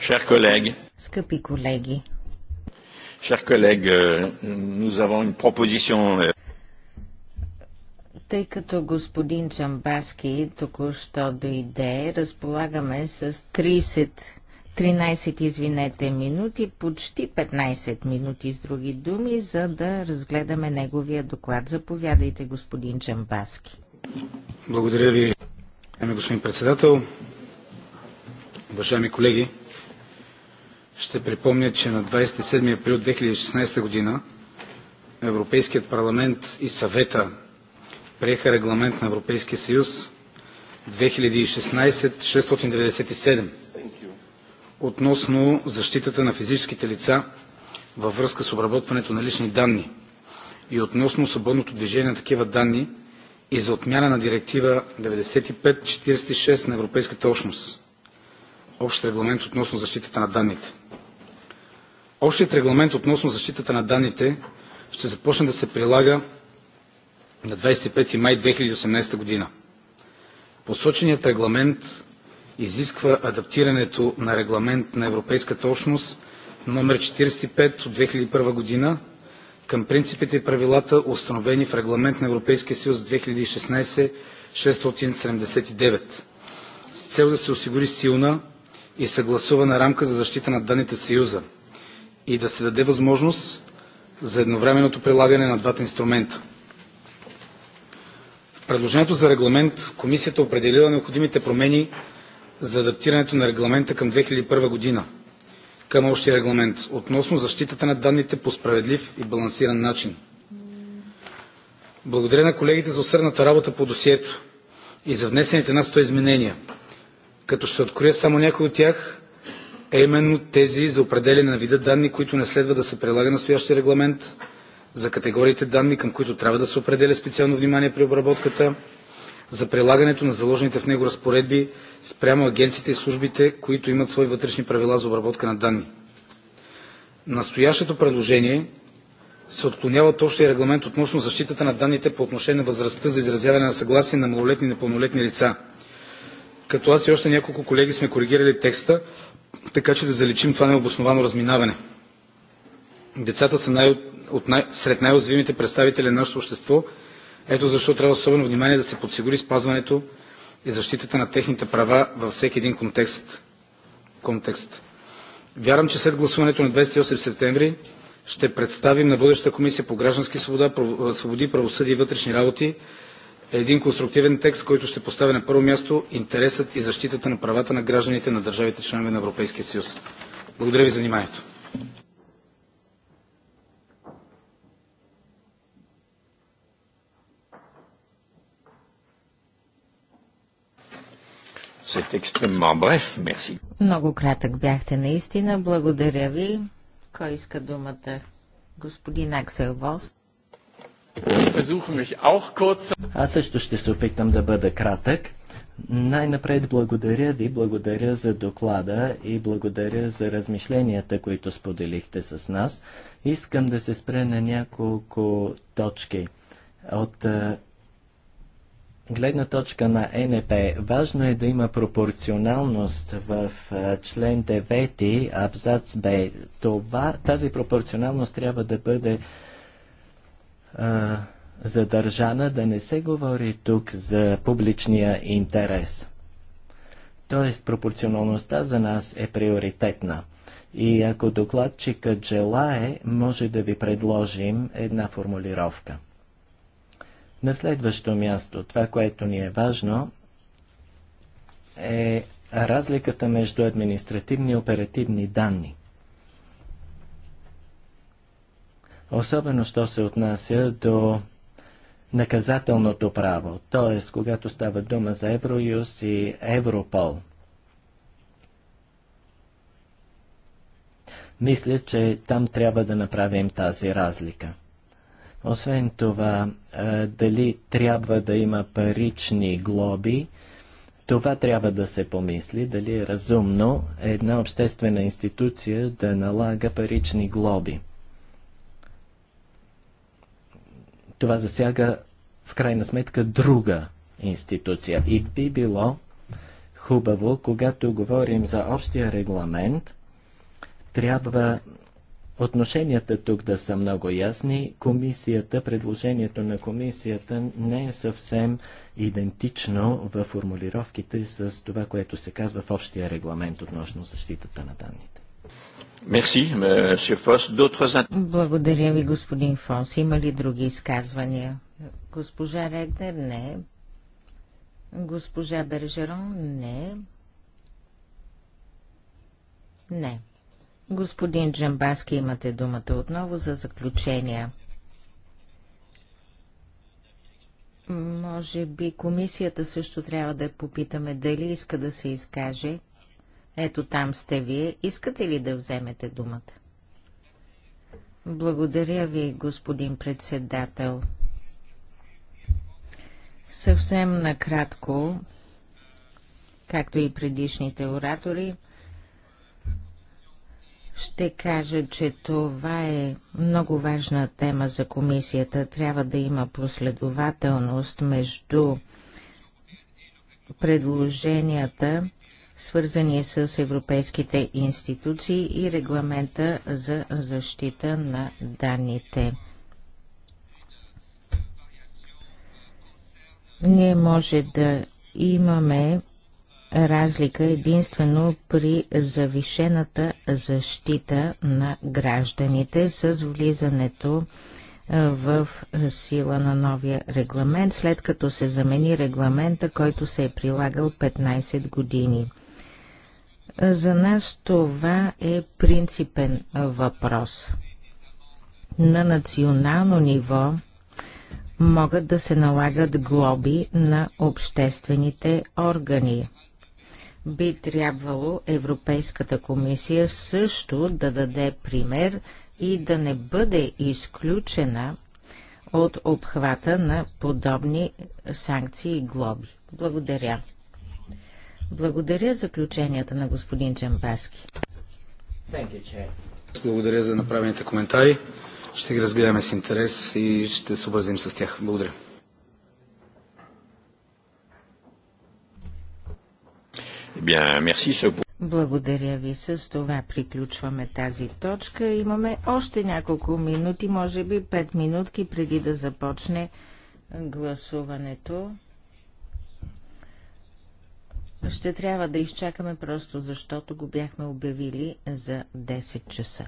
Chers collègues, Скъпи колеги, Chers collègues, euh, nous avons une proposition. Euh. Тъй като господин Джамбаски току-що дойде, разполагаме с 30, 13 извинете, минути, почти 15 минути с други думи, за да разгледаме неговия доклад. Заповядайте, господин Джамбаски. Благодаря ви, ами, господин председател. Уважаеми колеги, ще припомня, че на 27 април 2016 година Европейският парламент и съвета приеха регламент на Европейския съюз 2016-697 относно защитата на физическите лица във връзка с обработването на лични данни и относно свободното движение на такива данни – и за отмяна на директива 95/46 на Европейската общност, общ регламент относно защитата на данните. Общият регламент относно защитата на данните ще започне да се прилага на 25 май 2018 година. Посоченият регламент изисква адаптирането на регламент на Европейската общност номер 45 от 2001 година към принципите и правилата, установени в Регламент на Европейския съюз 2016/679, с цел да се осигури силна и съгласувана рамка за защита на данните в Съюза и да се даде възможност за едновременното прилагане на двата инструмента. В предложението за регламент Комисията е определила необходимите промени за адаптирането на регламента към 2001 година – към общия регламент относно защитата на данните по справедлив и балансиран начин. Благодаря на колегите за усърдната работа по досието и за внесените нас 100 изменения, като ще откроя само някои от тях, а именно тези за определене на вида данни, които не следва да се прилага настоящия регламент, за категориите данни, към които трябва да се определя специално внимание при обработката, за прилагането на заложените в него разпоредби спрямо агенциите и службите, които имат свои вътрешни правила за обработка на данни. Настоящото предложение се отклонява от общия регламент относно защитата на данните по отношение на възрастта за изразяване на съгласие на малолетни и непълнолетни лица. Като аз и още няколко колеги сме коригирали текста, така че да заличим това необосновано разминаване. Децата са най- от най- сред най озвимите представители на нашето общество ето защо трябва особено внимание да се подсигури спазването и защитата на техните права във всеки един контекст. контекст. Вярвам, че след гласуването на 28 септември ще представим на бъдещата комисия по граждански свобода, свободи, правосъдие и вътрешни работи един конструктивен текст, който ще поставя на първо място интересът и защитата на правата на гражданите на държавите членове на Европейския съюз. Благодаря ви за вниманието. Много кратък бяхте наистина. Благодаря ви. Кой иска думата? Господин Аксел Вост. Аз също ще се опитам да бъда кратък. Най-напред благодаря ви, благодаря за доклада и благодаря за размишленията, които споделихте с нас. Искам да се спре на няколко точки от гледна точка на НП, важно е да има пропорционалност в член 9, абзац Б. Това, тази пропорционалност трябва да бъде а, задържана, да не се говори тук за публичния интерес. Тоест, пропорционалността за нас е приоритетна. И ако докладчикът желае, може да ви предложим една формулировка. На следващо място, това, което ни е важно, е разликата между административни и оперативни данни. Особено, що се отнася до наказателното право, т.е. когато става дума за Евроюз и Европол. Мисля, че там трябва да направим тази разлика. Освен това, дали трябва да има парични глоби, това трябва да се помисли, дали е разумно една обществена институция да налага парични глоби. Това засяга в крайна сметка друга институция. И би било хубаво, когато говорим за общия регламент, трябва отношенията тук да са много ясни. Комисията, предложението на комисията не е съвсем идентично в формулировките с това, което се казва в общия регламент относно защитата на данните. Благодаря ви, господин Фос. Има ли други изказвания? Госпожа Регнер? Не. Госпожа Бержерон? Не. Не. Господин Джамбаски, имате думата отново за заключения. Може би комисията също трябва да попитаме дали иска да се изкаже. Ето там сте вие. Искате ли да вземете думата? Благодаря ви, господин председател. Съвсем накратко, както и предишните оратори, ще кажа, че това е много важна тема за комисията. Трябва да има последователност между предложенията, свързани с европейските институции и регламента за защита на данните. Ние може да имаме разлика единствено при завишената защита на гражданите с влизането в сила на новия регламент, след като се замени регламента, който се е прилагал 15 години. За нас това е принципен въпрос. На национално ниво могат да се налагат глоби на обществените органи би трябвало Европейската комисия също да даде пример и да не бъде изключена от обхвата на подобни санкции и глоби. Благодаря. Благодаря заключенията на господин Джамбаски. Благодаря за направените коментари. Ще ги разгледаме с интерес и ще се образим с тях. Благодаря. Eh Благодаря ви. С това приключваме тази точка. Имаме още няколко минути, може би 5 минутки преди да започне гласуването. Ще трябва да изчакаме просто, защото го бяхме обявили за 10 часа.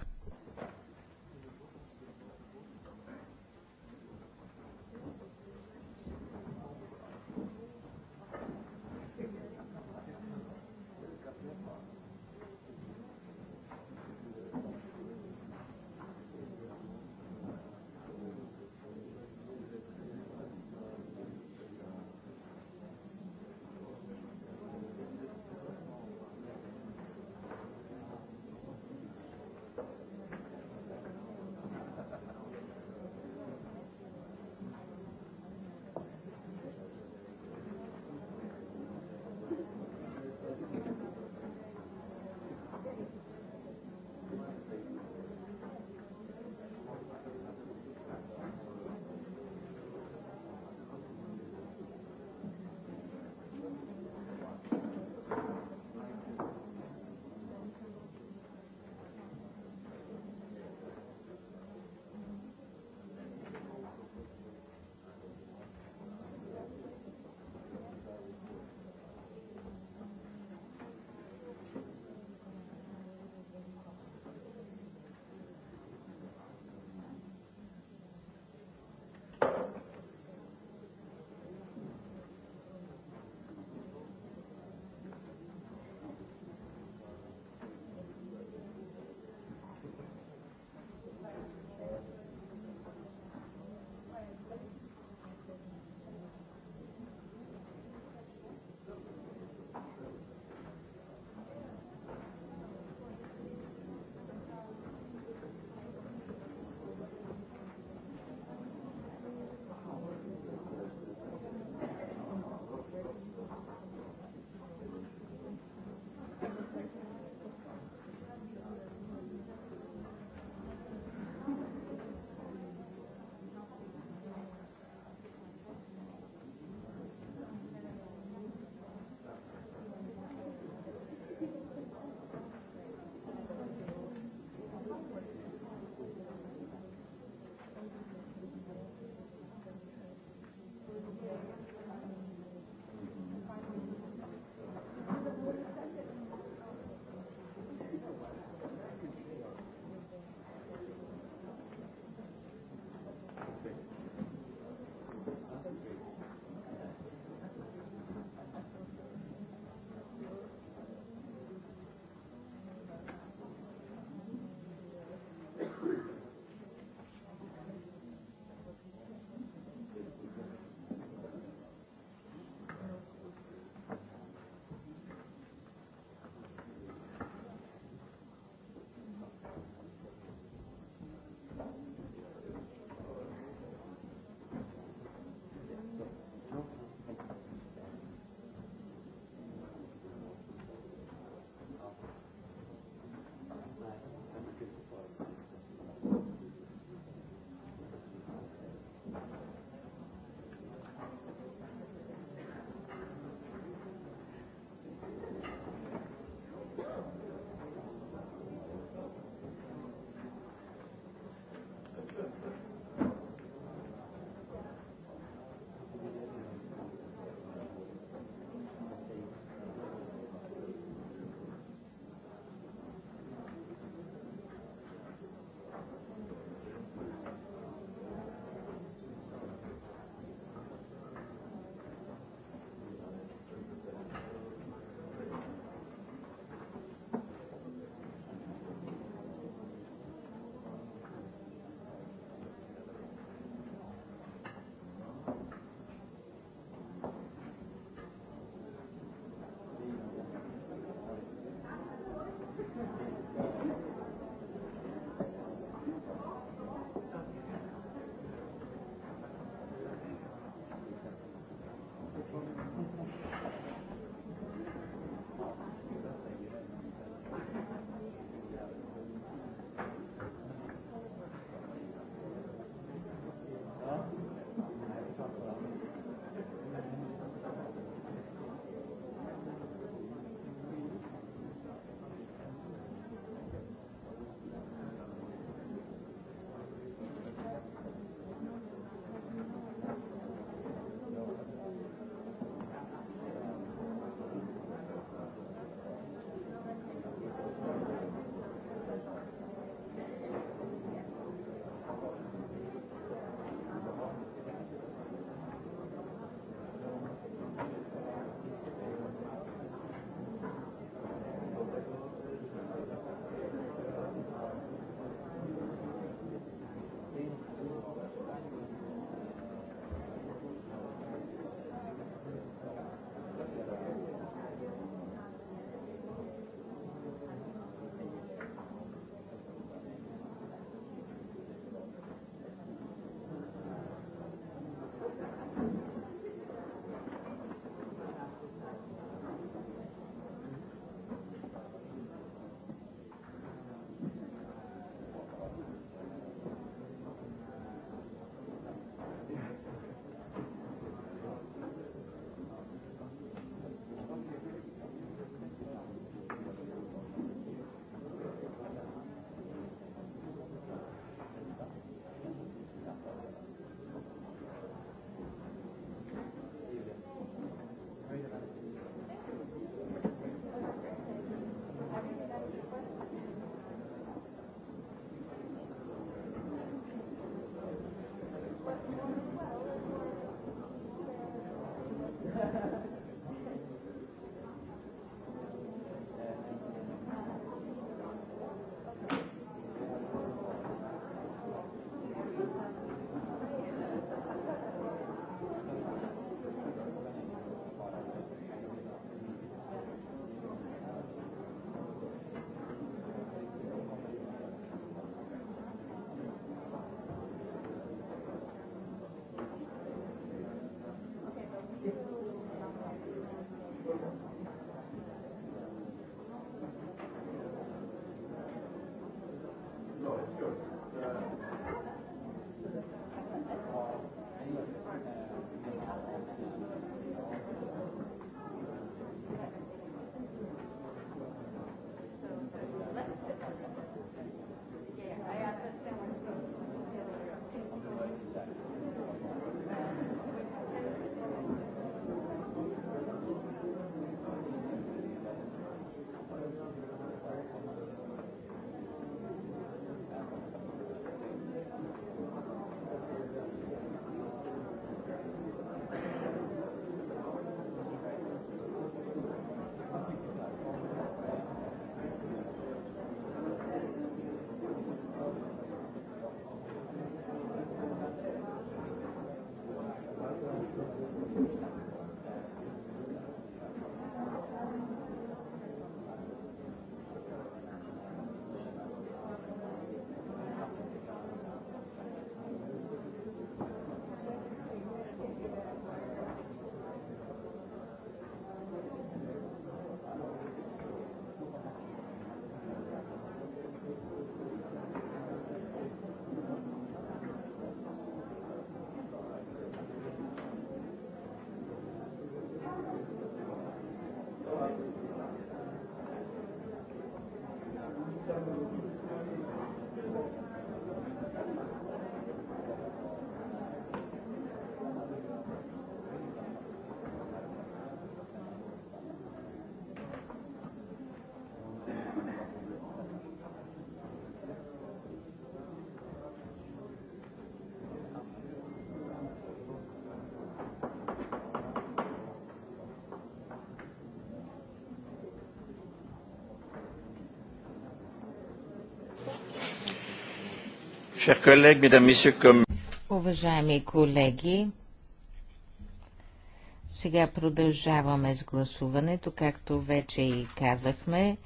Уважаеми колеги, сега продължаваме с гласуването, както вече и казахме.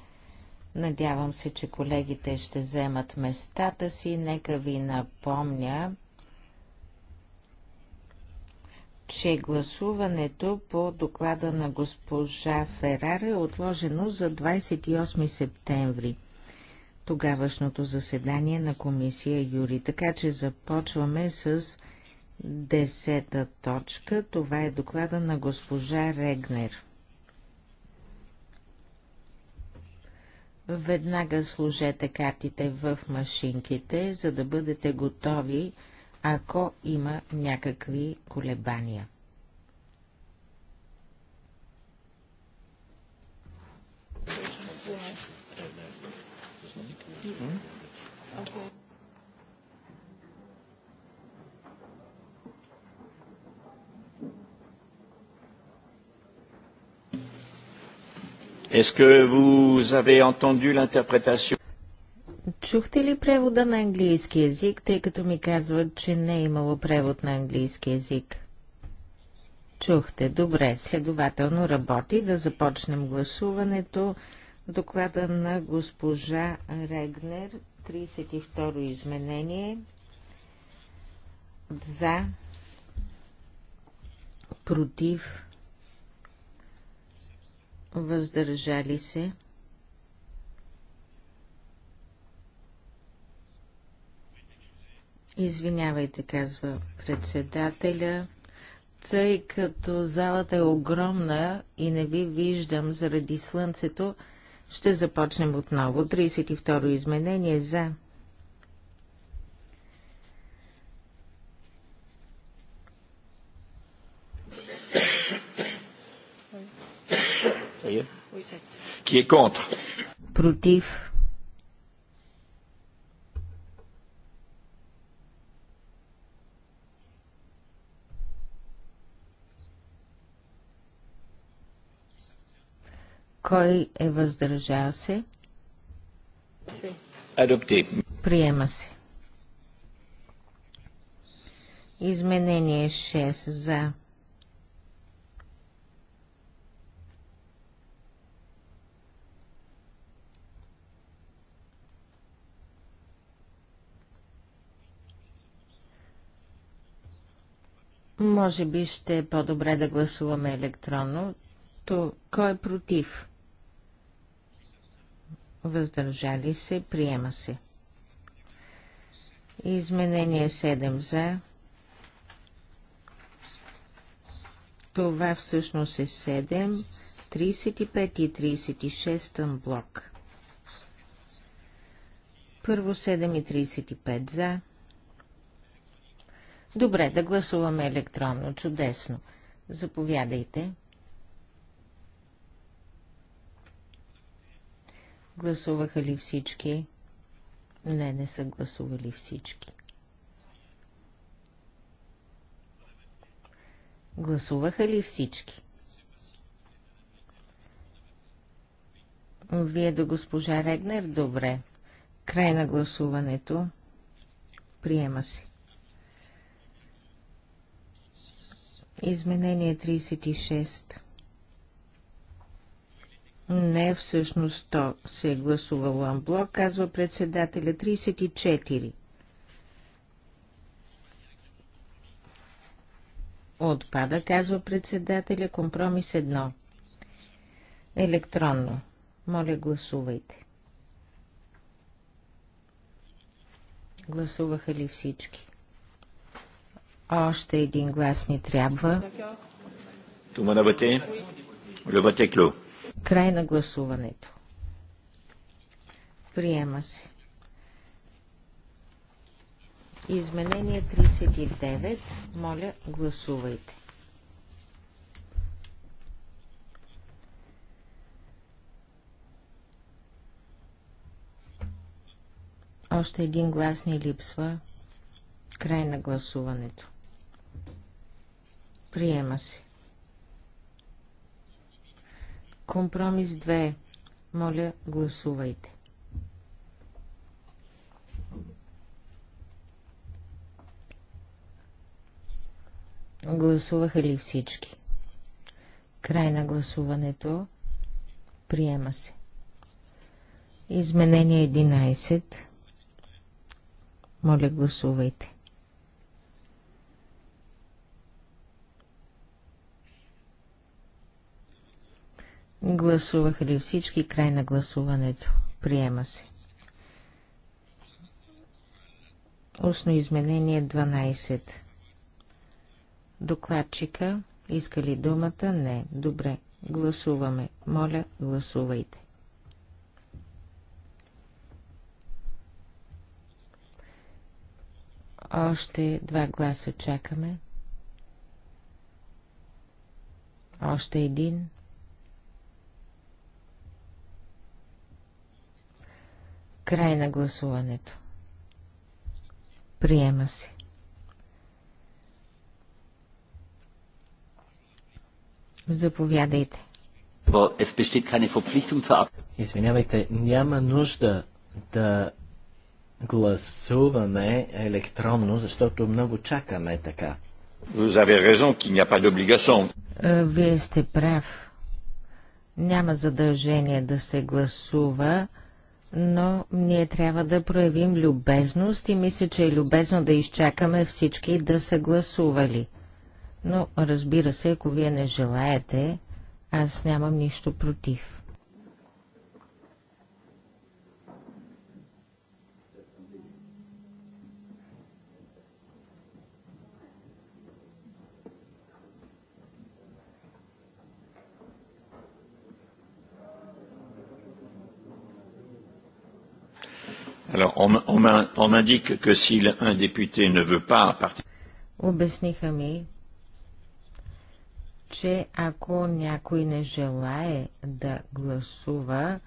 Надявам се, че колегите ще вземат местата си. Нека ви напомня, че гласуването по доклада на госпожа Ферара е отложено за 28 септември тогавашното заседание на комисия Юри. Така че започваме с десета точка. Това е доклада на госпожа Регнер. Веднага служете картите в машинките, за да бъдете готови, ако има някакви колебания. Okay. Est-ce que vous avez entendu l'interprétation? Чухте ли превода на английски язик, тъй като ми казват, че не е имало превод на английски язик? Чухте, добре, следователно работи да започнем гласуването доклада на госпожа Регнер, 32-ро изменение за против въздържали се Извинявайте, казва председателя, тъй като залата е огромна и не ви виждам заради слънцето, ще започнем отново. 32 изменение за. Против. Кой е въздържал се? Приема се. Изменение 6 за. Може би ще е по-добре да гласуваме електронно. То кой е против? въздържали се, приема се. Изменение 7 за. Това всъщност е 7, 35 и 36 блок. Първо 7 и 35 за. Добре, да гласуваме електронно. Чудесно. Заповядайте. Гласуваха ли всички? Не, не са гласували всички. Гласуваха ли всички? Вие до госпожа Регнер? Добре. Край на гласуването. Приема се. Изменение 36. Не, всъщност то се е гласувало амблок, казва председателя 34. Отпада, казва председателя, компромис 1. Електронно. Моля, гласувайте. Гласуваха ли всички? Още един глас ни трябва. Тума на въте. Левате клю. Край на гласуването. Приема се. Изменение 39. Моля, гласувайте. Още един глас ни липсва. Край на гласуването. Приема се. Компромис 2. Моля, гласувайте. Гласуваха ли всички? Край на гласуването. Приема се. Изменение 11. Моля, гласувайте. Гласуваха ли всички? Край на гласуването. Приема се. Устно изменение 12. Докладчика иска ли думата? Не. Добре. Гласуваме. Моля, гласувайте. Още два гласа чакаме. Още един. Край на гласуването. Приема се. Заповядайте. Извинявайте, няма нужда да гласуваме електронно, защото много чакаме така. Е, вие сте прав. Няма задължение да се гласува но ние трябва да проявим любезност и мисля, че е любезно да изчакаме всички да са гласували. Но разбира се, ако вие не желаете, аз нямам нищо против. Alors, on, on, on m'indique que si un député ne veut pas participer... Обясниха ми, че ако някой не желае да гласува,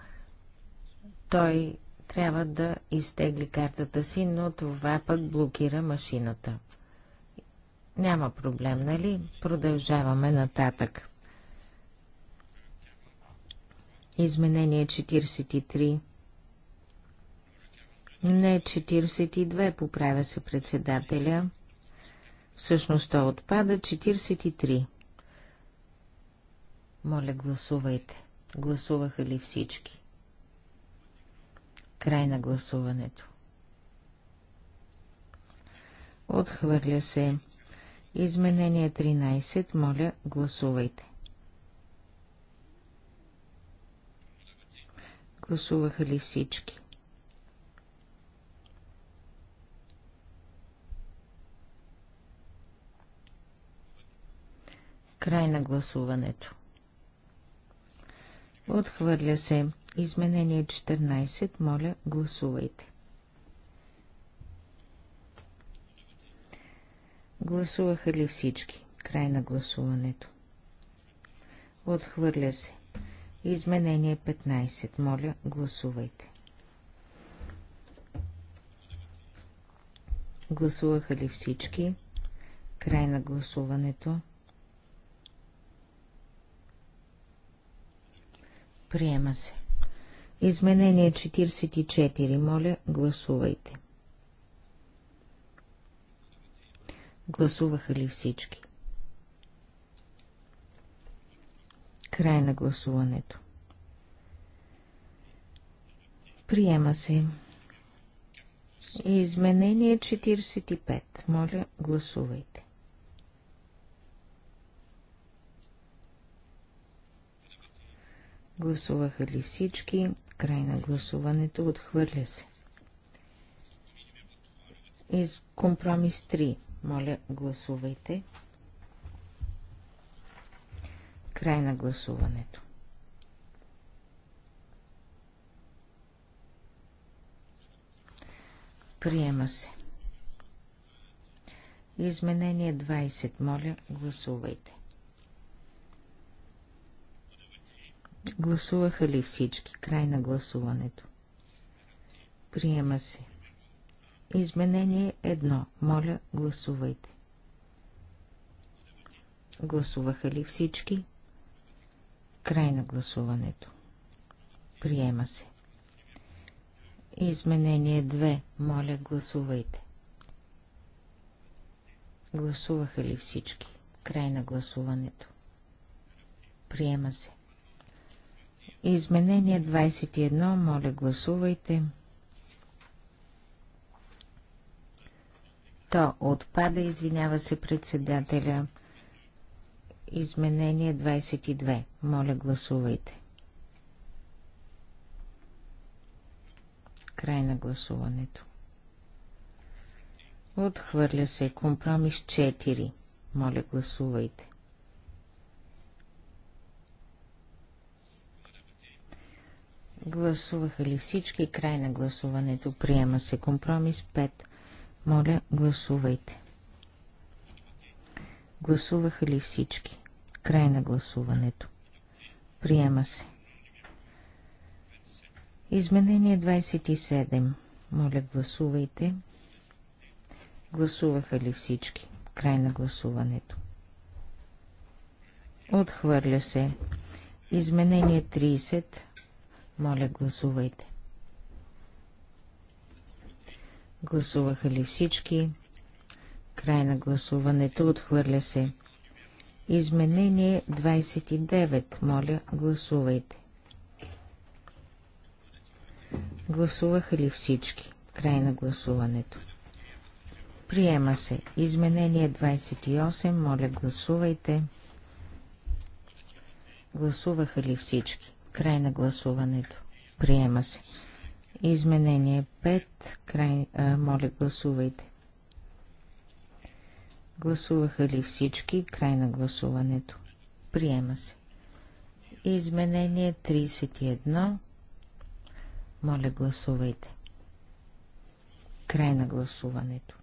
той трябва да изтегли картата си, но това пък блокира машината. Няма проблем, нали? Продължаваме нататък. Изменение 43 не 42 поправя се председателя. Всъщност то отпада 43. Моля, гласувайте. Гласуваха ли всички? Край на гласуването. Отхвърля се. Изменение 13. Моля, гласувайте. Гласуваха ли всички? Край на гласуването. Отхвърля се. Изменение 14. Моля, гласувайте. Гласуваха ли всички? Край на гласуването. Отхвърля се. Изменение 15. Моля, гласувайте. Гласуваха ли всички? Край на гласуването. Приема се. Изменение 44. Моля, гласувайте. Гласуваха ли всички? Край на гласуването. Приема се. Изменение 45. Моля, гласувайте. Гласуваха ли всички? Край на гласуването. Отхвърля се. Из компромис 3. Моля, гласувайте. Край на гласуването. Приема се. Изменение 20. Моля, гласувайте. Гласуваха ли всички? Край на гласуването. Приема се. Изменение едно. Моля, гласувайте. Гласуваха ли всички? Край на гласуването. Приема се. Изменение 2. Моля, гласувайте. Гласуваха ли всички? Край на гласуването. Приема се. Изменение 21, моля гласувайте. То отпада, извинява се председателя. Изменение 22, моля гласувайте. Край на гласуването. Отхвърля се компромис 4. Моля гласувайте. Гласуваха ли всички? Край на гласуването. Приема се компромис 5. Моля, гласувайте. Гласуваха ли всички? Край на гласуването. Приема се. Изменение 27. Моля, гласувайте. Гласуваха ли всички? Край на гласуването. Отхвърля се. Изменение 30. Моля, гласувайте. Гласуваха ли всички? Край на гласуването отхвърля се. Изменение 29. Моля, гласувайте. Гласуваха ли всички? Край на гласуването. Приема се. Изменение 28. Моля, гласувайте. Гласуваха ли всички? Край на гласуването. Приема се. Изменение 5. Край, а, моля, гласувайте. Гласуваха ли всички? Край на гласуването. Приема се. Изменение 31. Моля, гласувайте. Край на гласуването.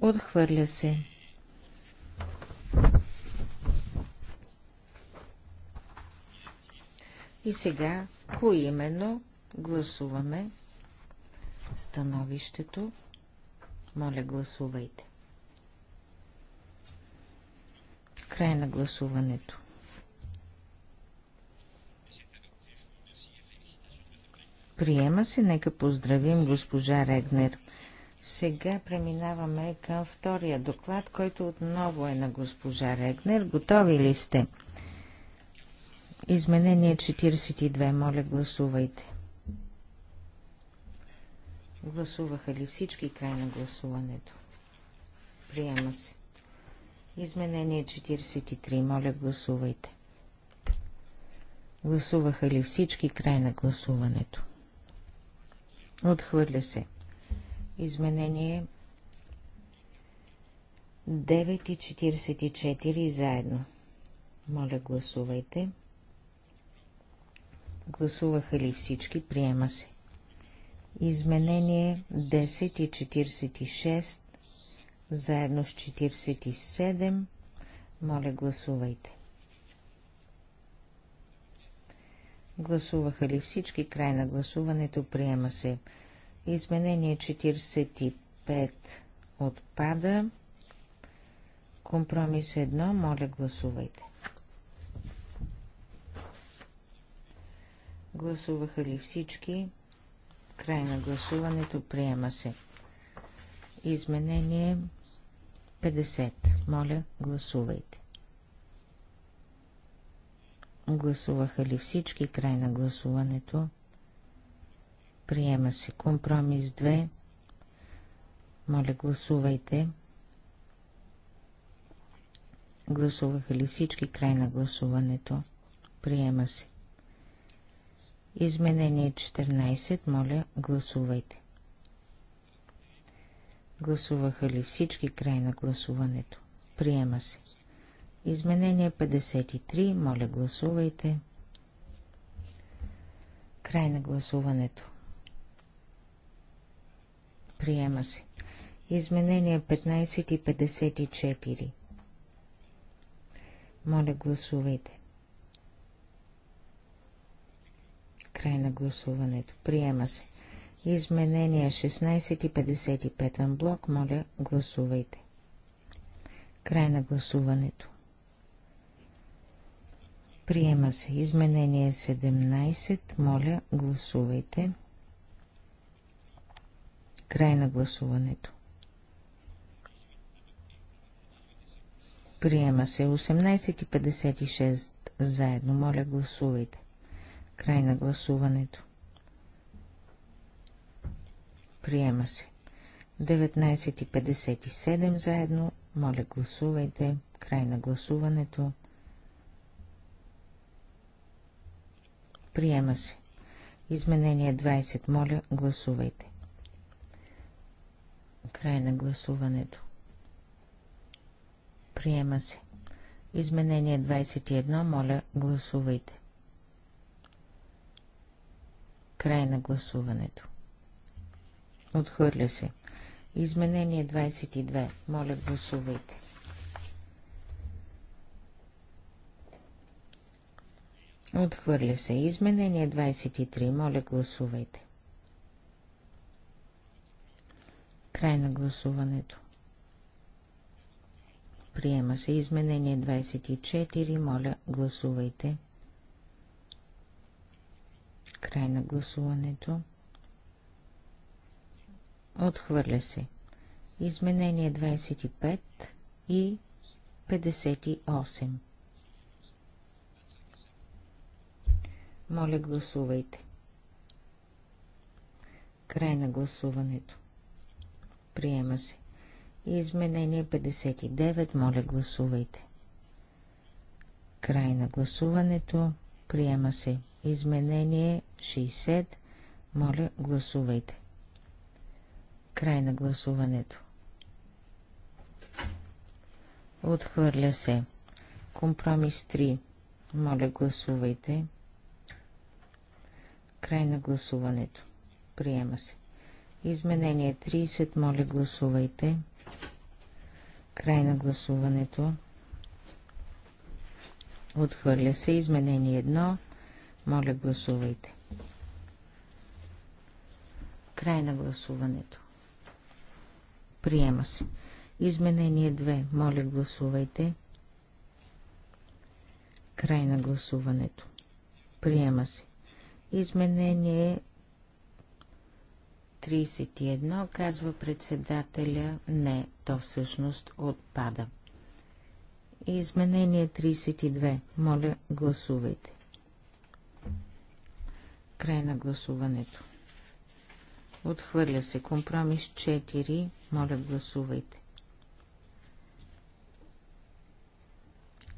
Отхвърля се. И сега поименно гласуваме становището. Моля, гласувайте. Край на гласуването. Приема се, нека поздравим госпожа Регнер. Сега преминаваме към втория доклад, който отново е на госпожа Регнер. Готови ли сте? Изменение 42. Моля, гласувайте. Гласуваха ли всички край на гласуването? Приема се. Изменение 43. Моля, гласувайте. Гласуваха ли всички край на гласуването? Отхвърля се. Изменение 9 и 44 заедно. Моля, гласувайте. Гласувайте. Гласуваха ли всички? Приема се. Изменение 10 и 46, заедно с 47. Моля, гласувайте. Гласуваха ли всички? Край на гласуването. Приема се. Изменение 45 отпада. Компромис 1. Моля, гласувайте. Гласуваха ли всички? Край на гласуването приема се. Изменение 50. Моля, гласувайте. Гласуваха ли всички? Край на гласуването. Приема се. Компромис 2. Моля, гласувайте. Гласуваха ли всички? Край на гласуването. Приема се. Изменение 14. Моля, гласувайте. Гласуваха ли всички край на гласуването? Приема се. Изменение 53. Моля, гласувайте. Край на гласуването. Приема се. Изменение 15 и 54. Моля, гласувайте. Край на гласуването. Приема се. Изменение 16 и 55 блок. Моля, гласувайте. Край на гласуването. Приема се. Изменение 17. Моля, гласувайте. Край на гласуването. Приема се 18,56 заедно. Моля, гласувайте. Край на гласуването. Приема се. 19.57 заедно. Моля, гласувайте. Край на гласуването. Приема се. Изменение 20. Моля, гласувайте. Край на гласуването. Приема се. Изменение 21. Моля, гласувайте. Край на гласуването. Отхвърля се. Изменение 22. Моля, гласувайте. Отхвърля се. Изменение 23. Моля, гласувайте. Край на гласуването. Приема се изменение 24. Моля, гласувайте. Край на гласуването. Отхвърля се. Изменение 25 и 58. Моля, гласувайте. Край на гласуването. Приема се. Изменение 59. Моля, гласувайте. Край на гласуването. Приема се. Изменение 60. Моля, гласувайте. Край на гласуването. Отхвърля се. Компромис 3. Моля, гласувайте. Край на гласуването. Приема се. Изменение 30. Моля, гласувайте. Край на гласуването. Отхвърля се. Изменение 1. Моля, гласувайте. Край на гласуването. Приема се. Изменение 2. Моля, гласувайте. Край на гласуването. Приема се. Изменение 31, казва председателя, не, то всъщност отпада. Изменение 32. Моля, гласувайте. Край на гласуването. Отхвърля се компромис 4. Моля, гласувайте.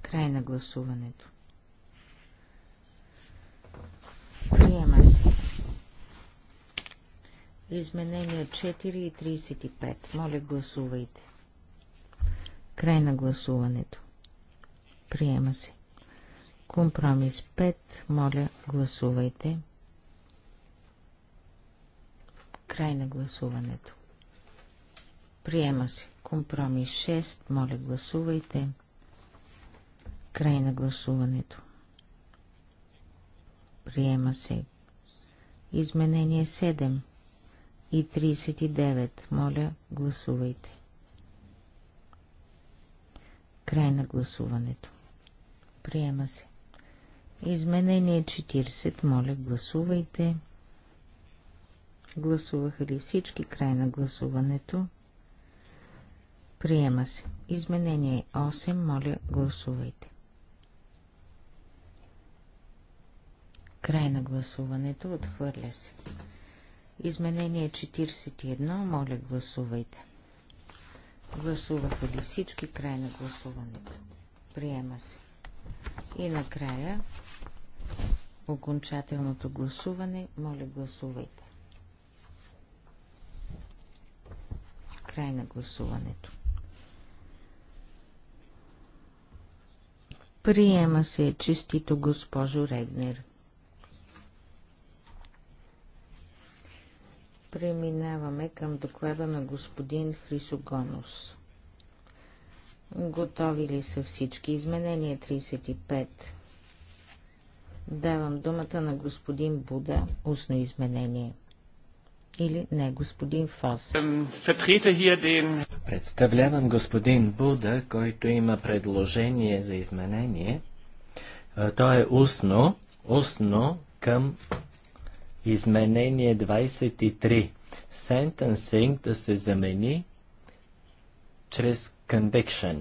Край на гласуването. Приема се. Изменения 4 и 35. Моля, гласувайте. Край на гласуването. Приема се. Компромис 5. Моля, гласувайте. Край на гласуването. Приема се. Компромис 6. Моля, гласувайте. Край на гласуването. Приема се. Изменение 7 и 39. Моля, гласувайте. Край на гласуването. Приема се. Изменение 40. Моля, гласувайте. Гласуваха ли всички? Край на гласуването. Приема се. Изменение 8. Моля, гласувайте. Край на гласуването. Отхвърля се. Изменение 41. Моля, гласувайте. Гласуваха ли всички? Край на гласуването. Приема се. И накрая окончателното гласуване. Моля, гласувайте. Край на гласуването. Приема се чистито госпожо Регнер. Преминаваме към доклада на господин Хрисогонос. Готови ли са всички? изменения 35. Давам думата на господин Буда. Устно изменение или не, господин Фос. Представлявам господин Буда, който има предложение за изменение. То е устно, устно към изменение 23. Sentencing да се замени чрез conviction.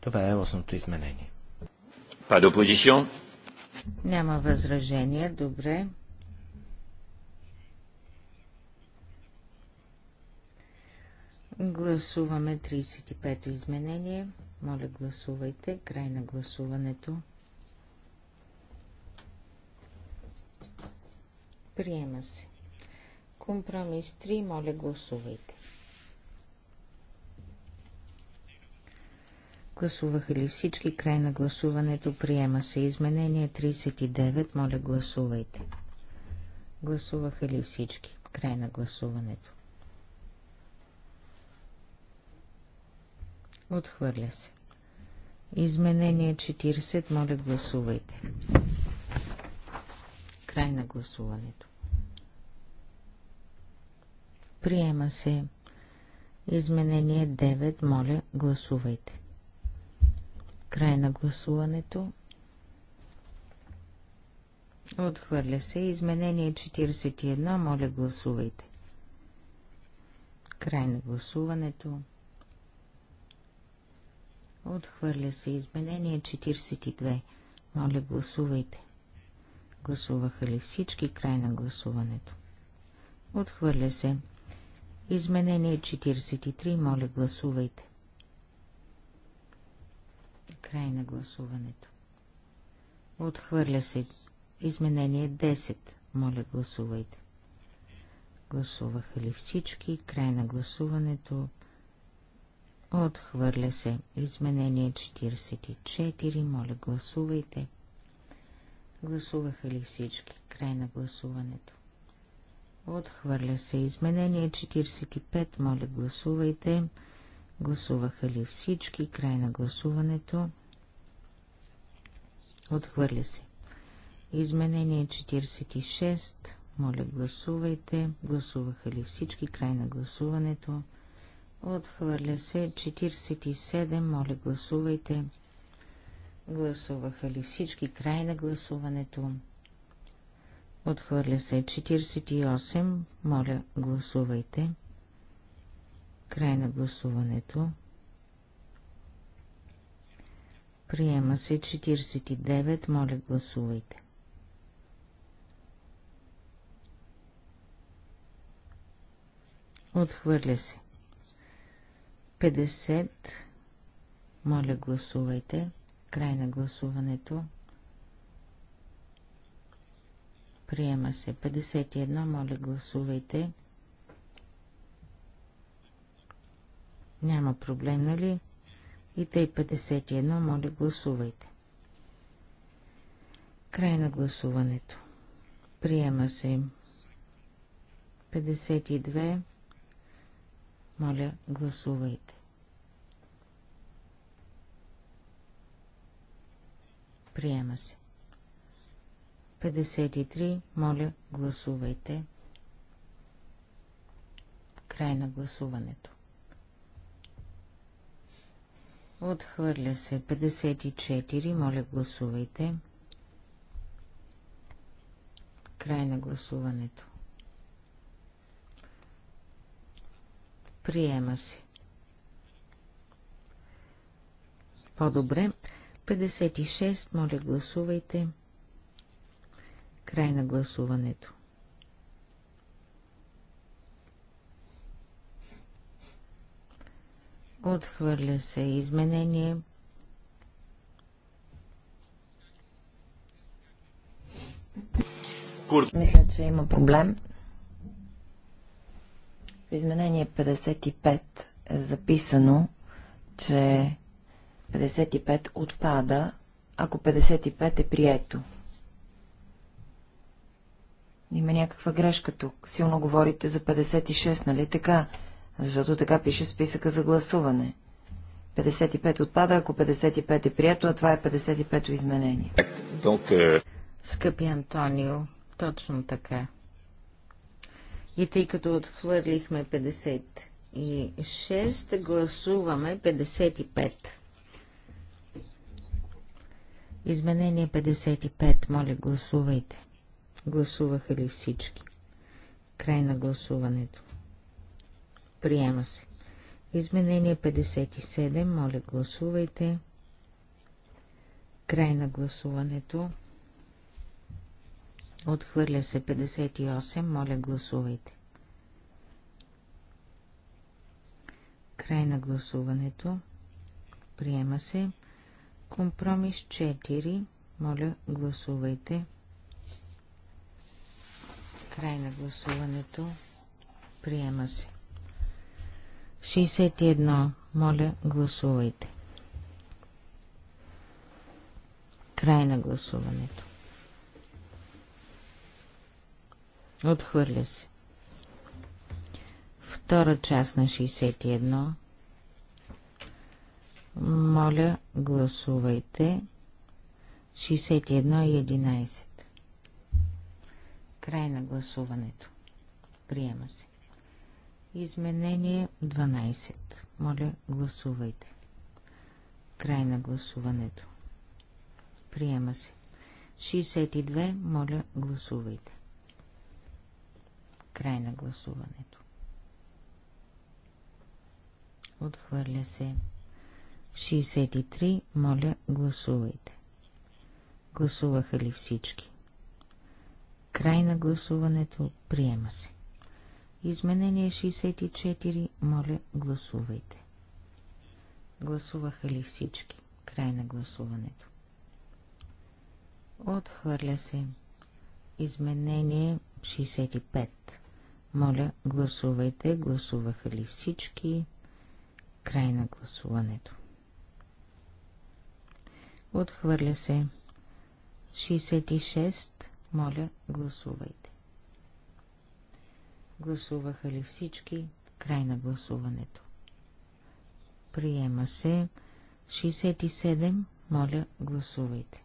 Това е устното изменение. Pas d'opposition няма възражение, добре. Гласуваме 35-то изменение. Моля, гласувайте. Край на гласуването. Приема се. Компромис 3. Моля, гласувайте. Гласуваха ли всички? Край на гласуването. Приема се изменение 39. Моля, гласувайте. Гласуваха ли всички? Край на гласуването. Отхвърля се. Изменение 40. Моля, гласувайте. Край на гласуването. Приема се. Изменение 9. Моля, гласувайте. Край на гласуването. Отхвърля се. Изменение 41. Моля, гласувайте. Край на гласуването. Отхвърля се. Изменение 42. Моля, гласувайте. Гласуваха ли всички? Край на гласуването. Отхвърля се. Изменение 43. Моля, гласувайте. Край на гласуването. Отхвърля се. Изменение 10. Моля, гласувайте. Гласуваха ли всички? Край на гласуването. Отхвърля се. Изменение 44. Моля, гласувайте. Гласуваха ли всички? Край на гласуването. Отхвърля се. Изменение 45. Моля, гласувайте. Гласувайте. Гласуваха ли всички? Край на гласуването. Отхвърля се. Изменение 46. Моля, гласувайте. Гласуваха ли всички? Край на гласуването. Отхвърля се. 47. Моля, гласувайте. Гласуваха ли всички? Край на гласуването. Отхвърля се. 48. Моля, гласувайте. Край на гласуването. Приема се 49. Моля, гласувайте. Отхвърля се. 50. Моля, гласувайте. Край на гласуването. Приема се. 51. Моля, гласувайте. Няма проблем, нали? И тъй 51, моля гласувайте. Край на гласуването. Приема се. 52. Моля, гласувайте. Приема се. 53. Моля, гласувайте. Край на гласуването. Отхвърля се 54. Моля, гласувайте. Край на гласуването. Приема се. По-добре. 56. Моля, гласувайте. Край на гласуването. Отхвърля се изменение. Курт. Мисля, че има проблем. В изменение 55 е записано, че 55 отпада, ако 55 е прието. Има някаква грешка тук. Силно говорите за 56, нали така? Защото така пише в списъка за гласуване. 55 отпада, ако 55 е прието, а това е 55-то изменение. Е, Скъпи Антонио, точно така. И тъй като отхвърлихме 56, гласуваме 55. Изменение 55, моля гласувайте. Гласуваха ли всички? Край на гласуването. Приема се. Изменение 57. Моля, гласувайте. Край на гласуването. Отхвърля се 58. Моля, гласувайте. Край на гласуването. Приема се. Компромис 4. Моля, гласувайте. Край на гласуването. Приема се. 61. Моля, гласувайте. Край на гласуването. Отхвърля се. Втора част на 61. Моля, гласувайте. 61 и 11. Край на гласуването. Приема се. Изменение 12. Моля, гласувайте. Край на гласуването. Приема се. 62. Моля, гласувайте. Край на гласуването. Отхвърля се. 63. Моля, гласувайте. Гласуваха ли всички? Край на гласуването. Приема се. Изменение 64. Моля, гласувайте. Гласуваха ли всички? Край на гласуването. Отхвърля се. Изменение 65. Моля, гласувайте. Гласуваха ли всички? Край на гласуването. Отхвърля се. 66. Моля, гласувайте. Гласуваха ли всички? Край на гласуването. Приема се 67. Моля, гласувайте.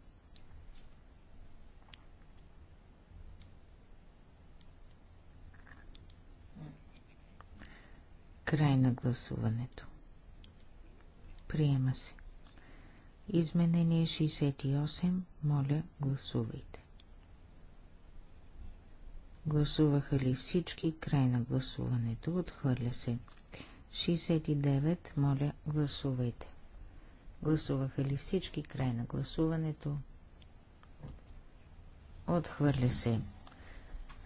Край на гласуването. Приема се. Изменение 68. Моля, гласувайте. Гласуваха ли всички? Край на гласуването. Отхвърля се. 69. Моля, гласувайте. Гласуваха ли всички? Край на гласуването. Отхвърля се.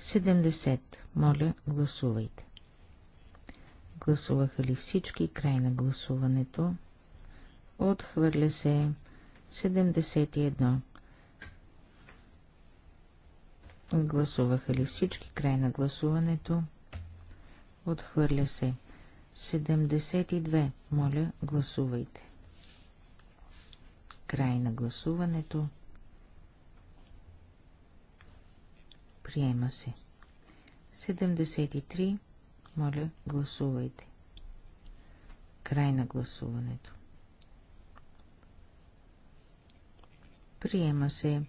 70. Моля, гласувайте. Гласуваха ли всички? Край на гласуването. Отхвърля се. 71. Гласуваха ли всички? Край на гласуването. Отхвърля се. 72. Моля, гласувайте. Край на гласуването. Приема се. 73. Моля, гласувайте. Край на гласуването. Приема се.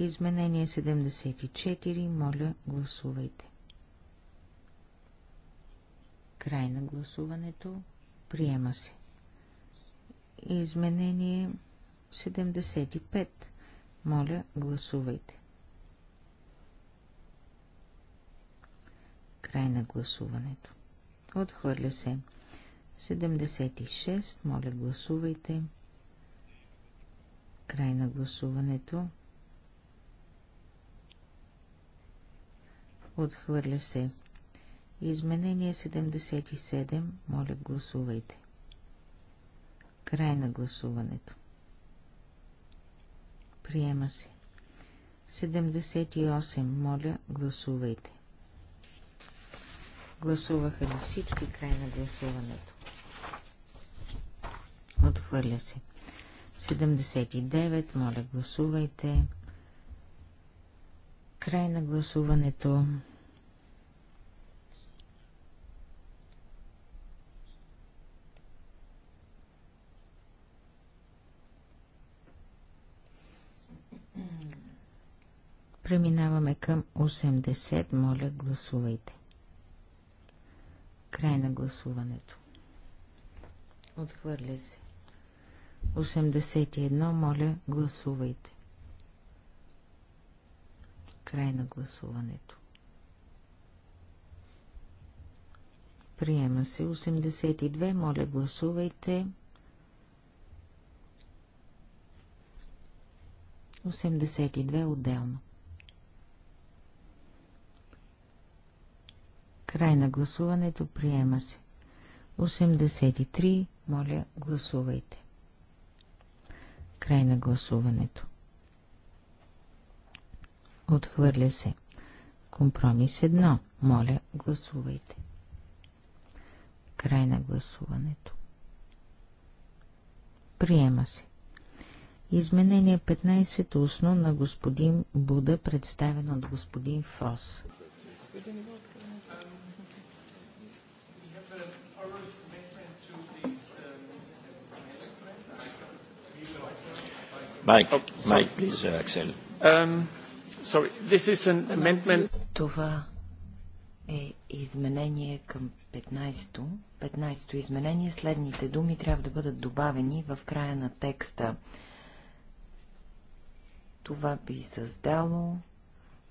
Изменение 74. Моля, гласувайте. Край на гласуването. Приема се. Изменение 75. Моля, гласувайте. Край на гласуването. Отхвърля се. 76. Моля, гласувайте. Край на гласуването. Отхвърля се. Изменение 77. Моля, гласувайте. Край на гласуването. Приема се. 78. Моля, гласувайте. Гласуваха ли всички край на гласуването? Отхвърля се. 79. Моля, гласувайте. Край на гласуването. Преминаваме към 80. Моля, гласувайте. Край на гласуването. Отхвърля се. 81. Моля, гласувайте. Край на гласуването. Приема се 82. Моля, гласувайте. 82 отделно. Край на гласуването приема се. 83. Моля, гласувайте. Край на гласуването. Отхвърля се. Компромис едно. Моля, гласувайте. Край на гласуването. Приема се. Изменение 15 устно на господин Буда, представено от господин Фрос. Mike, Mike, please, uh, Axel. Um, Sorry, this is an amendment. Това е изменение към 15-то. 15-то изменение. Следните думи трябва да бъдат добавени в края на текста. Това би създало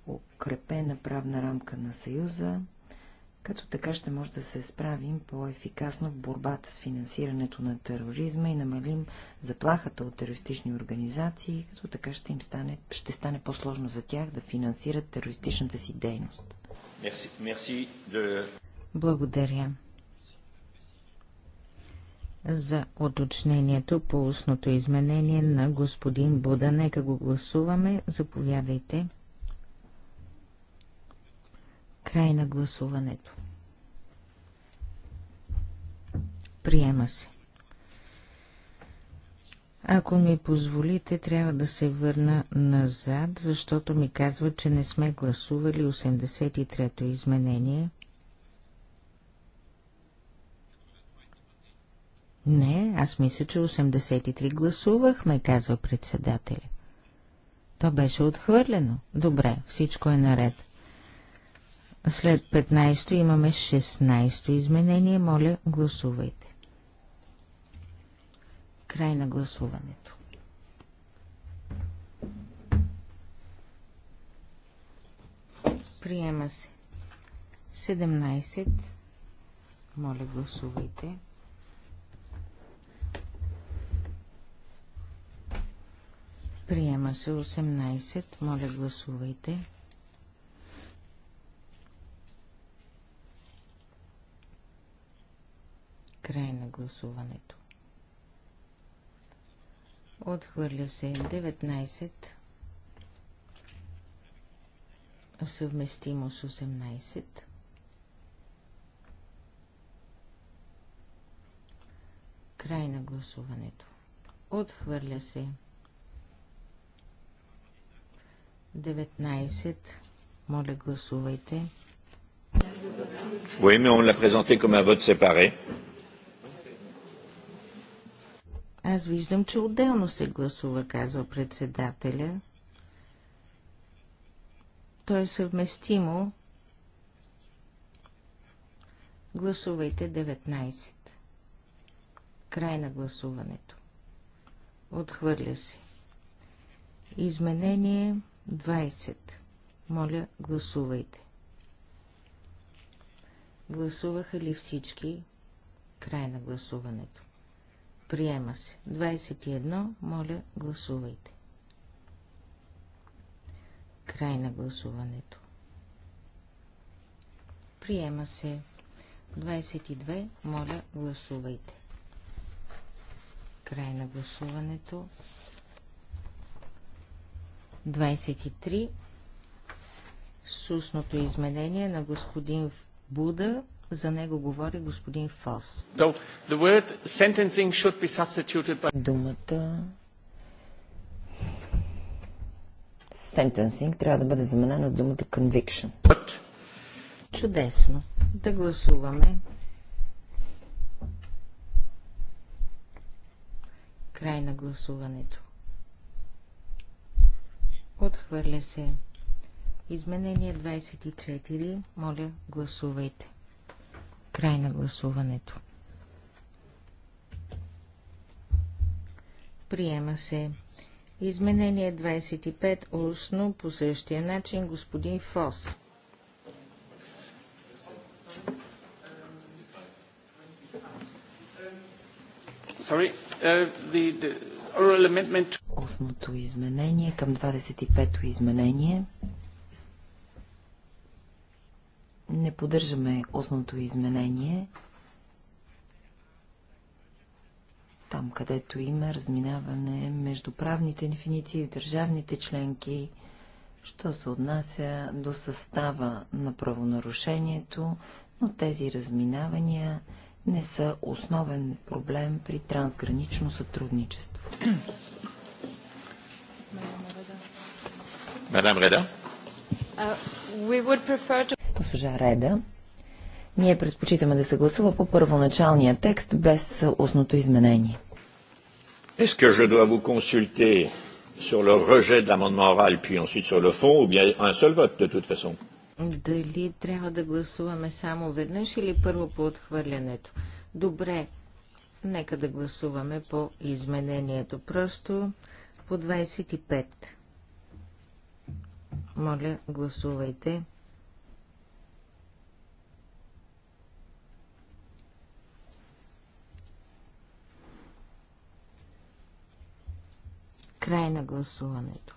укрепена правна рамка на Съюза като така ще може да се справим по-ефикасно в борбата с финансирането на тероризма и намалим заплахата от терористични организации, като така ще им стане, ще стане по-сложно за тях да финансират терористичната си дейност. Merci, merci de... Благодаря за уточнението по устното изменение на господин Буда. Нека го гласуваме. Заповядайте. Край на гласуването. Приема се. Ако ми позволите, трябва да се върна назад, защото ми казва, че не сме гласували 83-то изменение. Не, аз мисля, че 83 гласувахме, казва председателя. То беше отхвърлено. Добре, всичко е наред. След 15-то имаме 16-то изменение. Моля, гласувайте. Край на гласуването. Приема се. 17. Моля, гласувайте. Приема се 18. Моля, гласувайте. Край на гласуването. Отхвърля се 19. Съвместимо с 18. Край на гласуването. Отхвърля се 19. Моля, гласувайте. Oui, mais on l'a présenté comme un vote séparé. Аз виждам, че отделно се гласува, казва председателя. То е съвместимо. Гласувайте 19. Край на гласуването. Отхвърля се. Изменение 20. Моля, гласувайте. Гласуваха ли всички? Край на гласуването. Приема се. 21. Моля, гласувайте. Край на гласуването. Приема се. 22. Моля, гласувайте. Край на гласуването. 23. С устното изменение на господин Буда за него говори господин Фос. By... Думата sentencing трябва да бъде заменена с думата conviction. But... Чудесно. Да гласуваме. Край на гласуването. Отхвърля се. Изменение 24. Моля, гласувайте. Край на гласуването. Приема се. Изменение 25 устно по същия начин господин Фос. Uh, Устното изменение към 25-то изменение. поддържаме устното изменение, там където има разминаване между правните дефиниции и държавните членки, що се отнася до състава на правонарушението, но тези разминавания не са основен проблем при трансгранично сътрудничество. Мадам Реда? Uh, to госпожа Реда. Ние предпочитаме да се гласува по първоначалния текст без устното изменение. Est-ce que je dois vous consulter sur le rejet de l'amendement oral, puis ensuite sur le fond, ou bien un seul vote de toute façon Дали трябва да гласуваме само веднъж или първо по отхвърлянето? Добре, нека да гласуваме по изменението. Просто по 25. Моля, гласувайте. Край на гласуването.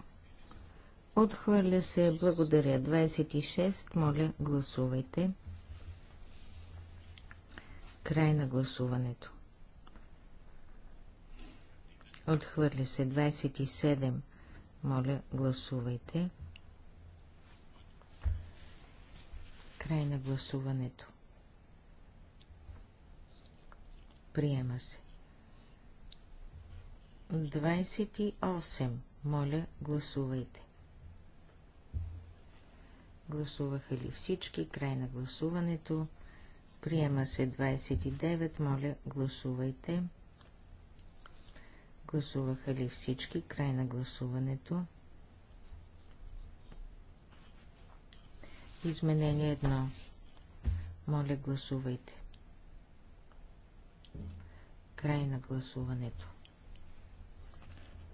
Отхвърля се. Благодаря. 26. Моля, гласувайте. Край на гласуването. Отхвърля се. 27. Моля, гласувайте. Край на гласуването. Приема се. 28. Моля, гласувайте. Гласуваха ли всички? Край на гласуването. Приема се 29. Моля, гласувайте. Гласуваха ли всички? Край на гласуването. Изменение 1. Моля, гласувайте. Край на гласуването.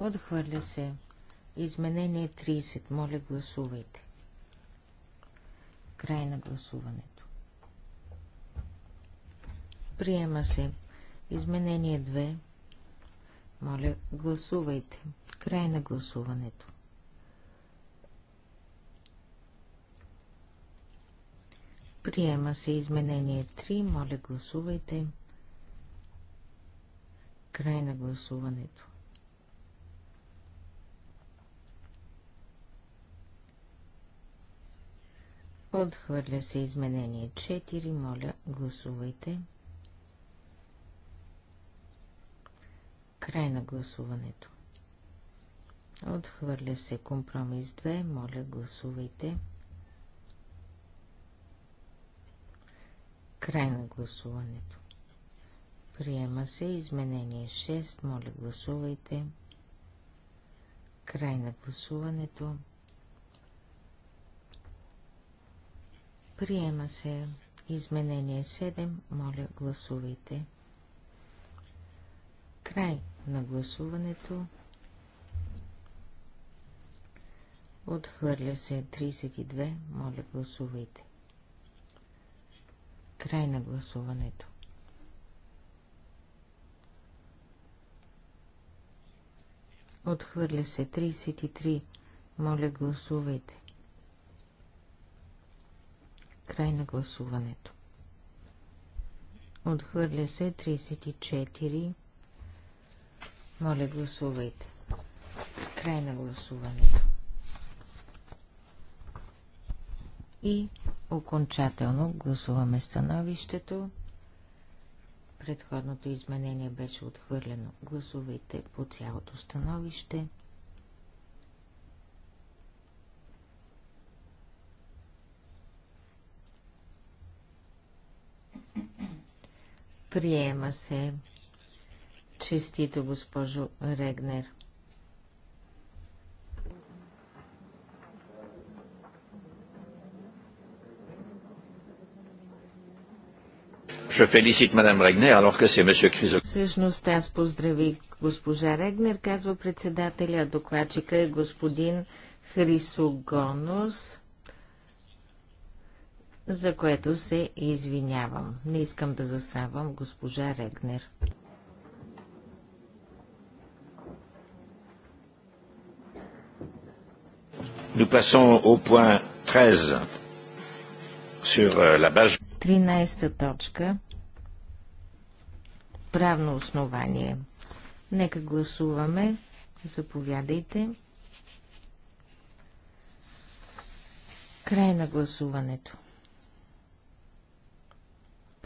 Отхвърля се. Изменение 30. Моля, гласувайте. Край на гласуването. Приема се. Изменение 2. Моля, гласувайте. Край на гласуването. Приема се изменение 3. Моля, гласувайте. Край на гласуването. Отхвърля се изменение 4. Моля, гласувайте. Край на гласуването. Отхвърля се компромис 2. Моля, гласувайте. Край на гласуването. Приема се изменение 6. Моля, гласувайте. Край на гласуването. Приема се изменение 7. Моля, гласувайте. Край на гласуването. Отхвърля се 32. Моля, гласувайте. Край на гласуването. Отхвърля се 33. Моля, гласувайте. Край на гласуването. Отхвърля се 34. Моля, гласувайте. Край на гласуването. И окончателно гласуваме становището. Предходното изменение беше отхвърлено. Гласувайте по цялото становище. Приема се. Честито, госпожо Регнер. Всъщност аз поздравих госпожа Регнер, казва председателя, докладчика е господин Хрисогонос за което се извинявам. Не искам да засавам госпожа Регнер. Nous passons au point 13 sur euh, la base. 13 точка. Правно основание. Нека гласуваме. Заповядайте. Край на гласуването.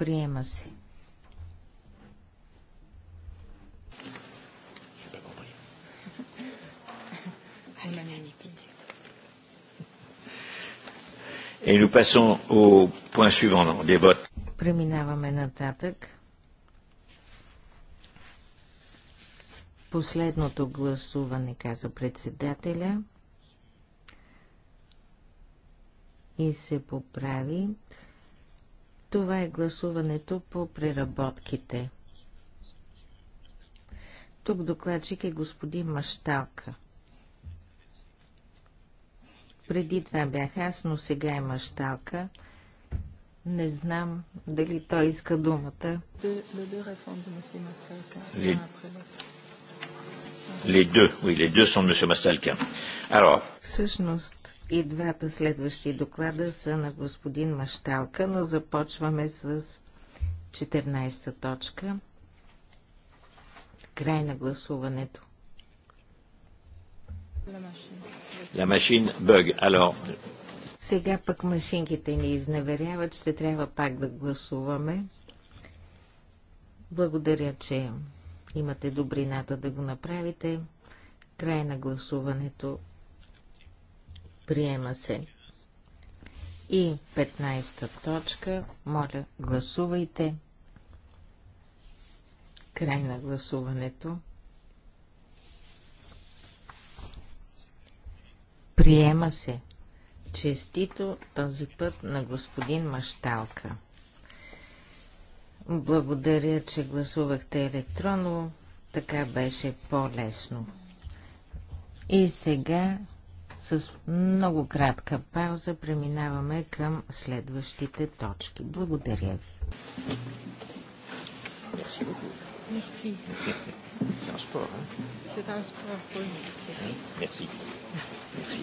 Приема се. Et nous passons au point suivant non, des votes. Преминаваме нататък. Последното гласуване, каза председателя. И се поправи това е гласуването по преработките. Тук докладчик е господин Машталка. Преди това бях аз, но сега е Машталка. Не знам дали той иска думата. Les deux, oui, les deux sont de M. Mastalka. Alors... Всъщност, и двата следващи доклада са на господин Машталка, но започваме с 14-та точка. Край на гласуването. La machine bug. Alors... Сега пък машинките ни изневеряват, ще трябва пак да гласуваме. Благодаря, че имате добрината да го направите. Край на гласуването. Приема се. И 15-та точка. Моля, гласувайте. Край на гласуването. Приема се. Честито този път на господин Машталка. Благодаря, че гласувахте електронно. Така беше по-лесно. И сега с много кратка пауза преминаваме към следващите точки. Благодаря ви. Merci. C'est un sport. Hein. C'est un sport pour nous. Merci. Merci.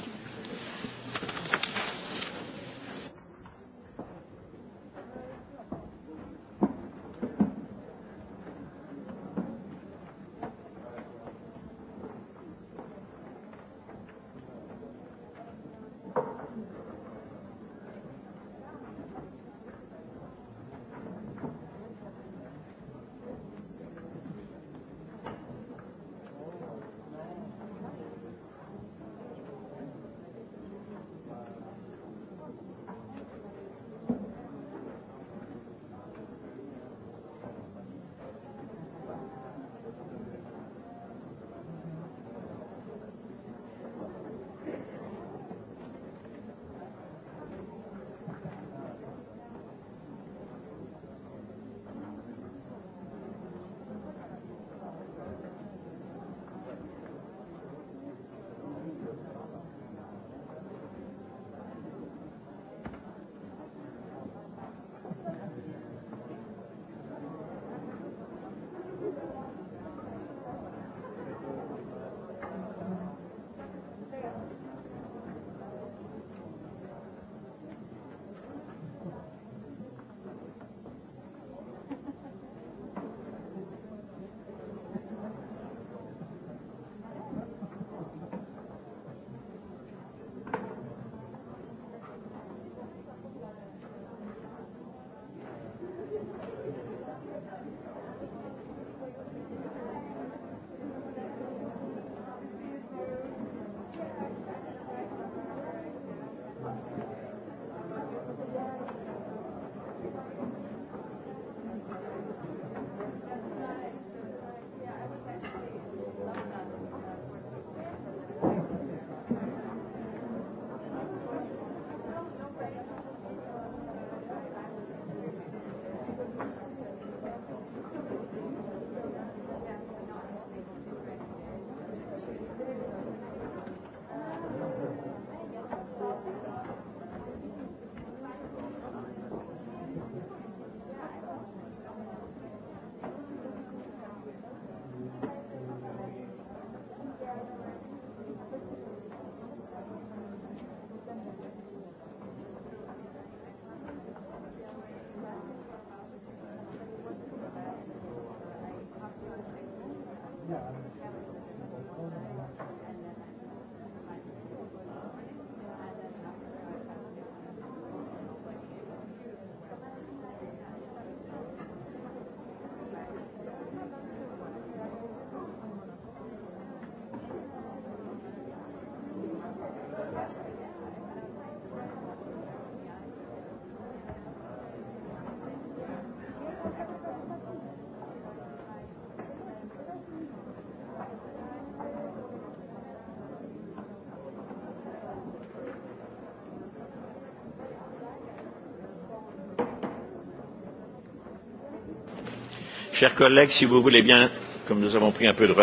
Chers collègues, si vous voulez bien, comme nous avons pris un peu de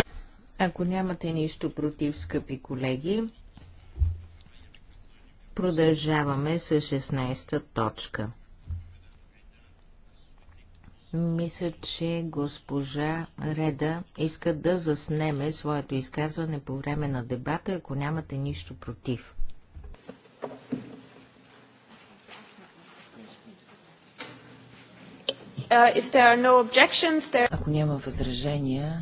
Ако нямате нищо против, скъпи колеги, продължаваме с 16-та точка. Мисля, че госпожа Реда иска да заснеме своето изказване по време на дебата, ако нямате нищо против. Uh, ако няма възражения,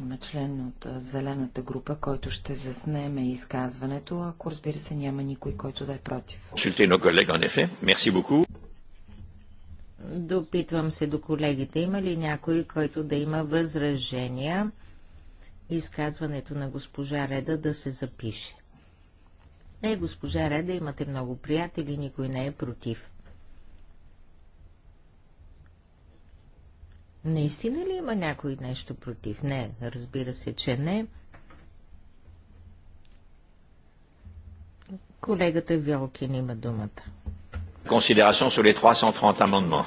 има член от зелената група, който ще заснеме изказването, ако разбира се няма никой, който да е против. Допитвам се до колегите. Има ли някой, който да има възражения изказването на госпожа Реда да се запише? Е, госпожа Реда, имате много приятели, никой не е против. Наистина ли има някой нещо против? Не, разбира се, че не. Колегата Вилкин има думата. Консидерация sur les 330 amendements.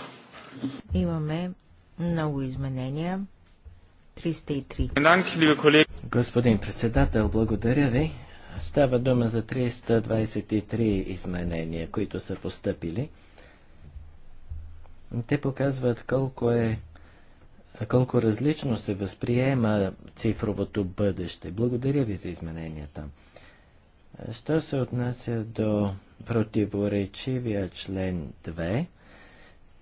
Имаме много изменения. 303. Господин председател, благодаря ви. Става дума за 323 изменения, които са постъпили. Те показват колко е колко различно се възприема цифровото бъдеще. Благодаря ви за измененията. Що се отнася до противоречивия член 2,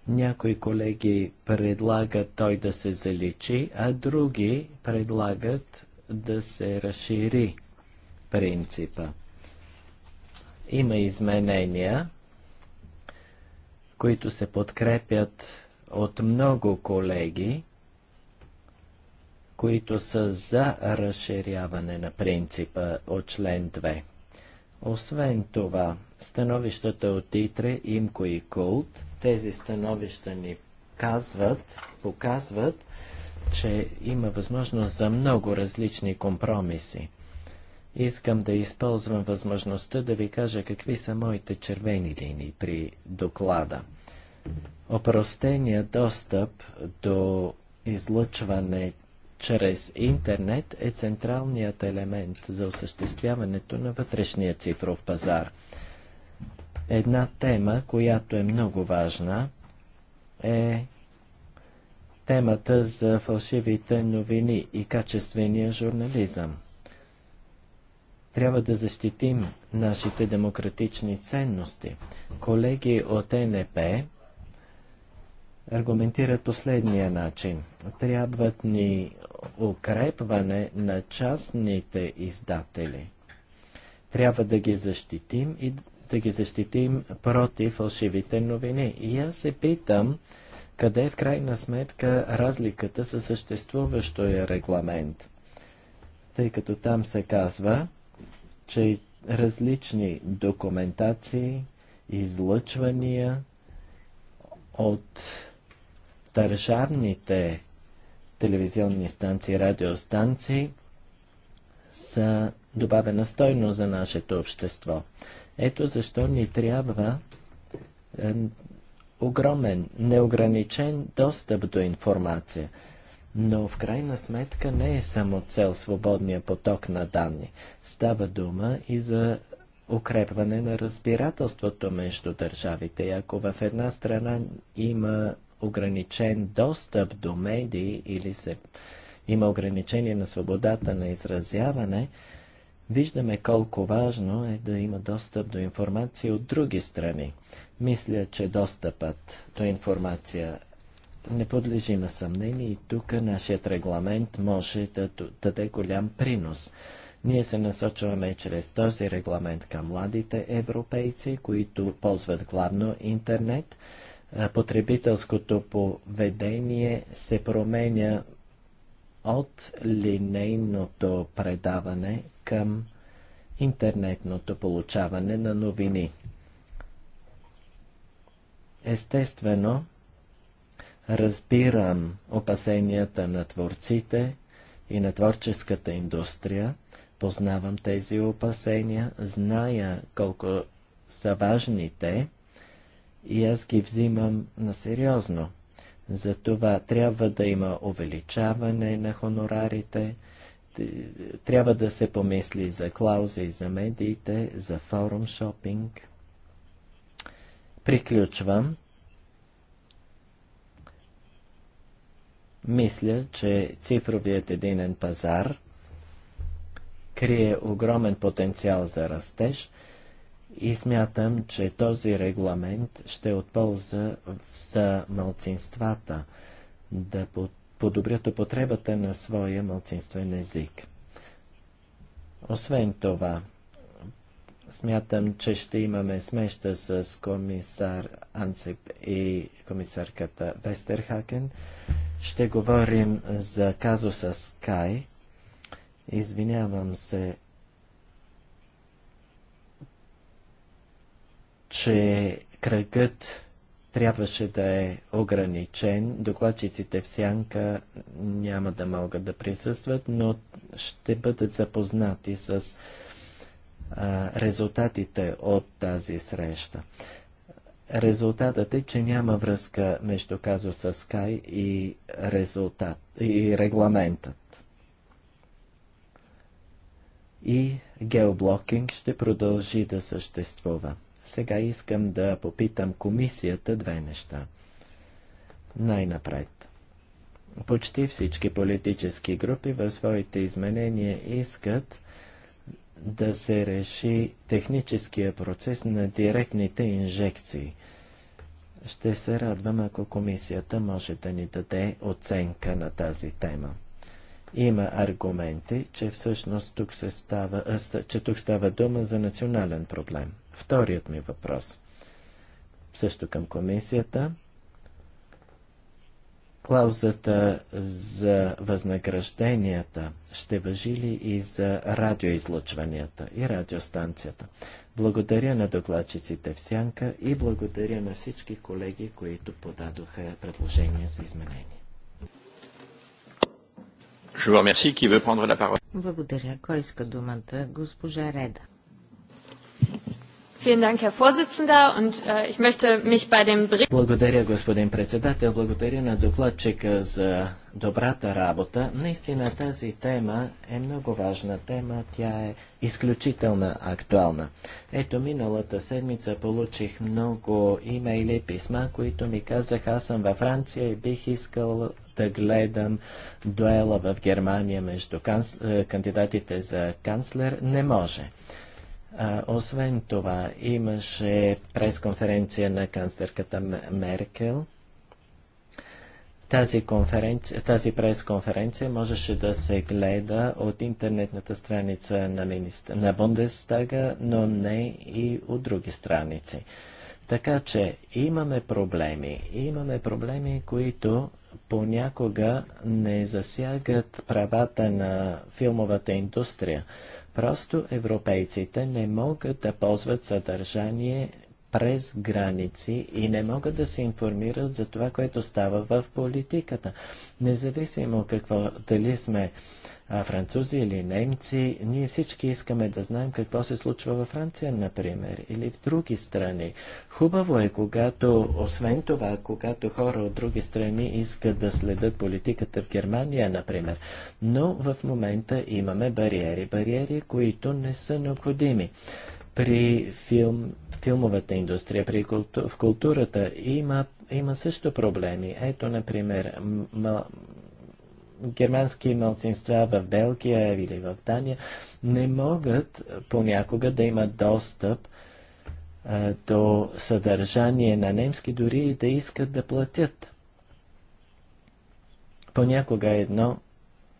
някои колеги предлагат той да се заличи, а други предлагат да се разшири принципа. Има изменения, които се подкрепят от много колеги, които са за разширяване на принципа от член 2. Освен това, становищата от Итре, Имко и Култ, тези становища ни казват, показват, че има възможност за много различни компромиси. Искам да използвам възможността да ви кажа какви са моите червени линии при доклада. Опростения достъп до излъчване чрез интернет е централният елемент за осъществяването на вътрешния цифров пазар. Една тема, която е много важна, е темата за фалшивите новини и качествения журнализъм. Трябва да защитим нашите демократични ценности. Колеги от НП аргументират последния начин. Трябват ни укрепване на частните издатели. Трябва да ги защитим и да ги защитим против фалшивите новини. И аз се питам, къде е в крайна сметка разликата със съществуващия регламент? Тъй като там се казва, че различни документации, излъчвания от държавните телевизионни станции, радиостанции са добавена стойност за нашето общество. Ето защо ни трябва е, огромен, неограничен достъп до информация. Но в крайна сметка не е само цел свободния поток на данни. Става дума и за укрепване на разбирателството между държавите. И ако в една страна има ограничен достъп до медии или се, има ограничение на свободата на изразяване, виждаме колко важно е да има достъп до информация от други страни. Мисля, че достъпът до информация не подлежи на съмнение и тук нашият регламент може да даде голям принос. Ние се насочваме чрез този регламент към младите европейци, които ползват главно интернет потребителското поведение се променя от линейното предаване към интернетното получаване на новини. Естествено, разбирам опасенията на творците и на творческата индустрия, познавам тези опасения, зная колко са важни те, и аз ги взимам на сериозно. Затова трябва да има увеличаване на хонорарите, трябва да се помисли за клаузи за медиите, за форум шопинг. Приключвам. Мисля, че цифровият единен пазар крие огромен потенциал за растеж и смятам, че този регламент ще е от полза за мълцинствата да подобрят употребата на своя мълцинствен език. Освен това, смятам, че ще имаме смеща с комисар Анцип и комисарката Вестерхакен. Ще говорим за казуса Скай. Извинявам се че кръгът трябваше да е ограничен. Докладчиците в сянка няма да могат да присъстват, но ще бъдат запознати с а, резултатите от тази среща. Резултатът е, че няма връзка между казуса Sky и, резултат, и регламентът. И геоблокинг ще продължи да съществува. Сега искам да попитам комисията две неща. Най-напред. Почти всички политически групи в своите изменения искат да се реши техническия процес на директните инжекции. Ще се радвам, ако комисията може да ни даде оценка на тази тема. Има аргументи, че всъщност тук, се става, че тук става дума за национален проблем – Вторият ми въпрос. Също към комисията. Клаузата за възнагражденията ще въжи ли и за радиоизлъчванията и радиостанцията? Благодаря на докладчиците в Сянка и благодаря на всички колеги, които подадоха предложения за изменение. Благодаря. Кой иска думата? Госпожа Реда. Vielen Dank, Herr Vorsitzender, und äh, ich möchte mich bei dem Bericht... Благодаря, господин председател. Благодаря на докладчика за добрата работа. Наистина тази тема е много важна тема. Тя е изключително актуална. Ето, миналата седмица получих много имейли, писма, които ми казаха, аз съм във Франция и бих искал да гледам дуела в Германия между канц... кандидатите за канцлер. Не може. А, освен това, имаше пресконференция на канцлерката Меркел. Тази, тази пресконференция можеше да се гледа от интернетната страница на, министр... на Бундестага, но не и от други страници. Така че имаме проблеми. Имаме проблеми, които понякога не засягат правата на филмовата индустрия. Просто европейците не могат да ползват съдържание през граници и не могат да се информират за това, което става в политиката. Независимо какво, дали сме а, французи или немци, ние всички искаме да знаем какво се случва във Франция, например, или в други страни. Хубаво е, когато, освен това, когато хора от други страни искат да следят политиката в Германия, например, но в момента имаме бариери, бариери, които не са необходими при филм, филмовата индустрия, при култу, в културата има, има също проблеми. Ето, например, германски младсинства в Белгия или в Дания не могат понякога да имат достъп а, до съдържание на немски, дори и да искат да платят. Понякога едно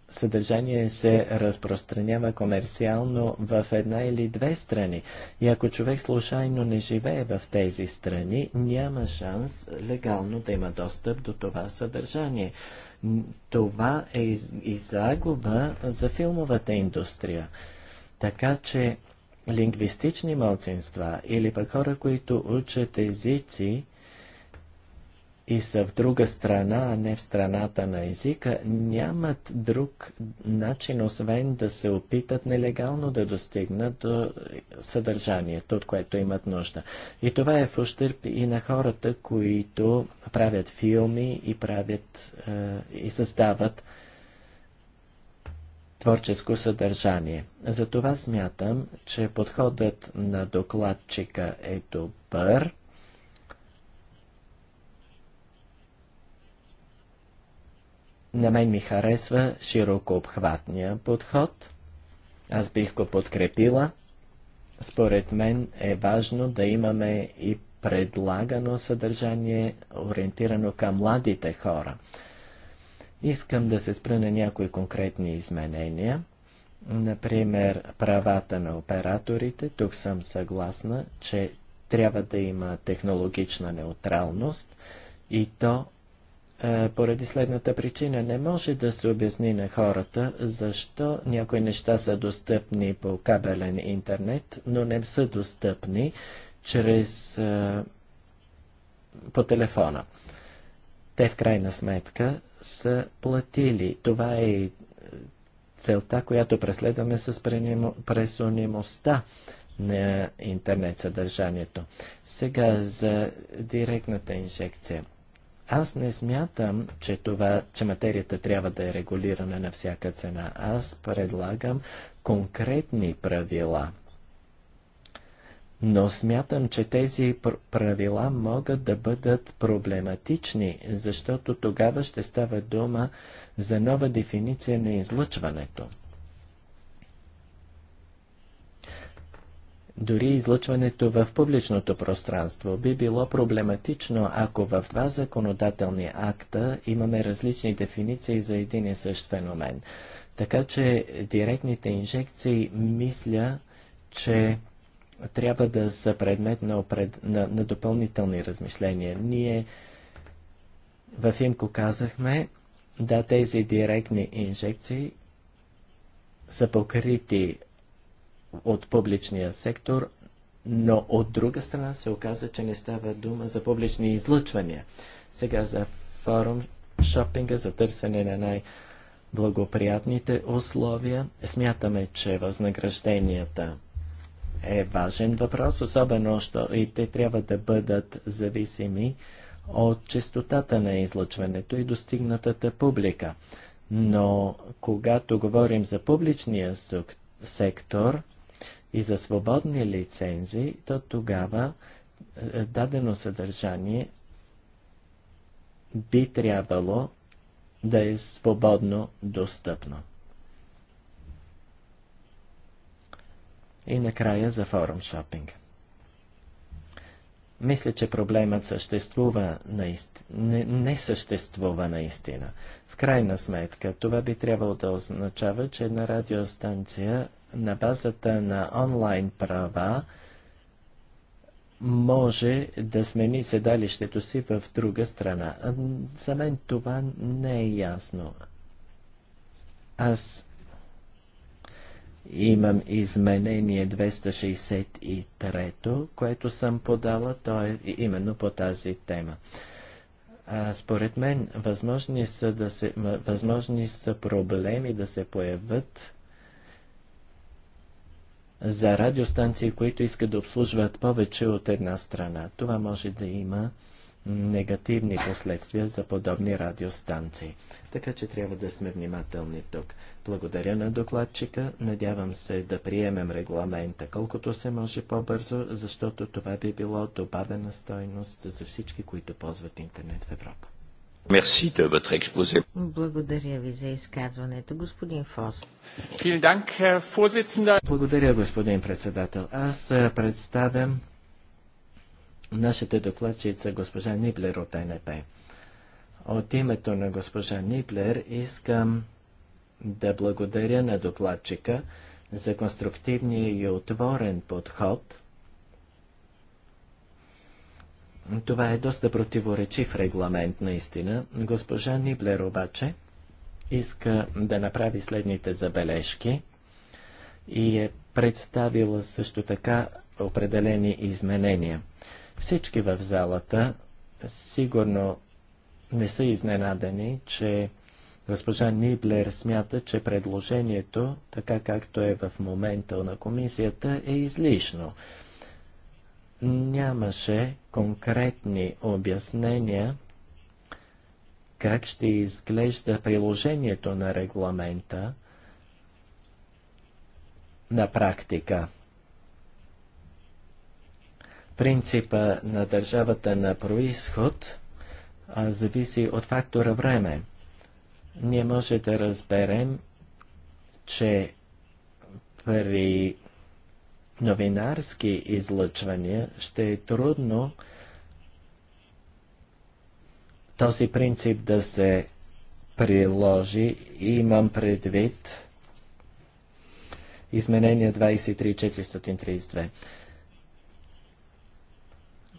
съдържание се разпространява комерциално в една или две страни. И ако човек случайно не живее в тези страни, няма шанс легално да има достъп до това съдържание. Това е и загуба за филмовата индустрия. Така че лингвистични малцинства или пък хора, които учат езици, и са в друга страна, а не в страната на езика, нямат друг начин, освен да се опитат нелегално да достигнат до съдържанието, от което имат нужда. И това е в ущърп и на хората, които правят филми и правят е, и създават творческо съдържание. Затова смятам, че подходът на докладчика е добър На мен ми харесва широко обхватния подход. Аз бих го подкрепила. Според мен е важно да имаме и предлагано съдържание, ориентирано към младите хора. Искам да се спра на някои конкретни изменения. Например, правата на операторите. Тук съм съгласна, че трябва да има технологична неутралност и то е, поради следната причина. Не може да се обясни на хората, защо някои неща са достъпни по кабелен интернет, но не са достъпни чрез е, по телефона. Те в крайна сметка са платили. Това е целта, която преследваме с пресонимостта на интернет съдържанието. Сега за директната инжекция – аз не смятам, че, това, че материята трябва да е регулирана на всяка цена. Аз предлагам конкретни правила. Но смятам, че тези правила могат да бъдат проблематични, защото тогава ще става дума за нова дефиниция на излъчването. Дори излъчването в публичното пространство би било проблематично, ако в два законодателни акта имаме различни дефиниции за един и същ феномен. Така че директните инжекции мисля, че трябва да са предмет на, опред... на, на допълнителни размишления. Ние в Имко казахме, да, тези директни инжекции са покрити от публичния сектор, но от друга страна се оказа, че не става дума за публични излъчвания. Сега за форум шопинга, за търсене на най- благоприятните условия. Смятаме, че възнагражденията е важен въпрос, особено, що и те трябва да бъдат зависими от частотата на излъчването и достигнатата публика. Но когато говорим за публичния сектор, и за свободни лицензи, то тогава е, дадено съдържание би трябвало да е свободно достъпно. И накрая за форум шопинг. Мисля, че проблемът съществува наист... не, не съществува наистина. В крайна сметка, това би трябвало да означава, че една радиостанция на базата на онлайн права може да смени седалището си в друга страна. За мен това не е ясно. Аз имам изменение 263, което съм подала, то е именно по тази тема. А, според мен, възможни са, да се, възможни са проблеми да се появят за радиостанции, които искат да обслужват повече от една страна. Това може да има негативни последствия за подобни радиостанции. Така че трябва да сме внимателни тук. Благодаря на докладчика. Надявам се да приемем регламента колкото се може по-бързо, защото това би било добавена стойност за всички, които ползват интернет в Европа de votre exposé. Благодаря ви за изказването, господин Фос. Благодаря, господин председател. Аз е, представям нашата докладчица госпожа Ниблер от НП. От името на госпожа Ниблер искам да благодаря на докладчика за конструктивния и отворен подход – това е доста противоречив регламент наистина. Госпожа Ниблер обаче иска да направи следните забележки и е представила също така определени изменения. Всички в залата сигурно не са изненадани, че госпожа Ниблер смята, че предложението, така както е в момента на комисията, е излишно нямаше конкретни обяснения как ще изглежда приложението на регламента на практика. Принципа на държавата на происход а, зависи от фактора време. Ние може да разберем, че при новинарски излъчвания ще е трудно този принцип да се приложи. и Имам предвид изменение 23432.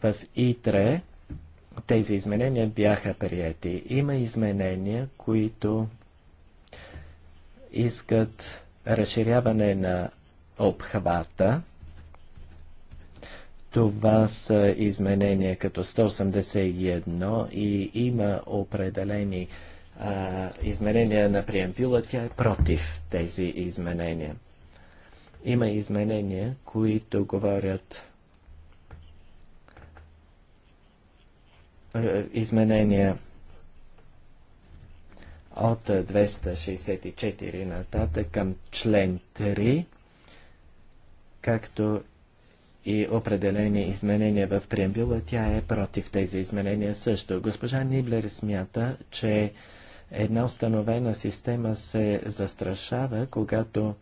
В ИТРЕ тези изменения бяха прияти. Има изменения, които искат разширяване на обхвата. Това са изменения като 181 и има определени а, изменения на приемпила. Тя е против тези изменения. Има изменения, които говорят изменения от 264 нататък към член 3 както и определени изменения в преамбюла, тя е против тези изменения също. Госпожа Ниблер смята, че една установена система се застрашава, когато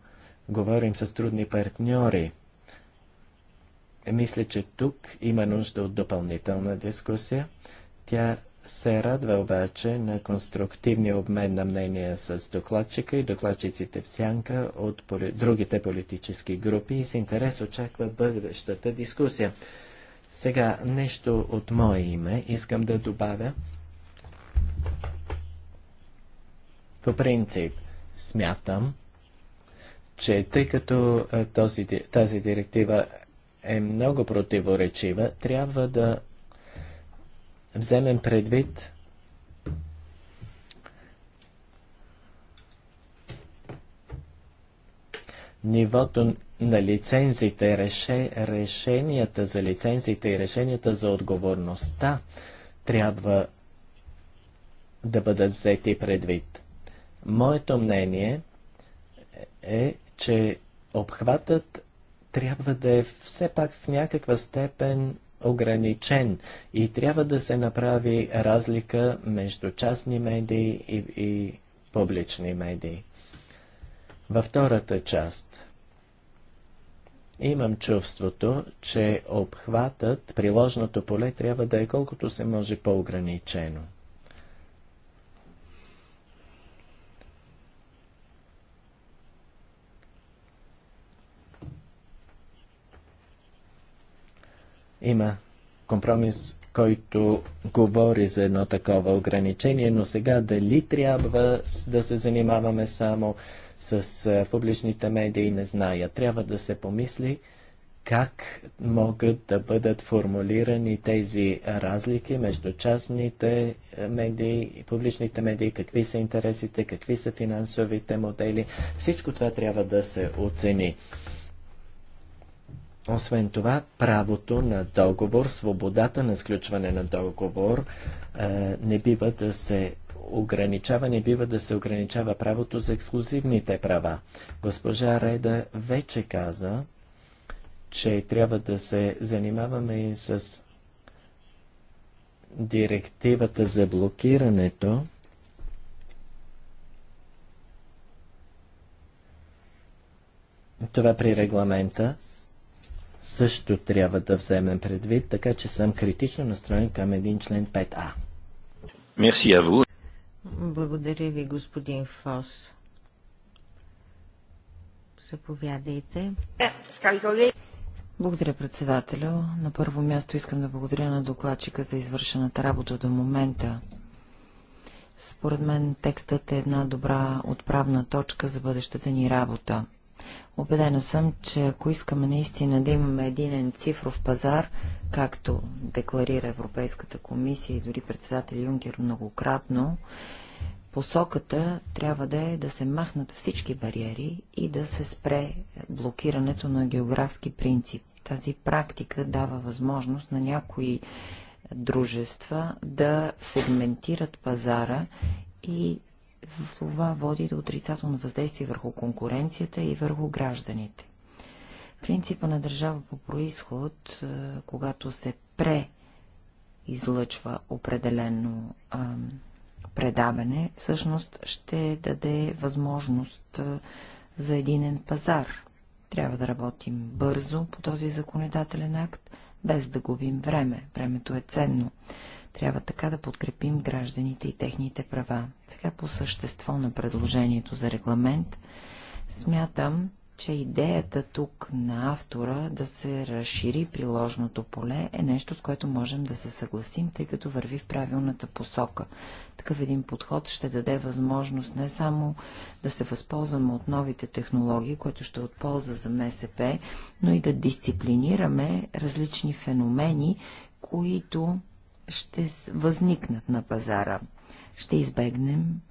говорим с трудни партньори. Мисля, че тук има нужда от допълнителна дискусия. Тя се радва обаче на конструктивния обмен на мнения с докладчика и докладчиците в сянка от поли... другите политически групи и с интерес очаква бъдещата дискусия. Сега нещо от мое име искам да добавя. По принцип, смятам, че тъй като е, този, тази директива е много противоречива, трябва да вземем предвид нивото на лицензите, реше, решенията за лицензите и решенията за отговорността трябва да бъдат взети предвид. Моето мнение е, че обхватът трябва да е все пак в някаква степен ограничен и трябва да се направи разлика между частни медии и, и публични медии. Във втората част имам чувството, че обхватът, приложното поле трябва да е колкото се може по-ограничено – Има компромис, който говори за едно такова ограничение, но сега дали трябва да се занимаваме само с публичните медии, не зная. Трябва да се помисли как могат да бъдат формулирани тези разлики между частните медии и публичните медии, какви са интересите, какви са финансовите модели. Всичко това трябва да се оцени. Освен това, правото на договор, свободата на сключване на договор е, не бива да се ограничава, не бива да се ограничава правото за ексклюзивните права. Госпожа Реда вече каза, че трябва да се занимаваме и с директивата за блокирането. Това при регламента също трябва да вземем предвид, така че съм критично настроен към един член 5А. Мерси Благодаря ви, господин Фос. Заповядайте. Благодаря, председателю. На първо място искам да благодаря на докладчика за извършената работа до момента. Според мен текстът е една добра отправна точка за бъдещата ни работа. Обедена съм, че ако искаме наистина да имаме единен цифров пазар, както декларира Европейската комисия и дори председател Юнкер многократно, посоката трябва да е да се махнат всички бариери и да се спре блокирането на географски принцип. Тази практика дава възможност на някои дружества да сегментират пазара и това води до отрицателно въздействие върху конкуренцията и върху гражданите. Принципа на държава по происход, когато се преизлъчва определено предаване, всъщност ще даде възможност за единен пазар. Трябва да работим бързо по този законодателен акт, без да губим време. Времето е ценно. Трябва така да подкрепим гражданите и техните права. Сега по същество на предложението за регламент смятам, че идеята тук на автора да се разшири приложното поле е нещо, с което можем да се съгласим, тъй като върви в правилната посока. Такъв един подход ще даде възможност не само да се възползваме от новите технологии, което ще е отползва за МСП, но и да дисциплинираме различни феномени, които ще възникнат на пазара. Ще избегнем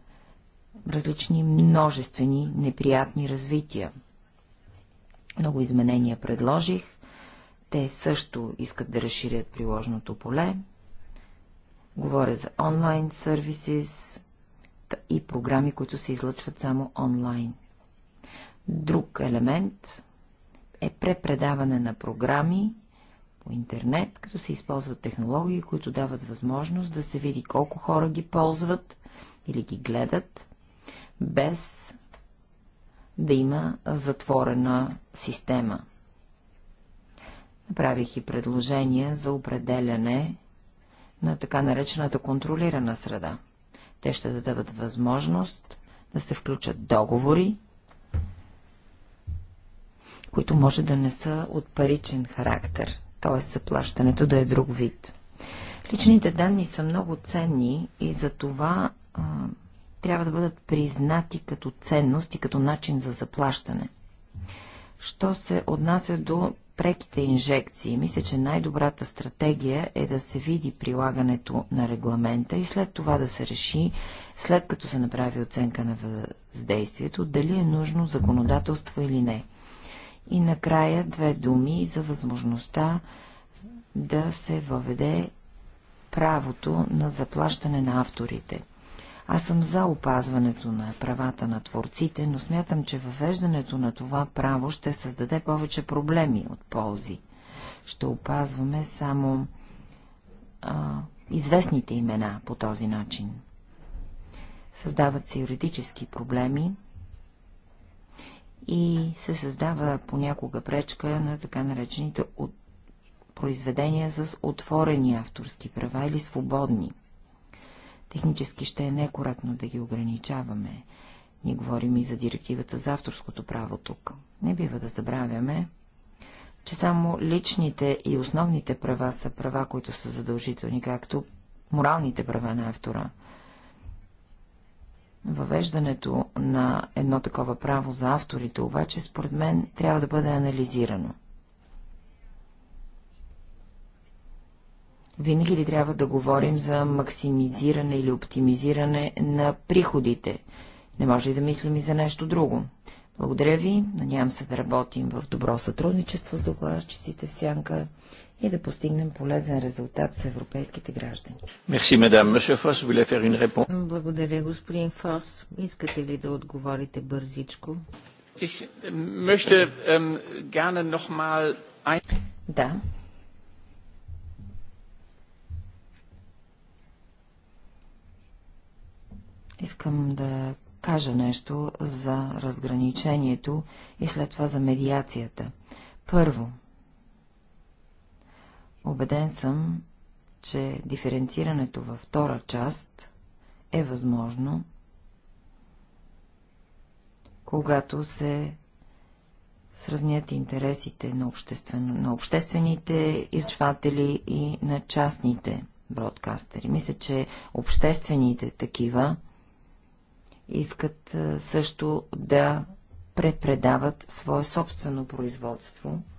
различни множествени неприятни развития. Много изменения предложих. Те също искат да разширят приложното поле. Говоря за онлайн сервисис и програми, които се излъчват само онлайн. Друг елемент е препредаване на програми по интернет, като се използват технологии, които дават възможност да се види колко хора ги ползват или ги гледат, без да има затворена система. Направих и предложения за определяне на така наречената контролирана среда. Те ще дадат възможност да се включат договори, които може да не са от паричен характер т.е. заплащането да е друг вид. Личните данни са много ценни и за това а, трябва да бъдат признати като ценност и като начин за заплащане. Що се отнася до преките инжекции, мисля, че най-добрата стратегия е да се види прилагането на регламента и след това да се реши, след като се направи оценка на въздействието, дали е нужно законодателство или не. И накрая две думи за възможността да се въведе правото на заплащане на авторите. Аз съм за опазването на правата на творците, но смятам, че въвеждането на това право ще създаде повече проблеми от ползи. Ще опазваме само а, известните имена по този начин. Създават се юридически проблеми, и се създава понякога пречка на така наречените от... произведения с отворени авторски права или свободни. Технически ще е некоректно да ги ограничаваме. Ние говорим и за директивата за авторското право тук. Не бива да забравяме, че само личните и основните права са права, които са задължителни, както моралните права на автора – Въвеждането на едно такова право за авторите обаче, според мен, трябва да бъде анализирано. Винаги ли трябва да говорим за максимизиране или оптимизиране на приходите? Не може ли да мислим и за нещо друго? Благодаря ви. Надявам се да работим в добро сътрудничество с докладчиците в Сянка и да постигнем полезен резултат с европейските граждани. Merci, madame. Фос, Благодаря, господин Фос. Искате ли да отговорите бързичко? Ich ähm, möchte ähm, gerne noch mal ein... Да. Искам да кажа нещо за разграничението и след това за медиацията. Първо, Обеден съм, че диференцирането във втора част е възможно, когато се сравнят интересите на, обществен... на обществените изчватели и на частните бродкастери. Мисля, че обществените такива искат също да препредават свое собствено производство –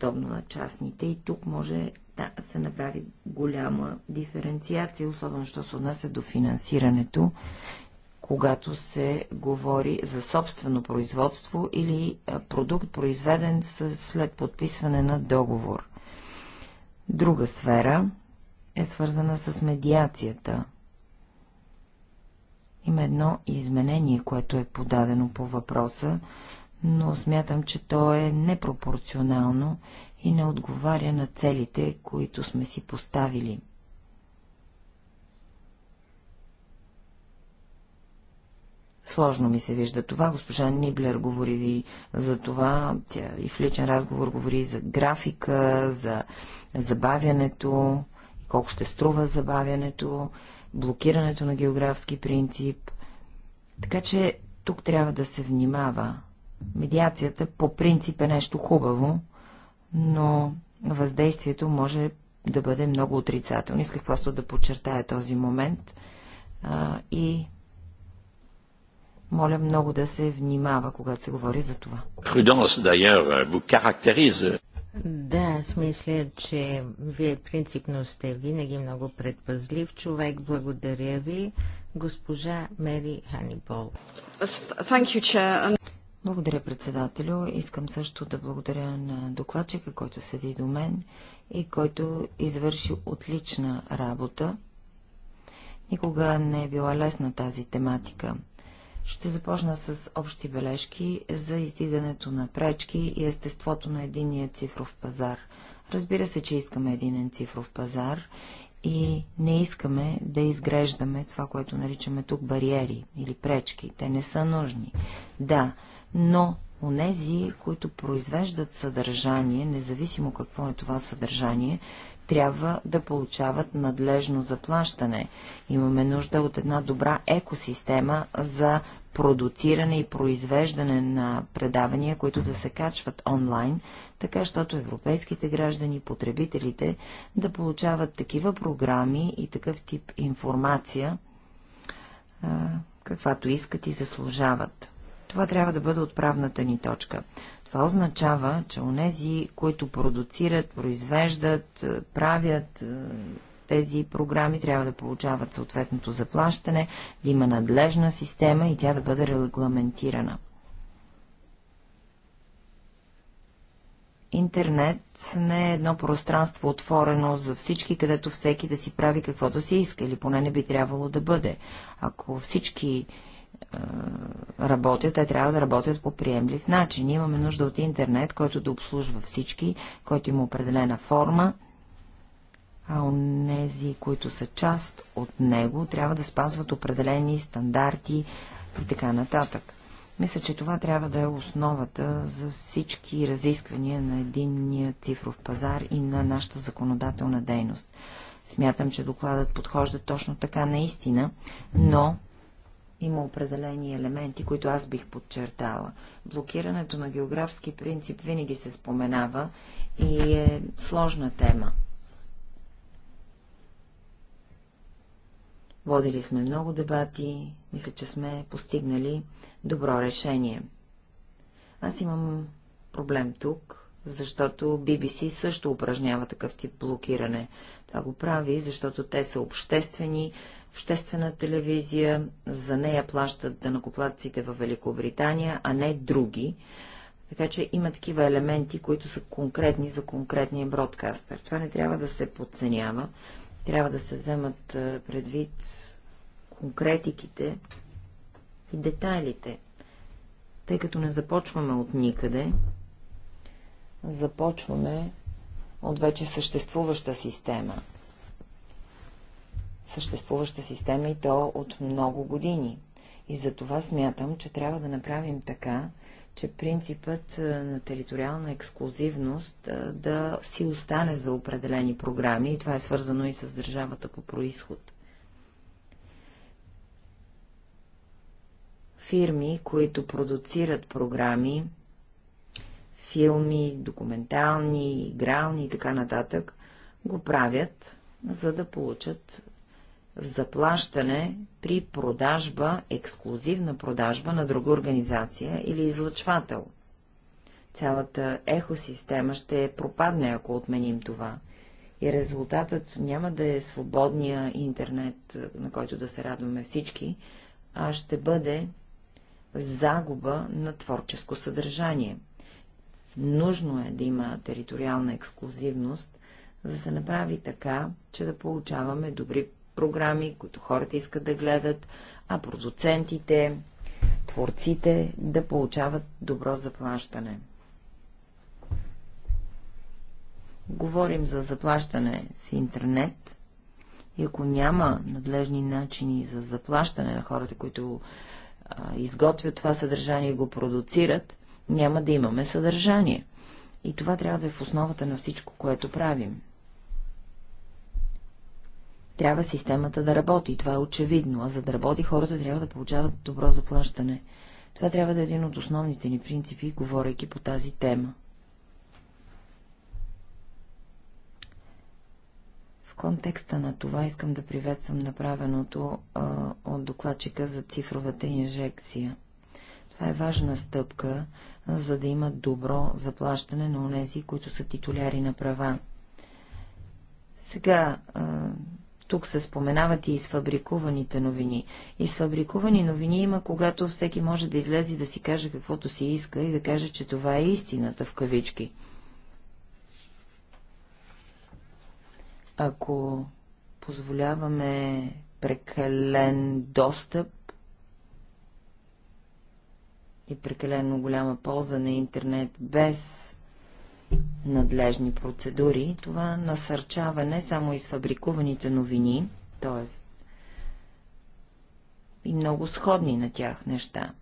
подобно на частните и тук може да се направи голяма диференциация, особено що се отнася до финансирането, когато се говори за собствено производство или продукт, произведен след подписване на договор. Друга сфера е свързана с медиацията. Има едно изменение, което е подадено по въпроса, но смятам, че то е непропорционално и не отговаря на целите, които сме си поставили. Сложно ми се вижда това. Госпожа Ниблер говори за това. Тя и в личен разговор говори за графика, за забавянето, колко ще струва забавянето, блокирането на географски принцип. Така че тук трябва да се внимава. Медиацията по принцип е нещо хубаво, но въздействието може да бъде много отрицателно. Исках просто да подчертая този момент а, и моля много да се внимава, когато се говори за това. да, аз мисля, че вие принципно сте винаги много предпазлив човек. Благодаря ви, госпожа Мери Ханибол. You, благодаря, председателю. Искам също да благодаря на докладчика, който седи до мен и който извърши отлична работа. Никога не е била лесна тази тематика. Ще започна с общи бележки за издигането на пречки и естеството на единия цифров пазар. Разбира се, че искаме единен цифров пазар и не искаме да изгреждаме това, което наричаме тук бариери или пречки. Те не са нужни. Да, но онези, които произвеждат съдържание, независимо какво е това съдържание, трябва да получават надлежно заплащане. Имаме нужда от една добра екосистема за продуциране и произвеждане на предавания, които да се качват онлайн, така щото европейските граждани, потребителите да получават такива програми и такъв тип информация, каквато искат и заслужават. Това трябва да бъде отправната ни точка. Това означава, че онези, които продуцират, произвеждат, е, правят е, тези програми, трябва да получават съответното заплащане, да има надлежна система и тя да бъде регламентирана. Интернет не е едно пространство отворено за всички, където всеки да си прави каквото си иска, или поне не би трябвало да бъде. Ако всички работят, те трябва да работят по приемлив начин. Имаме нужда от интернет, който да обслужва всички, който има определена форма, а онези, които са част от него, трябва да спазват определени стандарти и така нататък. Мисля, че това трябва да е основата за всички разисквания на единния цифров пазар и на нашата законодателна дейност. Смятам, че докладът подхожда точно така наистина, но има определени елементи, които аз бих подчертала. Блокирането на географски принцип винаги се споменава и е сложна тема. Водили сме много дебати, мисля, че сме постигнали добро решение. Аз имам проблем тук, защото BBC също упражнява такъв тип блокиране. Това го прави, защото те са обществени, обществена телевизия, за нея плащат данакоплатците в Великобритания, а не други. Така че има такива елементи, които са конкретни за конкретния бродкастър. Това не трябва да се подценява. Трябва да се вземат предвид конкретиките и детайлите. Тъй като не започваме от никъде, започваме от вече съществуваща система. Съществуваща система и то от много години. И за това смятам, че трябва да направим така, че принципът е, на териториална ексклюзивност е, да си остане за определени програми, и това е свързано и с държавата по происход. Фирми, които продуцират програми, филми, документални, игрални и така нататък, го правят, за да получат заплащане при продажба, ексклюзивна продажба на друга организация или излъчвател. Цялата ехосистема ще пропадне, ако отменим това. И резултатът няма да е свободния интернет, на който да се радваме всички, а ще бъде загуба на творческо съдържание – Нужно е да има териториална ексклюзивност, за да се направи така, че да получаваме добри програми, които хората искат да гледат, а продуцентите, творците да получават добро заплащане. Говорим за заплащане в интернет и ако няма надлежни начини за заплащане на хората, които а, изготвят това съдържание и го продуцират, няма да имаме съдържание. И това трябва да е в основата на всичко, което правим. Трябва системата да работи, това е очевидно, а за да работи хората трябва да получават добро заплащане. Това трябва да е един от основните ни принципи, говорейки по тази тема. В контекста на това искам да приветствам направеното а, от докладчика за цифровата инжекция. Това е важна стъпка за да имат добро заплащане на онези, които са титуляри на права. Сега, тук се споменават и изфабрикуваните новини. Изфабрикувани новини има, когато всеки може да излезе да си каже каквото си иска и да каже, че това е истината в кавички. Ако позволяваме прекален достъп, и прекалено голяма полза на интернет без надлежни процедури, това насърчава не само изфабрикуваните новини, т.е. и много сходни на тях неща.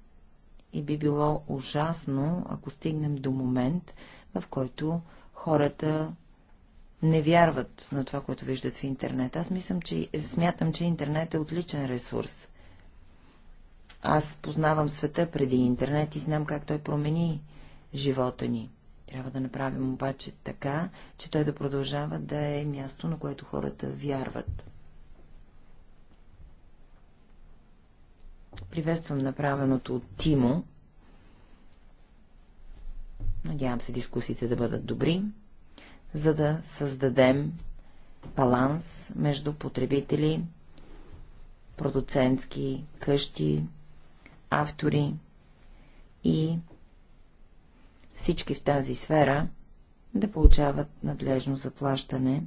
И би било ужасно, ако стигнем до момент, в който хората не вярват на това, което виждат в интернет. Аз мислям, че, смятам, че интернет е отличен ресурс. Аз познавам света преди интернет и знам как той промени живота ни. Трябва да направим обаче така, че той да продължава да е място, на което хората вярват. Приветствам направеното от Тимо. Надявам се дискусиите да бъдат добри, за да създадем баланс между потребители, продуцентски къщи, автори и всички в тази сфера да получават надлежно заплащане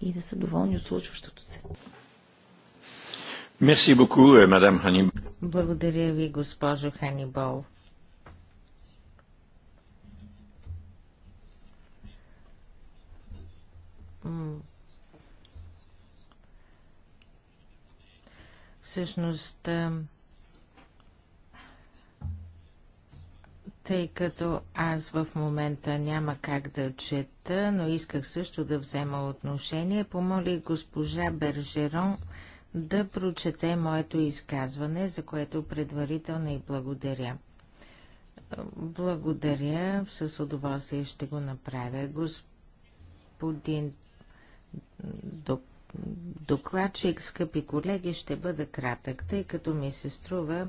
и да са доволни от случващото се. Мерси боку, мадам Благодаря ви, госпожо Ханибол. Всъщност, Тъй като аз в момента няма как да чета, но исках също да взема отношение, помоли госпожа Бержерон да прочете моето изказване, за което предварително и благодаря. Благодаря, с удоволствие ще го направя. Господин докладчик, скъпи колеги, ще бъда кратък, тъй като ми се струва,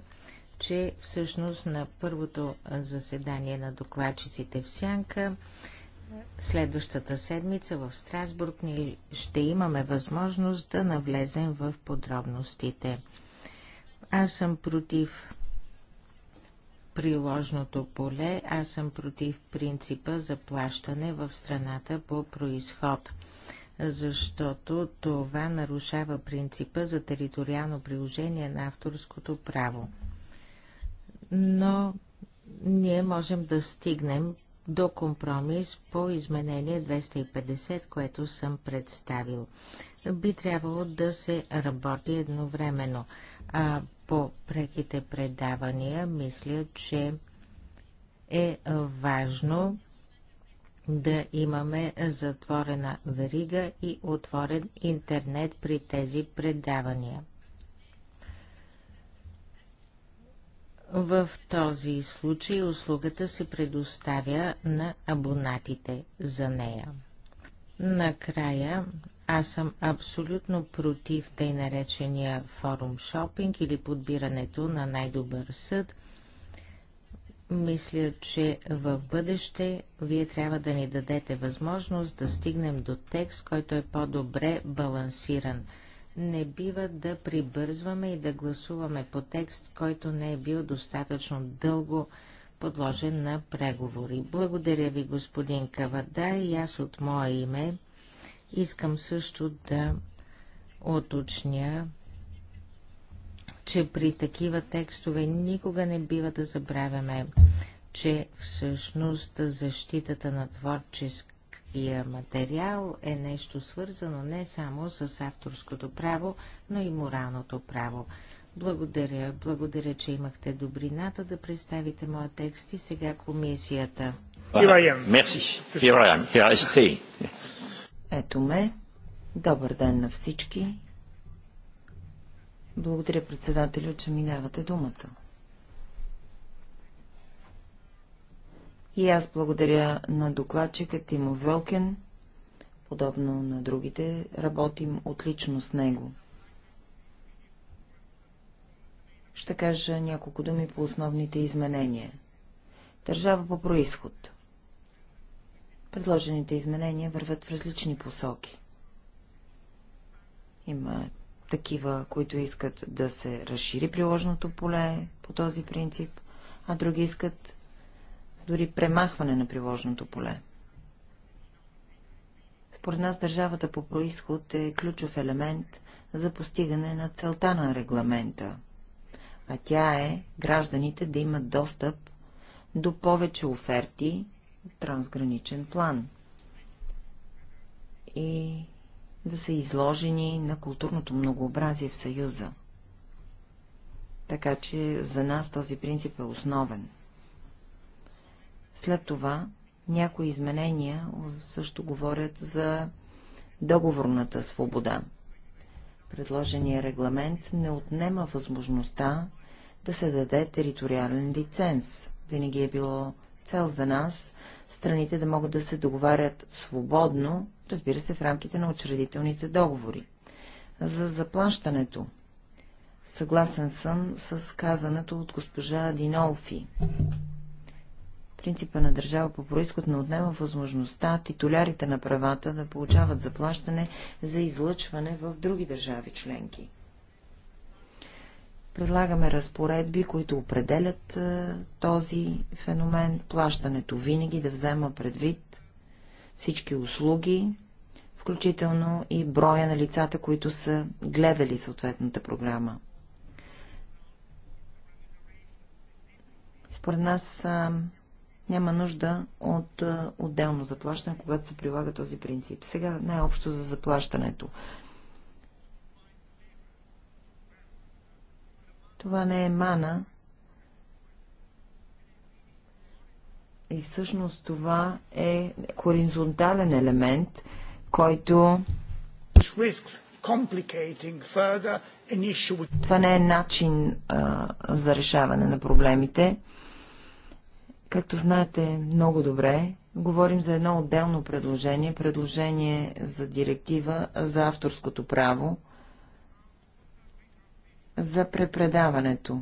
че всъщност на първото заседание на докладчиците в Сянка следващата седмица в Страсбург ние ще имаме възможност да навлезем в подробностите. Аз съм против приложното поле, аз съм против принципа за плащане в страната по происход, защото това нарушава принципа за териториално приложение на авторското право но ние можем да стигнем до компромис по изменение 250, което съм представил. Би трябвало да се работи едновременно. А по преките предавания мисля, че е важно да имаме затворена верига и отворен интернет при тези предавания. В този случай услугата се предоставя на абонатите за нея. Накрая, аз съм абсолютно против тъй наречения форум шопинг или подбирането на най-добър съд. Мисля, че в бъдеще вие трябва да ни дадете възможност да стигнем до текст, който е по-добре балансиран – не бива да прибързваме и да гласуваме по текст, който не е бил достатъчно дълго подложен на преговори. Благодаря ви, господин Кавада, и аз от мое име искам също да уточня, че при такива текстове никога не бива да забравяме, че всъщност защитата на творческа Тия материал е нещо свързано не само с авторското право, но и моралното право. Благодаря, благодаря, че имахте добрината да представите моя текст и сега комисията. Ето ме. Добър ден на всички. Благодаря председателю, че минавате думата. И аз благодаря на докладчика Тимо Вълкен. Подобно на другите, работим отлично с него. Ще кажа няколко думи по основните изменения. Държава по происход. Предложените изменения върват в различни посоки. Има такива, които искат да се разшири приложното поле по този принцип, а други искат дори премахване на приложното поле. Според нас държавата по происход е ключов елемент за постигане на целта на регламента, а тя е гражданите да имат достъп до повече оферти в трансграничен план и да са изложени на културното многообразие в Съюза. Така че за нас този принцип е основен – след това някои изменения също говорят за договорната свобода. Предложения регламент не отнема възможността да се даде териториален лиценз. Винаги е било цел за нас страните да могат да се договарят свободно, разбира се, в рамките на учредителните договори. За заплащането. Съгласен съм с казаното от госпожа Динолфи. Принципа на държава по происход не отнема възможността титулярите на правата да получават заплащане за излъчване в други държави членки. Предлагаме разпоредби, които определят е, този феномен, плащането винаги да взема предвид всички услуги, включително и броя на лицата, които са гледали съответната програма. Според нас е, няма нужда от отделно заплащане, когато се прилага този принцип. Сега най-общо за заплащането. Това не е мана. И всъщност това е хоризонтален елемент, който това не е начин а, за решаване на проблемите. Както знаете много добре, говорим за едно отделно предложение, предложение за директива за авторското право, за препредаването.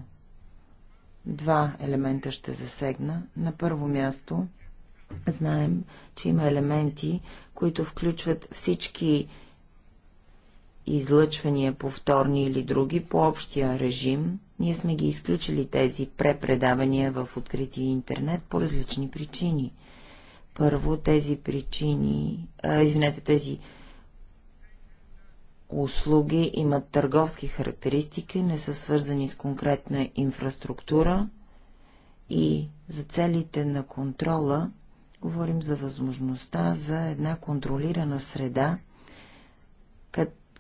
Два елемента ще засегна. На първо място знаем, че има елементи, които включват всички излъчвания повторни или други по общия режим, ние сме ги изключили тези препредавания в открития интернет по различни причини. Първо, тези причини, а, извинете, тези услуги имат търговски характеристики, не са свързани с конкретна инфраструктура и за целите на контрола говорим за възможността за една контролирана среда,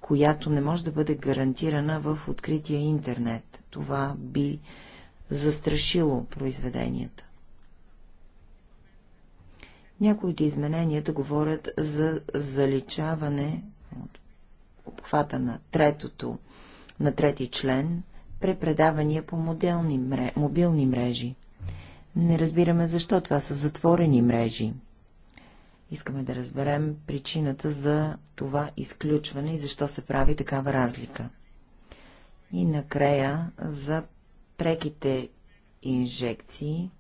която не може да бъде гарантирана в открития интернет. Това би застрашило произведенията. Някои от измененията говорят за заличаване от обхвата на третото, на трети член, препредавания по моделни мобилни мрежи. Не разбираме защо това са затворени мрежи. Искаме да разберем причината за това изключване и защо се прави такава разлика. И накрая за преките инжекции.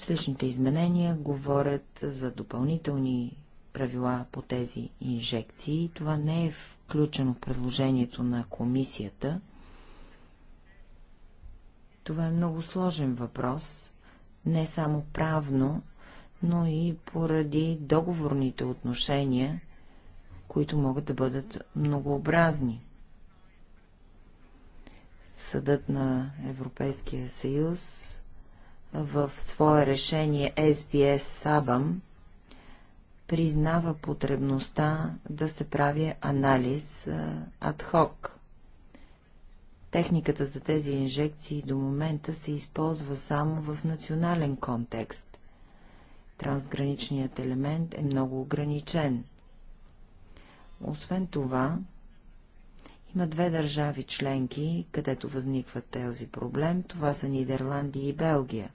Различните изменения говорят за допълнителни правила по тези инжекции. Това не е включено в предложението на комисията. Това е много сложен въпрос, не само правно, но и поради договорните отношения, които могат да бъдат многообразни. Съдът на Европейския съюз в свое решение SBS Сабам признава потребността да се прави анализ адхок. Техниката за тези инжекции до момента се използва само в национален контекст трансграничният елемент е много ограничен. Освен това, има две държави членки, където възниква този проблем. Това са Нидерландия и Белгия.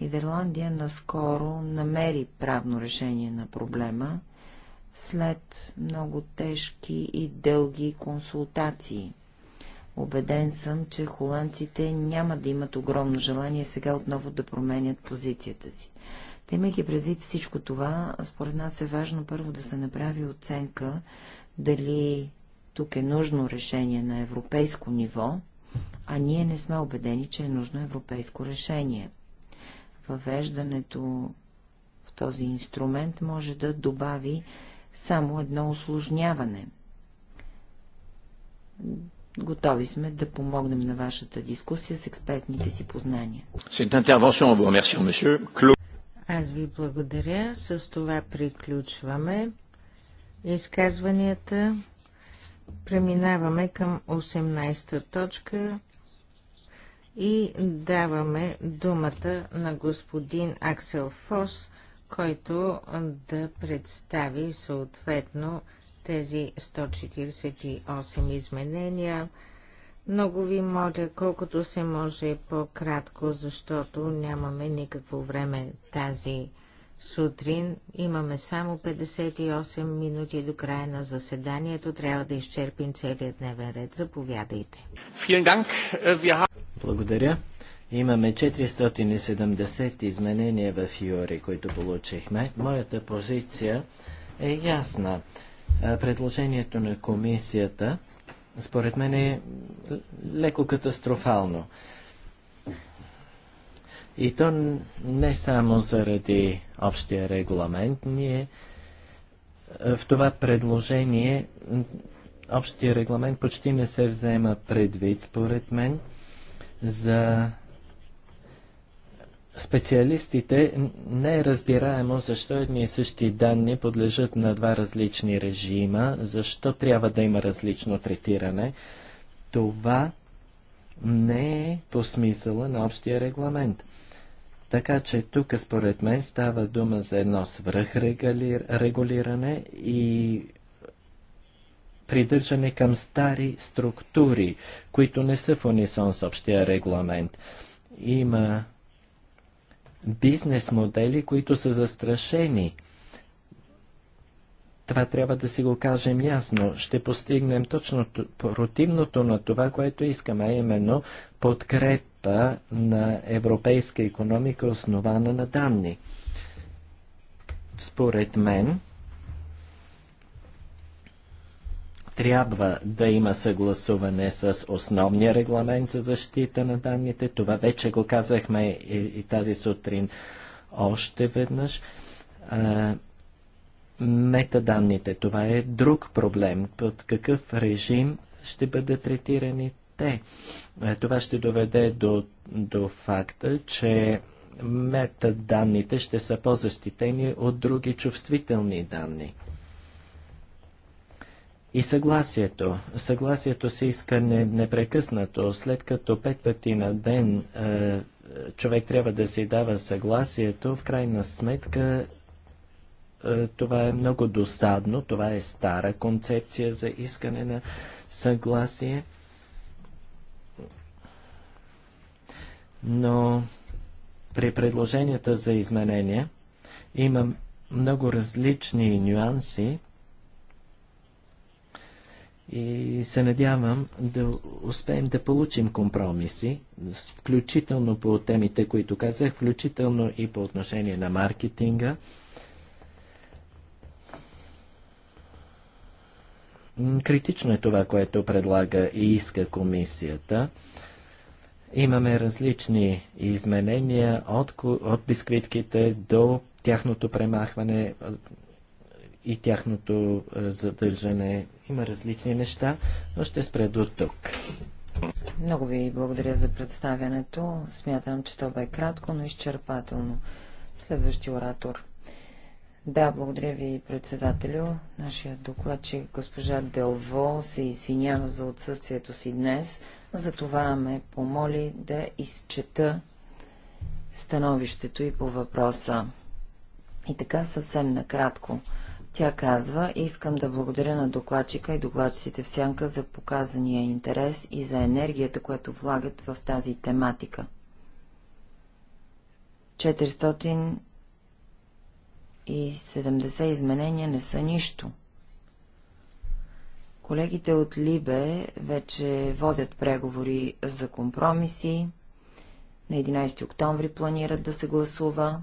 Нидерландия наскоро намери правно решение на проблема след много тежки и дълги консултации. Обеден съм, че холандците няма да имат огромно желание сега отново да променят позицията си имайки предвид всичко това, според нас е важно първо да се направи оценка дали тук е нужно решение на европейско ниво, а ние не сме убедени, че е нужно европейско решение. Въвеждането в този инструмент може да добави само едно осложняване. Готови сме да помогнем на вашата дискусия с експертните си познания. Аз ви благодаря. С това приключваме изказванията. Преминаваме към 18-та точка и даваме думата на господин Аксел Фос, който да представи съответно тези 148 изменения. Много ви моля, колкото се може по-кратко, защото нямаме никакво време тази сутрин. Имаме само 58 минути до края на заседанието. Трябва да изчерпим целият дневен ред. Заповядайте. Äh, Благодаря. Имаме 470 изменения в Юри, които получихме. Моята позиция е ясна. Е, предложението на комисията според мен е леко катастрофално. И то не само заради общия регламент. Ние е, в това предложение общия регламент почти не се взема предвид, според мен, за специалистите не е разбираемо защо едни и същи данни подлежат на два различни режима, защо трябва да има различно третиране. Това не е по смисъла на общия регламент. Така че тук според мен става дума за едно свръхрегулиране и придържане към стари структури, които не са в унисон с общия регламент. Има бизнес модели, които са застрашени. Това трябва да си го кажем ясно. Ще постигнем точно противното на това, което искаме, именно подкрепа на европейска економика, основана на данни. Според мен, трябва да има съгласуване с основния регламент за защита на данните. Това вече го казахме и, и тази сутрин още веднъж. А, метаданните, това е друг проблем. Под какъв режим ще бъдат третирани те? А, това ще доведе до, до факта, че метаданните ще са по-защитени от други чувствителни данни. И съгласието. Съгласието се иска непрекъснато. След като пет пъти на ден е, човек трябва да си дава съгласието, в крайна сметка е, това е много досадно. Това е стара концепция за искане на съгласие. Но при предложенията за изменения има много различни нюанси, и се надявам да успеем да получим компромиси, включително по темите, които казах, включително и по отношение на маркетинга. Критично е това, което предлага и иска комисията. Имаме различни изменения от, от бисквитките до тяхното премахване и тяхното е, задържане. Има различни неща, но ще спре до тук. Много ви благодаря за представянето. Смятам, че то бе кратко, но изчерпателно. Следващи оратор. Да, благодаря ви, председателю. Нашия докладчик госпожа Делво се извинява за отсъствието си днес. Затова ме помоли да изчета становището и по въпроса. И така съвсем накратко. Тя казва, искам да благодаря на докладчика и докладчиците в сянка за показания интерес и за енергията, която влагат в тази тематика. 470 изменения не са нищо. Колегите от Либе вече водят преговори за компромиси. На 11 октомври планират да се гласува,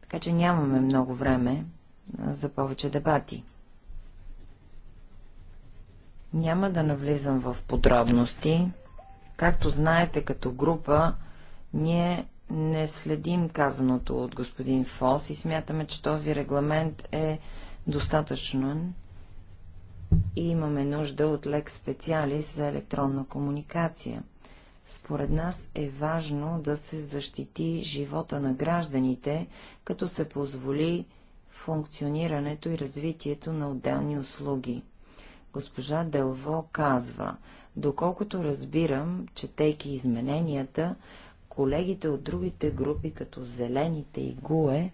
така че нямаме много време за повече дебати. Няма да навлизам в подробности. Както знаете, като група, ние не следим казаното от господин Фос и смятаме, че този регламент е достатъчно. и имаме нужда от лек специалист за електронна комуникация. Според нас е важно да се защити живота на гражданите, като се позволи функционирането и развитието на отделни услуги. Госпожа Делво казва, доколкото разбирам, четейки измененията, колегите от другите групи, като Зелените и Гуе,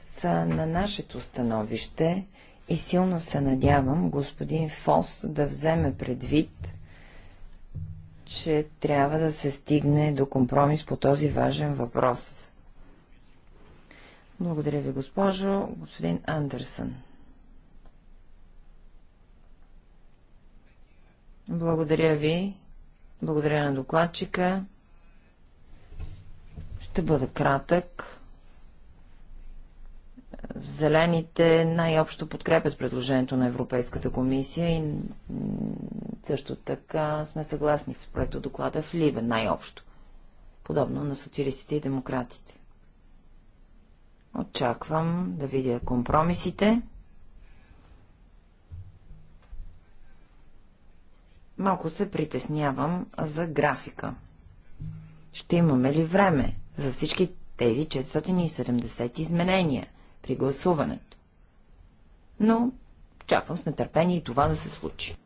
са на нашето становище и силно се надявам господин Фос да вземе предвид, че трябва да се стигне до компромис по този важен въпрос. Благодаря ви, госпожо. Господин Андерсън. Благодаря ви. Благодаря на докладчика. Ще бъда кратък. Зелените най-общо подкрепят предложението на Европейската комисия и също така сме съгласни в проекто доклада в Либе най-общо, подобно на социалистите и демократите. Очаквам да видя компромисите. Малко се притеснявам за графика. Ще имаме ли време за всички тези 470 изменения при гласуването? Но очаквам с нетърпение и това да се случи.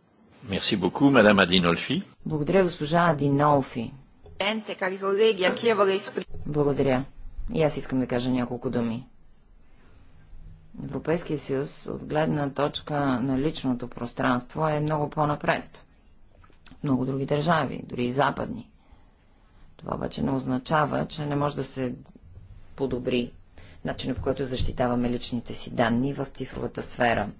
Мерси beaucoup, мадам Адинолфи. Благодаря, госпожа Адинолфи. Благодаря. И аз искам да кажа няколко думи. Европейския съюз от гледна точка на личното пространство е много по-напред. Много други държави, дори и западни. Това обаче не означава, че не може да се подобри начинът, по който защитаваме личните си данни в цифровата сфера –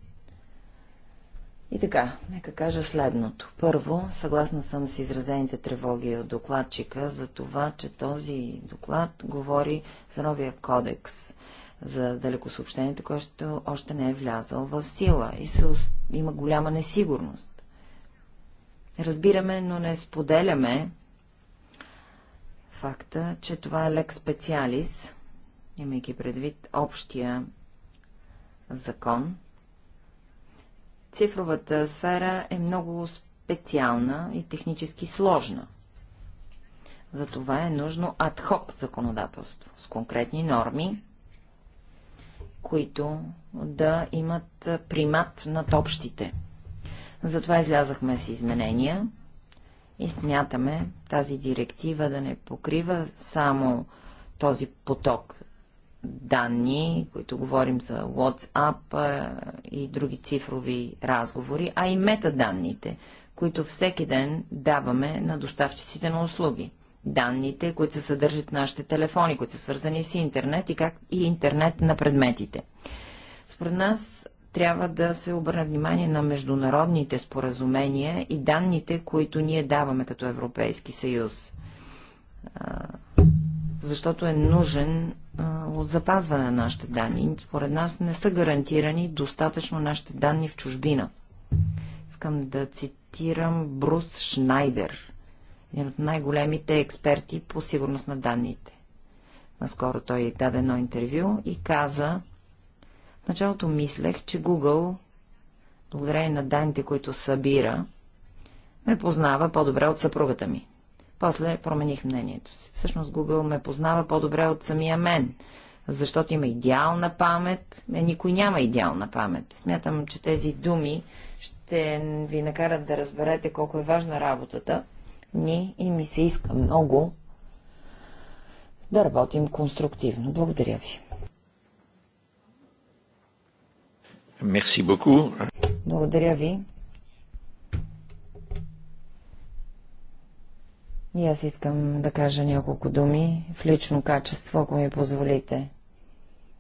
и така, нека кажа следното. Първо, съгласна съм с изразените тревоги от докладчика за това, че този доклад говори за новия кодекс за далекосъобщените, който още не е влязал в сила и се, има голяма несигурност. Разбираме, но не споделяме факта, че това е лек специалис, имайки предвид общия закон, Цифровата сфера е много специална и технически сложна. Затова е нужно адхок законодателство с конкретни норми, които да имат примат над общите. Затова излязахме с изменения и смятаме тази директива да не покрива само този поток данни, които говорим за WhatsApp и други цифрови разговори, а и метаданните, които всеки ден даваме на доставчиците на услуги. Данните, които се съдържат нашите телефони, които са свързани с интернет и, как, и интернет на предметите. Според нас трябва да се обърне внимание на международните споразумения и данните, които ние даваме като Европейски съюз. Защото е нужен запазване на нашите данни. Според нас не са гарантирани достатъчно нашите данни в чужбина. Искам да цитирам Брус Шнайдер, един от най-големите експерти по сигурност на данните. Наскоро той даде едно интервю и каза, в началото мислех, че Google, благодарение на данните, които събира, ме познава по-добре от съпругата ми. После промених мнението си. Всъщност Google ме познава по-добре от самия мен, защото има идеална памет. Е, никой няма идеална памет. Смятам, че тези думи ще ви накарат да разберете колко е важна работата ни и ми се иска много да работим конструктивно. Благодаря ви. Мерси Благодаря ви. И аз искам да кажа няколко думи в лично качество, ако ми позволите.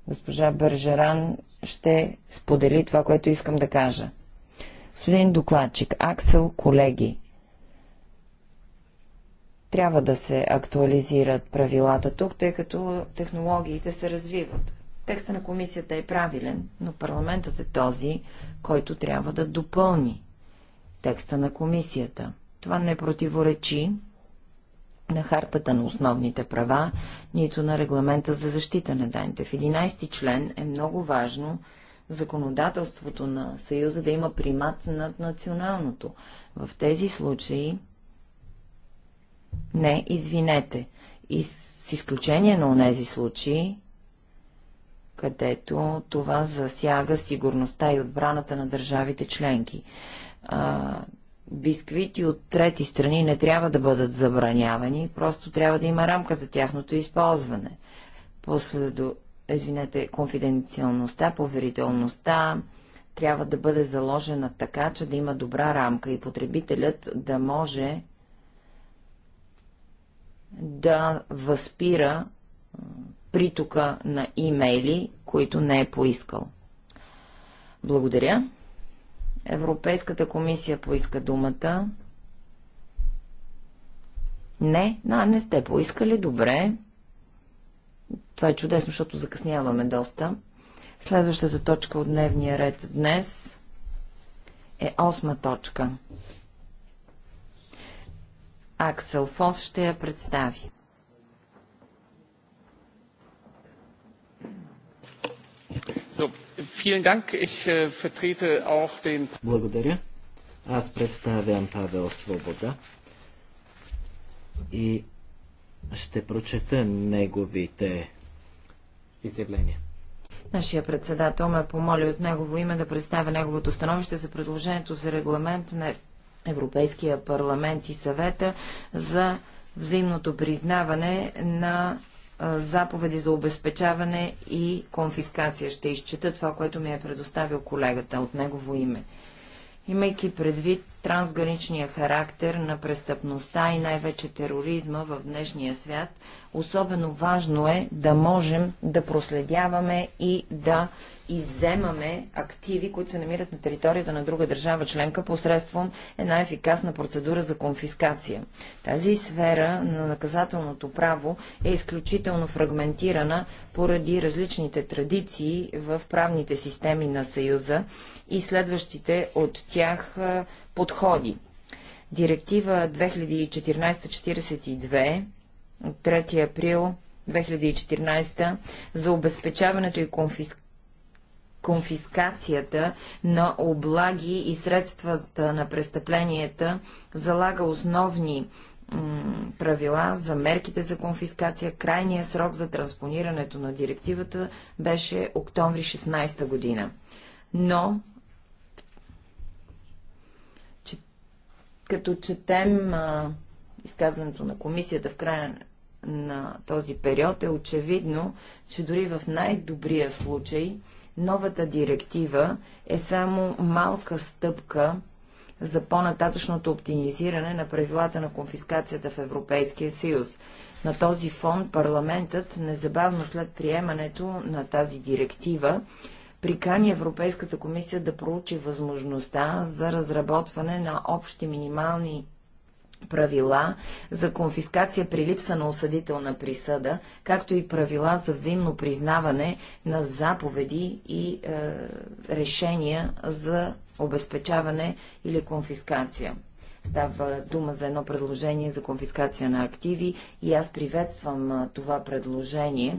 Госпожа Бържеран ще сподели това, което искам да кажа. Господин докладчик, Аксел, колеги, трябва да се актуализират правилата тук, тъй като технологиите се развиват. Текста на комисията е правилен, но парламентът е този, който трябва да допълни текста на комисията. Това не противоречи на хартата на основните права, нито на регламента за защита на данните. В 11 член е много важно законодателството на Съюза да има примат над националното. В тези случаи не, извинете. И с изключение на тези случаи, където това засяга сигурността и отбраната на държавите членки. А, бисквити от трети страни не трябва да бъдат забранявани, просто трябва да има рамка за тяхното използване. Последо, извинете, конфиденциалността, поверителността трябва да бъде заложена така, че да има добра рамка и потребителят да може да възпира притока на имейли, които не е поискал. Благодаря. Европейската комисия поиска думата. Не, а, не сте поискали, добре. Това е чудесно, защото закъсняваме доста. Следващата точка от дневния ред днес е осма точка. Аксел Фос ще я представи. So, Äh, Благодаря. Аз представям Павел Свобода и ще прочета неговите изявления. Нашия председател ме помоли от негово име да представя неговото становище за предложението за регламент на Европейския парламент и съвета за взаимното признаване на заповеди за обезпечаване и конфискация. Ще изчета това, което ми е предоставил колегата от негово име. Имайки предвид трансграничния характер на престъпността и най-вече тероризма в днешния свят, Особено важно е да можем да проследяваме и да изземаме активи, които се намират на територията на друга държава членка посредством една ефикасна процедура за конфискация. Тази сфера на наказателното право е изключително фрагментирана поради различните традиции в правните системи на Съюза и следващите от тях подходи. Директива 2014-42 от 3 април 2014 за обезпечаването и конфискацията конфискацията на облаги и средствата на престъпленията залага основни правила за мерките за конфискация. Крайния срок за транспонирането на директивата беше октомври 16 година. Но, че, като четем а, изказването на комисията в края на този период е очевидно, че дори в най-добрия случай новата директива е само малка стъпка за по-нататъчното оптимизиране на правилата на конфискацията в Европейския съюз. На този фон парламентът, незабавно след приемането на тази директива, прикани Европейската комисия да проучи възможността за разработване на общи минимални правила за конфискация при липса на осъдителна присъда, както и правила за взаимно признаване на заповеди и е, решения за обезпечаване или конфискация. Става дума за едно предложение за конфискация на активи и аз приветствам е, това предложение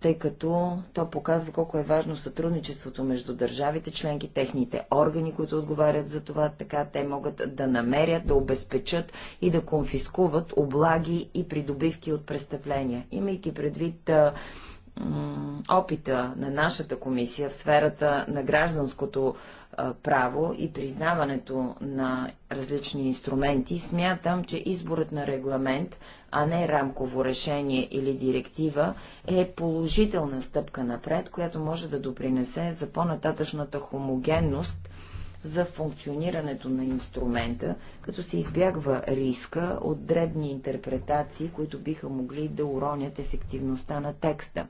тъй като то показва колко е важно сътрудничеството между държавите, членки, техните органи, които отговарят за това, така те могат да намерят, да обезпечат и да конфискуват облаги и придобивки от престъпления. Имайки предвид опита на нашата комисия в сферата на гражданското право и признаването на различни инструменти, смятам, че изборът на регламент, а не рамково решение или директива, е положителна стъпка напред, която може да допринесе за по-нататъчната хомогенност за функционирането на инструмента, като се избягва риска от дребни интерпретации, които биха могли да уронят ефективността на текста.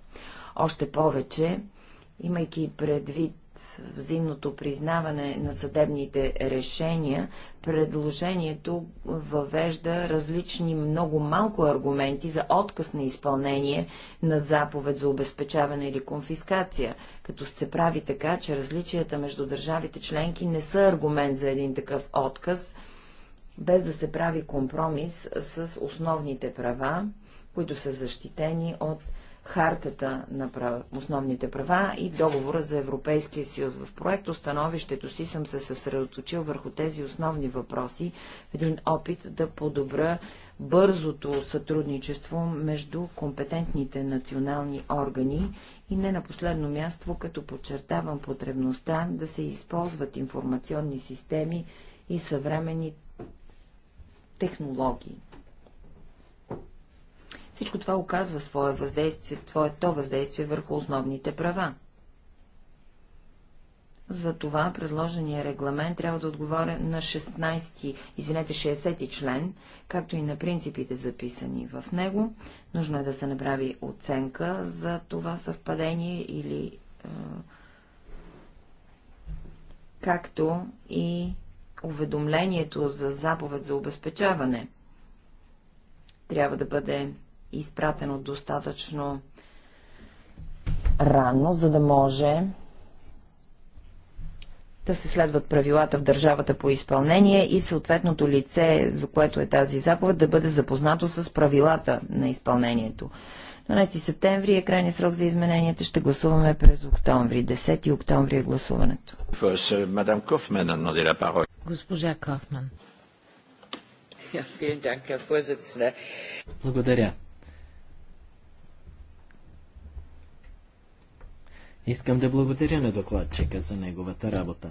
Още повече, имайки предвид взаимното признаване на съдебните решения, предложението въвежда различни много малко аргументи за отказ на изпълнение на заповед за обезпечаване или конфискация, като се прави така, че различията между държавите членки не са аргумент за един такъв отказ, без да се прави компромис с основните права, които са защитени от хартата на прав... основните права и договора за Европейския съюз. В проект. становището си съм се съсредоточил върху тези основни въпроси в един опит да подобра бързото сътрудничество между компетентните национални органи и не на последно място, като подчертавам потребността да се използват информационни системи и съвремени технологии. Всичко това оказва свое въздействие, твоето въздействие върху основните права. За това предложения регламент трябва да отговоря на 16, извинете, 60 член, както и на принципите записани в него. Нужно е да се направи оценка за това съвпадение или е, както и уведомлението за заповед за обезпечаване. Трябва да бъде изпратено достатъчно рано, за да може да се следват правилата в държавата по изпълнение и съответното лице, за което е тази заповед, да бъде запознато с правилата на изпълнението. 12 септември е крайният срок за измененията. Ще гласуваме през октомври. 10 октомври е гласуването. Е, Госпожа Кофман. Благодаря. Искам да благодаря на докладчика за неговата работа.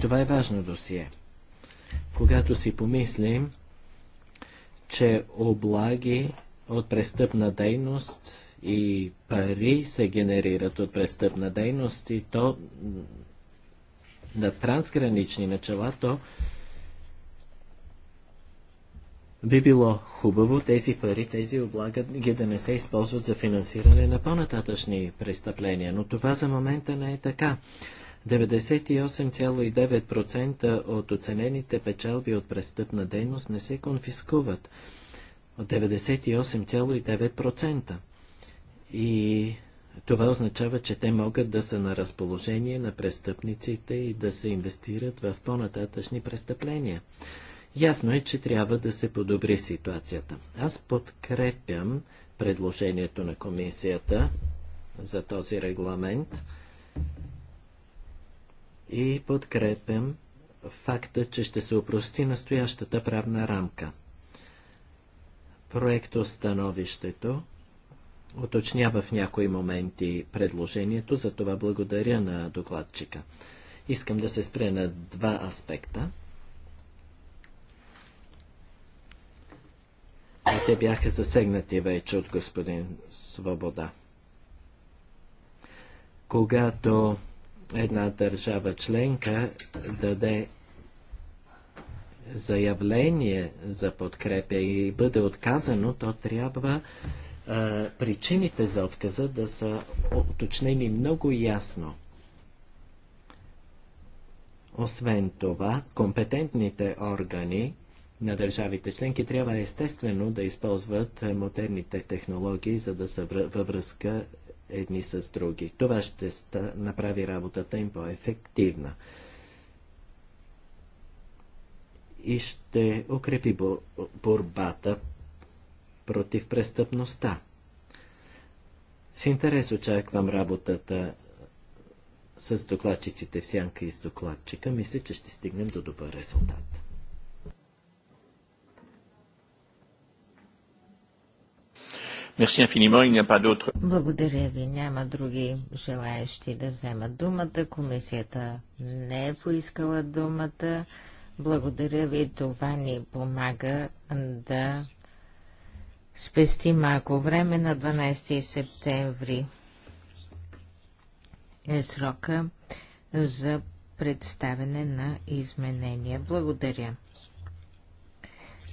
Това е важно досие. Когато си помислим, че облаги от престъпна дейност и пари се генерират от престъпна дейност и то на трансгранични начала, то би било хубаво тези пари, тези облага ги да не се използват за финансиране на по-нататъчни престъпления, но това за момента не е така. 98,9% от оценените печалби от престъпна дейност не се конфискуват. 98,9%. И това означава, че те могат да са на разположение на престъпниците и да се инвестират в по-нататъчни престъпления. Ясно е, че трябва да се подобри ситуацията. Аз подкрепям предложението на комисията за този регламент и подкрепям факта, че ще се опрости настоящата правна рамка. Проектостановището уточнява в някои моменти предложението, за това благодаря на докладчика. Искам да се спре на два аспекта. а те бяха засегнати вече от господин Свобода. Когато една държава членка даде заявление за подкрепя и бъде отказано, то трябва е, причините за отказа да са уточнени много ясно. Освен това, компетентните органи на държавите членки трябва естествено да използват модерните технологии, за да са във връзка едни с други. Това ще направи работата им по-ефективна и ще укрепи борбата против престъпността. С интерес очаквам работата с докладчиците в сянка и с докладчика. Мисля, че ще стигнем до добър резултат. Merci infiniment, il n'y a pas d'autres. Благодаря ви. Няма други желаящи да вземат думата. Комисията не е поискала думата. Благодаря ви. Това ни помага да спести малко време на 12 септември е срока за представене на изменения. Благодаря.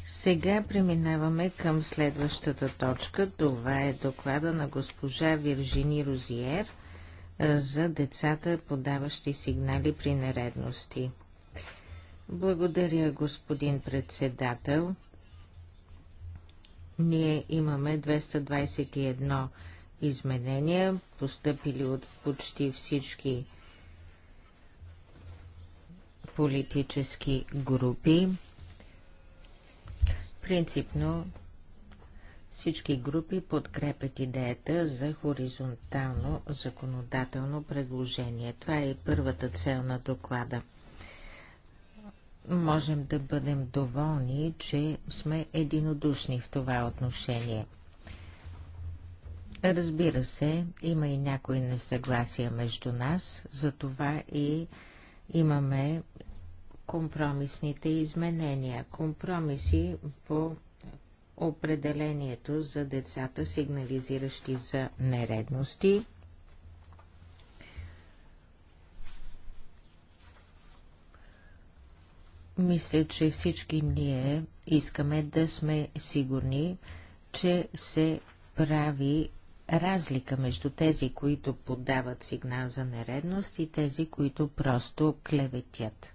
Сега преминаваме към следващата точка. Това е доклада на госпожа Виржини Розиер за децата, подаващи сигнали при нередности. Благодаря, господин председател. Ние имаме 221 изменения, постъпили от почти всички политически групи. Принципно всички групи подкрепят идеята за хоризонтално законодателно предложение. Това е и първата цел на доклада. Можем да бъдем доволни, че сме единодушни в това отношение. Разбира се, има и някои несъгласия между нас, затова и имаме компромисните изменения. Компромиси по определението за децата, сигнализиращи за нередности. Мисля, че всички ние искаме да сме сигурни, че се прави разлика между тези, които подават сигнал за нередност и тези, които просто клеветят.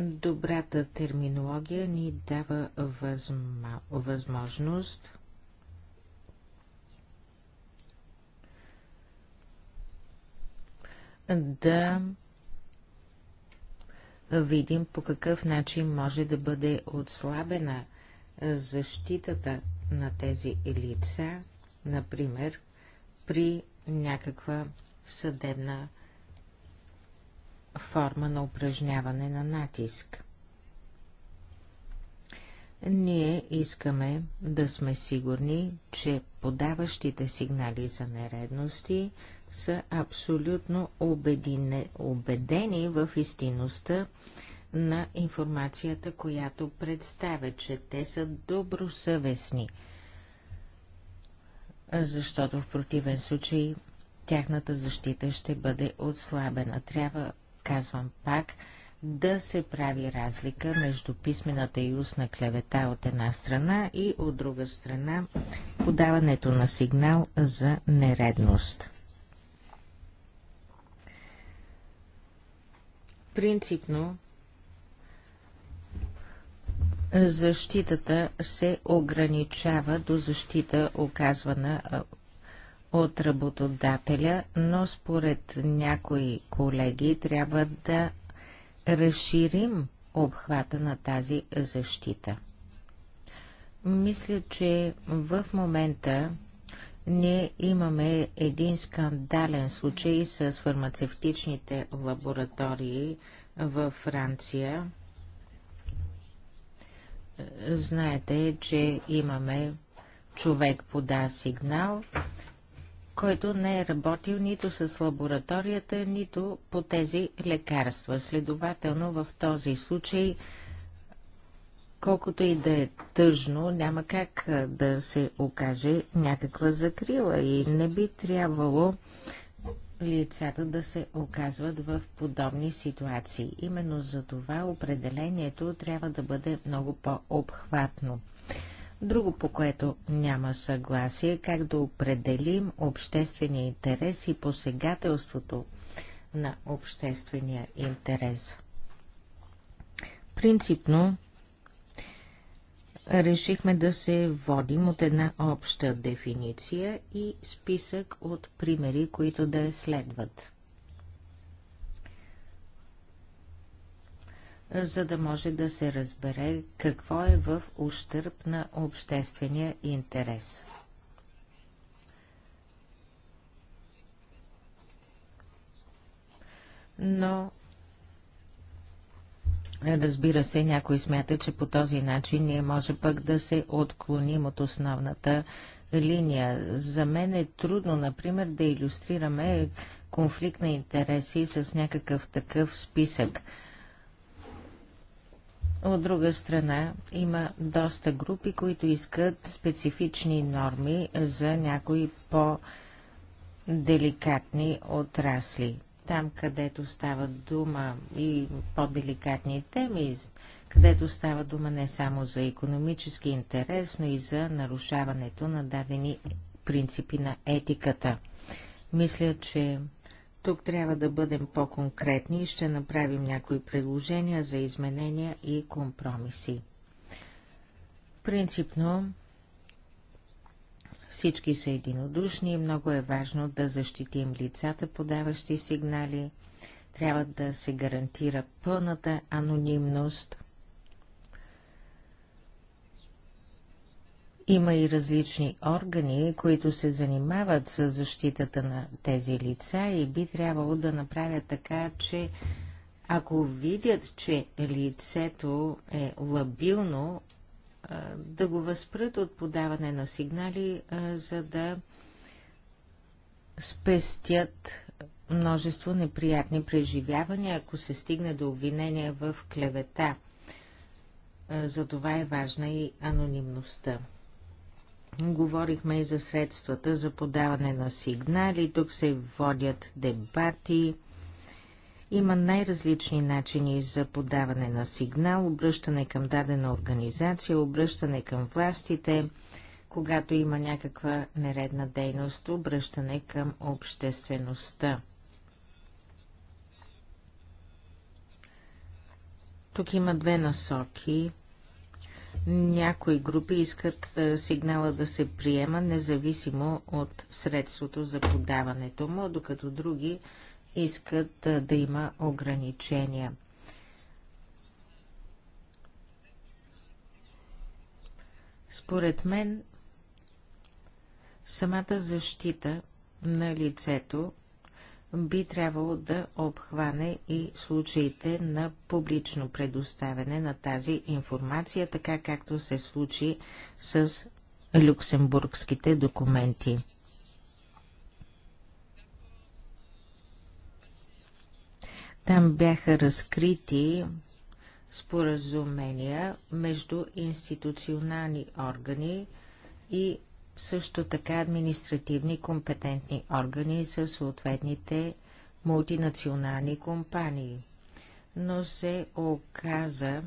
Добрата терминология ни дава възма... възможност да видим по какъв начин може да бъде отслабена защитата на тези лица, например, при някаква съдебна форма на упражняване на натиск. Ние искаме да сме сигурни, че подаващите сигнали за нередности са абсолютно убедине, убедени в истинността на информацията, която представя, че те са добросъвестни, защото в противен случай тяхната защита ще бъде отслабена. Трябва казвам пак, да се прави разлика между писмената и устна клевета от една страна и от друга страна подаването на сигнал за нередност. Принципно защитата се ограничава до защита оказвана от работодателя, но според някои колеги трябва да разширим обхвата на тази защита. Мисля, че в момента ние имаме един скандален случай с фармацевтичните лаборатории във Франция. Знаете, че имаме човек пода сигнал който не е работил нито с лабораторията, нито по тези лекарства. Следователно, в този случай, колкото и да е тъжно, няма как да се окаже някаква закрила и не би трябвало лицата да се оказват в подобни ситуации. Именно за това определението трябва да бъде много по-обхватно. Друго, по което няма съгласие, е как да определим обществения интерес и посегателството на обществения интерес. Принципно решихме да се водим от една обща дефиниция и списък от примери, които да следват. за да може да се разбере какво е в ущърп на обществения интерес. Но Разбира се, някой смята, че по този начин ние може пък да се отклоним от основната линия. За мен е трудно, например, да иллюстрираме конфликт на интереси с някакъв такъв списък. От друга страна, има доста групи, които искат специфични норми за някои по-деликатни отрасли. Там, където става дума и по-деликатни теми, където става дума не само за економически интерес, но и за нарушаването на дадени принципи на етиката. Мисля, че тук трябва да бъдем по-конкретни и ще направим някои предложения за изменения и компромиси. Принципно всички са единодушни и много е важно да защитим лицата, подаващи сигнали. Трябва да се гарантира пълната анонимност – Има и различни органи, които се занимават с защитата на тези лица и би трябвало да направят така, че ако видят, че лицето е лабилно, да го възпрат от подаване на сигнали, за да спестят множество неприятни преживявания, ако се стигне до обвинения в клевета. За това е важна и анонимността. Говорихме и за средствата за подаване на сигнали. Тук се водят дебати. Има най-различни начини за подаване на сигнал, обръщане към дадена организация, обръщане към властите, когато има някаква нередна дейност, обръщане към обществеността. Тук има две насоки някои групи искат е, сигнала да се приема независимо от средството за подаването му, докато други искат е, да има ограничения. Според мен, самата защита на лицето би трябвало да обхване и случаите на публично предоставяне на тази информация, така както се случи с люксембургските документи. Там бяха разкрити споразумения между институционални органи и също така административни компетентни органи за съответните мултинационални компании. Но се оказа,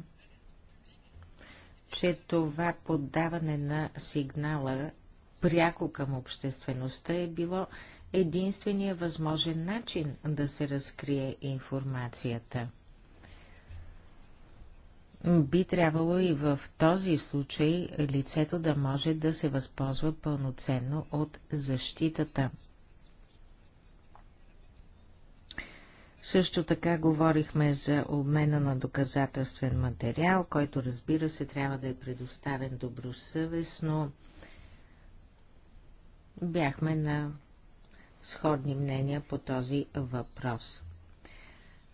че това поддаване на сигнала пряко към обществеността е било единствения възможен начин да се разкрие информацията – би трябвало и в този случай лицето да може да се възползва пълноценно от защитата. Също така говорихме за обмена на доказателствен материал, който разбира се трябва да е предоставен добросъвестно. Бяхме на сходни мнения по този въпрос.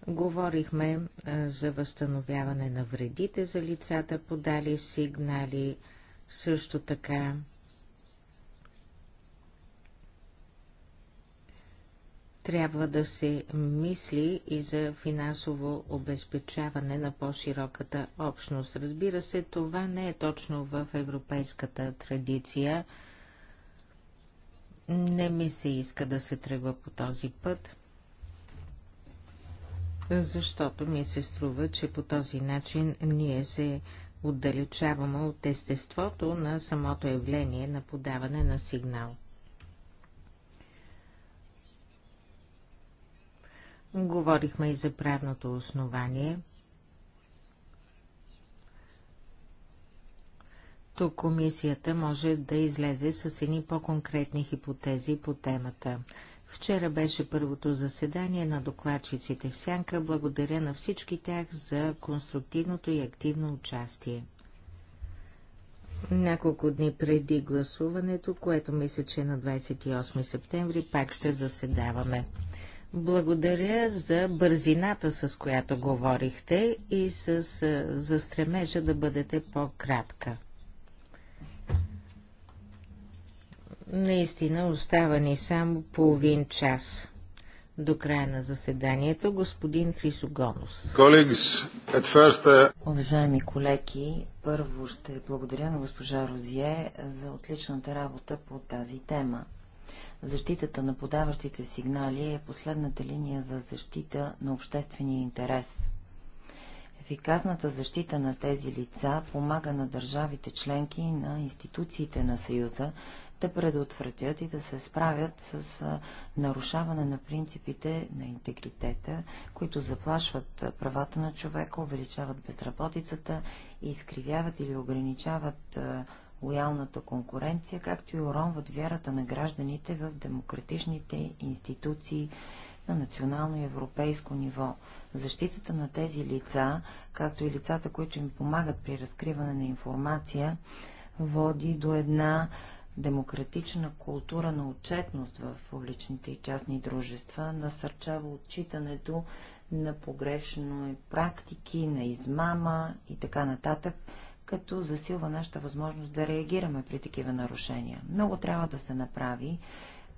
Говорихме е, за възстановяване на вредите за лицата, подали сигнали, също така трябва да се мисли и за финансово обезпечаване на по-широката общност. Разбира се, това не е точно в европейската традиция. Не ми се иска да се тръгва по този път защото ми се струва, че по този начин ние се отдалечаваме от естеството на самото явление на подаване на сигнал. Говорихме и за правното основание. Тук комисията може да излезе с едни по-конкретни хипотези по темата. Вчера беше първото заседание на докладчиците в Сянка. Благодаря на всички тях за конструктивното и активно участие. Няколко дни преди гласуването, което мисля, че е на 28 септември, пак ще заседаваме. Благодаря за бързината, с която говорихте и с, за стремежа да бъдете по-кратка. Наистина остава ни само половин час до края на заседанието господин Хрисогонос. Uh, Уважаеми колеги, първо ще благодаря на госпожа Розие за отличната работа по тази тема. Защитата на подаващите сигнали е последната линия за защита на обществения интерес. Ефикасната защита на тези лица помага на държавите членки и на институциите на Съюза да предотвратят и да се справят с нарушаване на принципите на интегритета, които заплашват правата на човека, увеличават безработицата и изкривяват или ограничават лоялната конкуренция, както и уронват вярата на гражданите в демократичните институции на национално и европейско ниво. Защитата на тези лица, както и лицата, които им помагат при разкриване на информация, води до една демократична култура на отчетност в публичните и частни дружества насърчава отчитането на погрешни практики, на измама и така нататък, като засилва нашата възможност да реагираме при такива нарушения. Много трябва да се направи,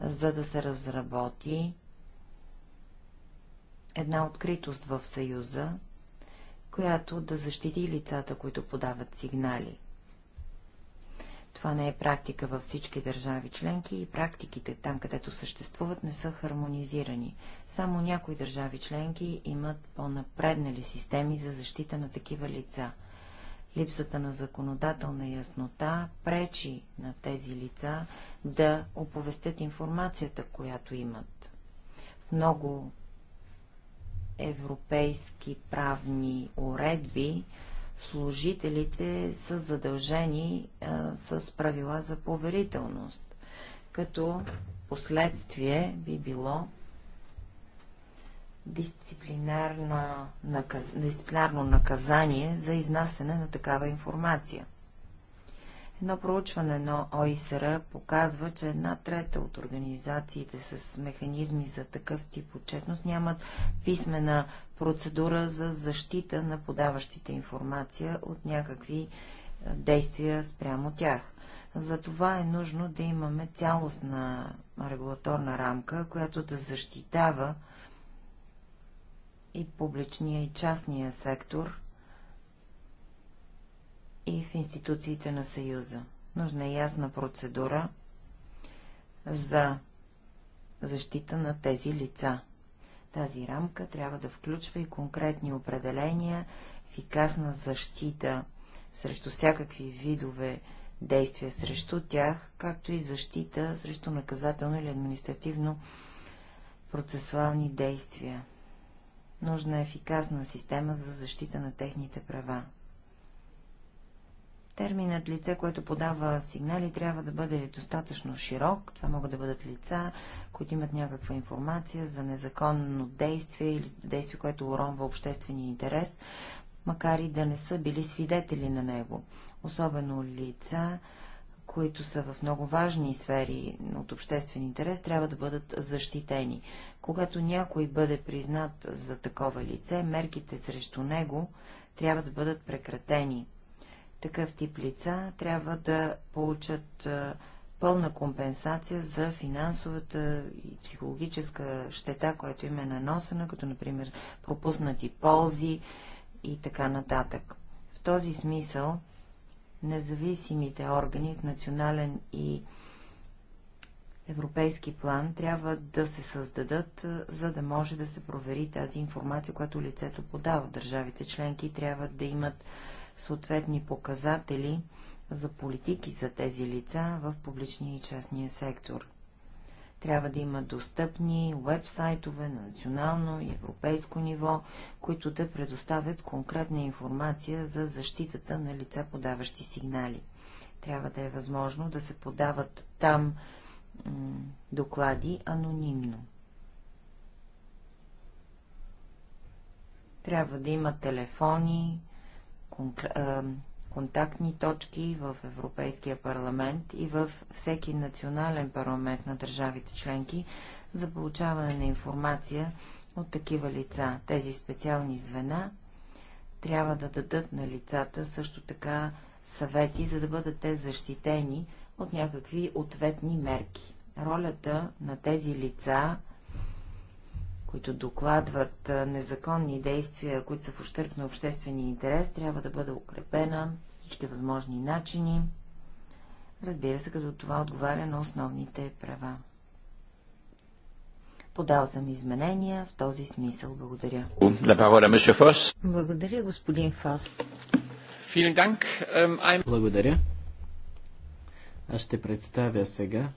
за да се разработи една откритост в Съюза, която да защити лицата, които подават сигнали. Това не е практика във всички държави членки и практиките там, където съществуват, не са хармонизирани. Само някои държави членки имат по-напреднали системи за защита на такива лица. Липсата на законодателна яснота пречи на тези лица да оповестят информацията, която имат. В много европейски правни уредби служителите са задължени а, с правила за поверителност, като последствие би било дисциплинарно, наказ... дисциплинарно наказание за изнасяне на такава информация. Едно проучване на ОИСР показва, че една трета от организациите с механизми за такъв тип отчетност нямат писмена процедура за защита на подаващите информация от някакви е, действия спрямо тях. Затова е нужно да имаме цялостна регулаторна рамка, която да защитава и публичния, и частния сектор, и в институциите на Съюза. Нужна е ясна процедура за защита на тези лица. Тази рамка трябва да включва и конкретни определения, ефикасна защита срещу всякакви видове действия срещу тях, както и защита срещу наказателно или административно процесуални действия. Нужна е ефикасна система за защита на техните права. Терминът лице, което подава сигнали, трябва да бъде достатъчно широк. Това могат да бъдат лица, които имат някаква информация за незаконно действие или действие, което уронва обществения интерес, макар и да не са били свидетели на него. Особено лица, които са в много важни сфери от обществен интерес, трябва да бъдат защитени. Когато някой бъде признат за такова лице, мерките срещу него трябва да бъдат прекратени такъв тип лица трябва да получат пълна компенсация за финансовата и психологическа щета, която им е наносена, като например пропуснати ползи и така нататък. В този смисъл независимите органи в национален и европейски план трябва да се създадат, за да може да се провери тази информация, която лицето подава. Държавите членки трябва да имат съответни показатели за политики за тези лица в публичния и частния сектор. Трябва да има достъпни вебсайтове на национално и европейско ниво, които да предоставят конкретна информация за защитата на лица, подаващи сигнали. Трябва да е възможно да се подават там доклади анонимно. Трябва да има телефони, контактни точки в Европейския парламент и в всеки национален парламент на държавите членки за получаване на информация от такива лица. Тези специални звена трябва да дадат на лицата също така съвети, за да бъдат те защитени от някакви ответни мерки. Ролята на тези лица които докладват незаконни действия, които са в ущърп на обществения интерес, трябва да бъде укрепена всички възможни начини, разбира се, като това отговаря на основните права. Подал съм изменения в този смисъл. Благодаря. Благодаря, господин Фос. Ähm, Благодаря. Аз ще представя сега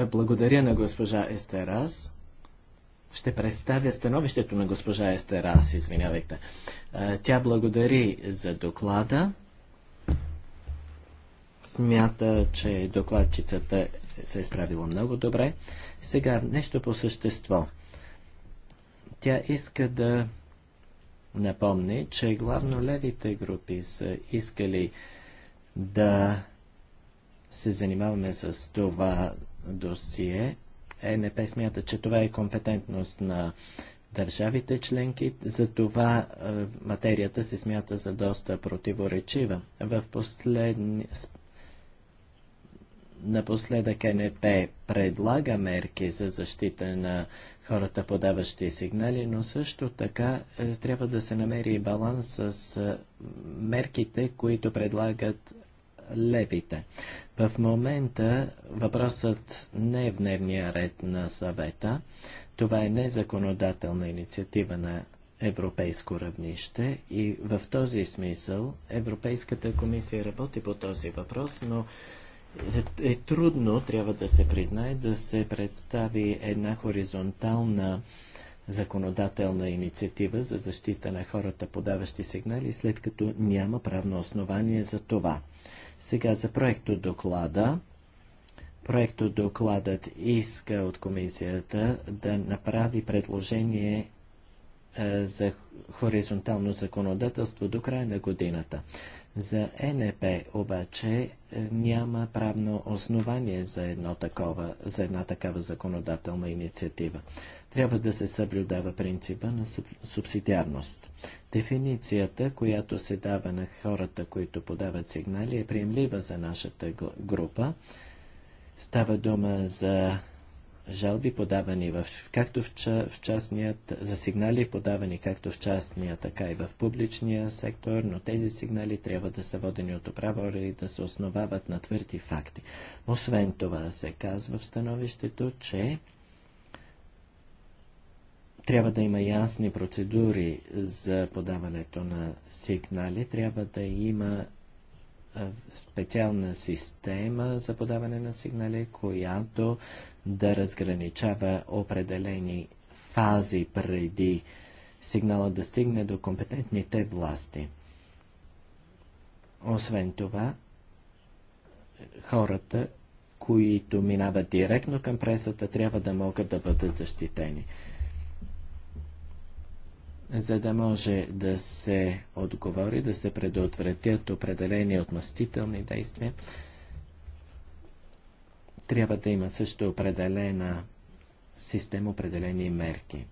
Е, благодаря на госпожа Естерас. Ще представя становището на госпожа Естерас, извинявайте. Е, тя благодари за доклада. Смята, че докладчицата се е справила много добре. Сега нещо по същество. Тя иска да напомни, че главно левите групи са искали да се занимаваме с това досие. Е, ЕНП смята, че това е компетентност на държавите членки, затова е, материята се смята за доста противоречива. В последни... Напоследък НП предлага мерки за защита на хората, подаващи сигнали, но също така е, трябва да се намери баланс с е, мерките, които предлагат левите. В момента въпросът не е в дневния ред на съвета. Това е незаконодателна инициатива на европейско равнище и в този смисъл Европейската комисия работи по този въпрос, но е, е трудно, трябва да се признае, да се представи една хоризонтална законодателна инициатива за защита на хората, подаващи сигнали, след като няма правно основание за това. Сега за проекто доклада. Проекто докладът иска от комисията да направи предложение е, за хоризонтално законодателство до края на годината. За НП обаче е, няма правно основание за, едно такова, за една такава законодателна инициатива трябва да се съблюдава принципа на субсидиарност. Дефиницията, която се дава на хората, които подават сигнали, е приемлива за нашата група. Става дума за жалби подавани в, както в, в частният, за сигнали подавани както в частния, така и в публичния сектор, но тези сигнали трябва да са водени от управа и да се основават на твърди факти. Освен това се казва в становището, че трябва да има ясни процедури за подаването на сигнали, трябва да има специална система за подаване на сигнали, която да разграничава определени фази преди сигнала да стигне до компетентните власти. Освен това, хората, които минават директно към пресата, трябва да могат да бъдат защитени за да може да се отговори, да се предотвратят определени отмъстителни действия. Трябва да има също определена система, определени мерки.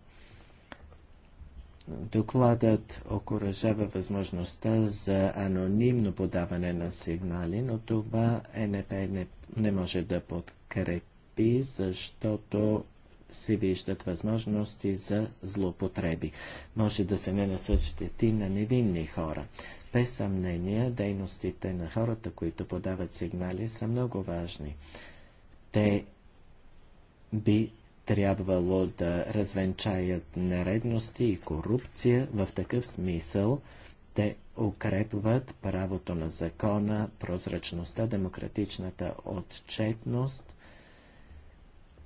Докладът окоръжава възможността за анонимно подаване на сигнали, но това е НП не, не може да подкрепи, защото се виждат възможности за злоупотреби. Може да се нанесат щети на невинни хора. Без съмнение, дейностите на хората, които подават сигнали, са много важни. Те би трябвало да развенчаят нередности и корупция в такъв смисъл, те укрепват правото на закона, прозрачността, демократичната отчетност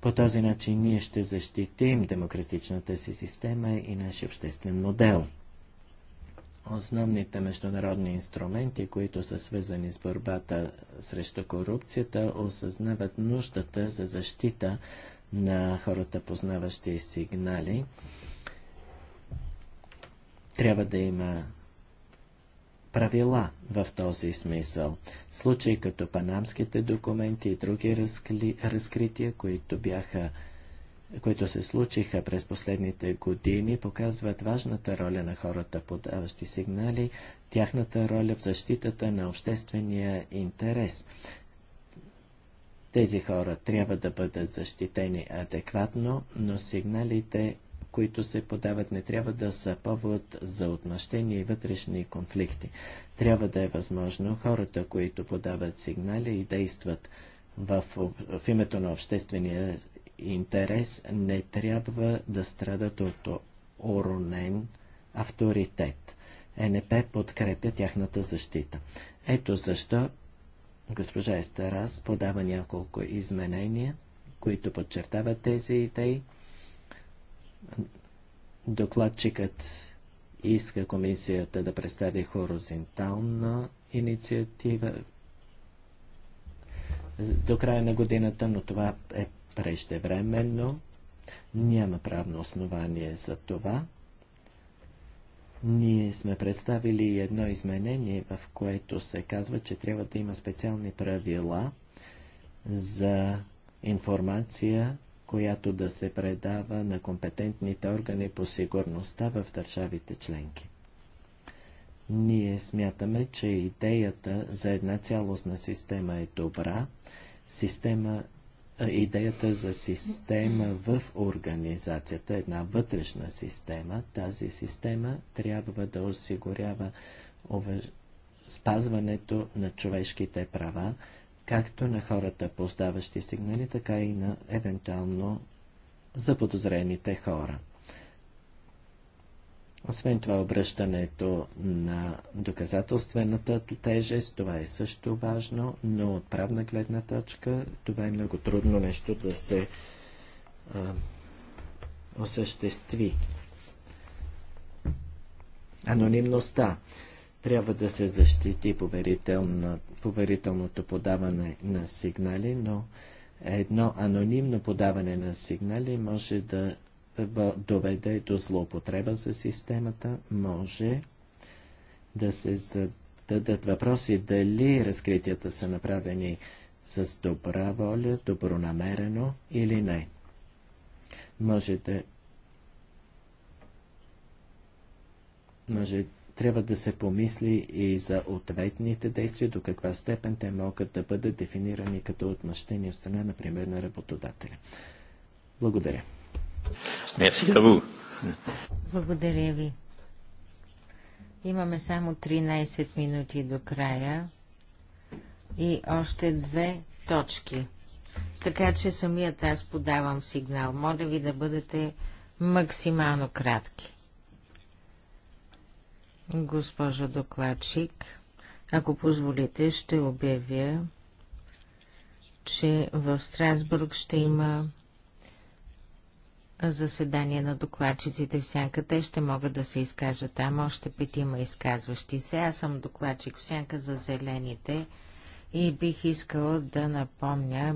по този начин ние ще защитим демократичната си система и нашия обществен модел. Основните международни инструменти, които са свързани с борбата срещу корупцията, осъзнават нуждата за защита на хората, познаващи сигнали. Трябва да има правила в този смисъл. Случаи като панамските документи и други разкли, разкрития, които бяха които се случиха през последните години, показват важната роля на хората, подаващи сигнали, тяхната роля в защитата на обществения интерес. Тези хора трябва да бъдат защитени адекватно, но сигналите които се подават, не трябва да са повод за отмъщение и вътрешни конфликти. Трябва да е възможно хората, които подават сигнали и действат в, в името на обществения интерес, не трябва да страдат от уронен авторитет. НП подкрепя тяхната защита. Ето защо госпожа Естерас подава няколко изменения, които подчертават тези идеи Докладчикът иска комисията да представи хоризонтална инициатива до края на годината, но това е преждевременно. Няма правно основание за това. Ние сме представили едно изменение, в което се казва, че трябва да има специални правила за информация която да се предава на компетентните органи по сигурността в държавите членки. Ние смятаме, че идеята за една цялостна система е добра. Система, идеята за система в организацията, една вътрешна система, тази система трябва да осигурява спазването на човешките права, както на хората, поздаващи сигнали, така и на евентуално заподозрените хора. Освен това, обръщането на доказателствената тежест, това е също важно, но от правна гледна точка това е много трудно нещо да се а, осъществи. Анонимността. Трябва да се защити поверителна, поверителното подаване на сигнали, но едно анонимно подаване на сигнали може да доведе до злоупотреба за системата, може да се зададат въпроси дали разкритията са направени с добра воля, добронамерено или не. Може да може трябва да се помисли и за ответните действия, до каква степен те могат да бъдат дефинирани като отмъщени от страна, например, на работодателя. Благодаря. Благодаря ви. Имаме само 13 минути до края и още две точки. Така че самият аз подавам сигнал. Моля ви да бъдете максимално кратки. Госпожа докладчик, ако позволите, ще обявя, че в Страсбург ще има заседание на докладчиците в сянка. Те ще могат да се изкажат там. Още петима изказващи се. Аз съм докладчик в сянка за зелените и бих искала да напомня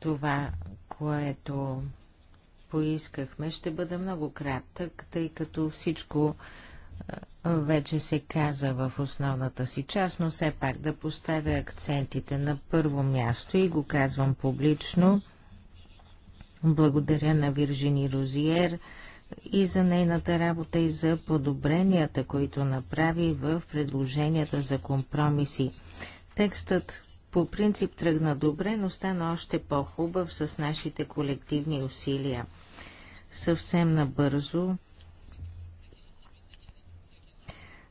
това, което поискахме. Ще бъда много кратък, тъй като всичко вече се каза в основната си част, но все пак да поставя акцентите на първо място и го казвам публично. Благодаря на Виржини Розиер и за нейната работа и за подобренията, които направи в предложенията за компромиси. Текстът по принцип тръгна добре, но стана още по-хубав с нашите колективни усилия. Съвсем набързо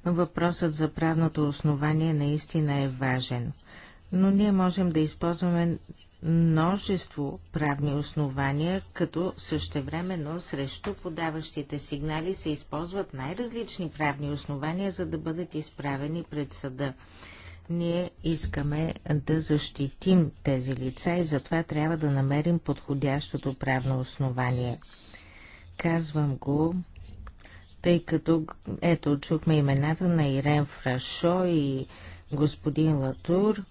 Въпросът за правното основание наистина е важен, но ние можем да използваме множество правни основания, като същевременно срещу подаващите сигнали се използват най-различни правни основания, за да бъдат изправени пред съда. Ние искаме да защитим тези лица и затова трябва да намерим подходящото правно основание. Казвам го, тъй като ето чухме имената на Ирен Фрашо и господин Латур.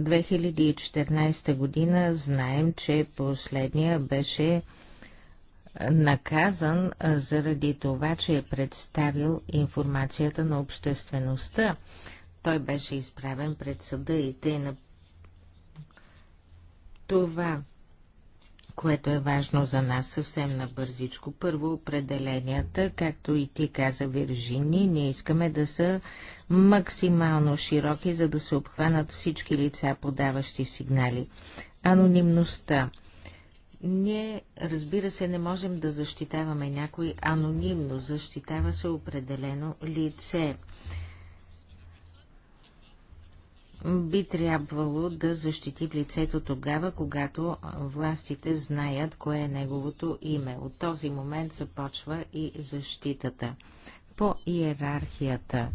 2014 година знаем, че последния беше наказан заради това, че е представил информацията на обществеността. Той беше изправен пред съда и тъй на това което е важно за нас съвсем набързичко. Първо, определенията, както и ти каза, Виржини, ние искаме да са максимално широки, за да се обхванат всички лица, подаващи сигнали. Анонимността. Ние, разбира се, не можем да защитаваме някой анонимно, защитава се определено лице – би трябвало да защити лицето тогава, когато властите знаят кое е неговото име. От този момент започва и защитата. По иерархията,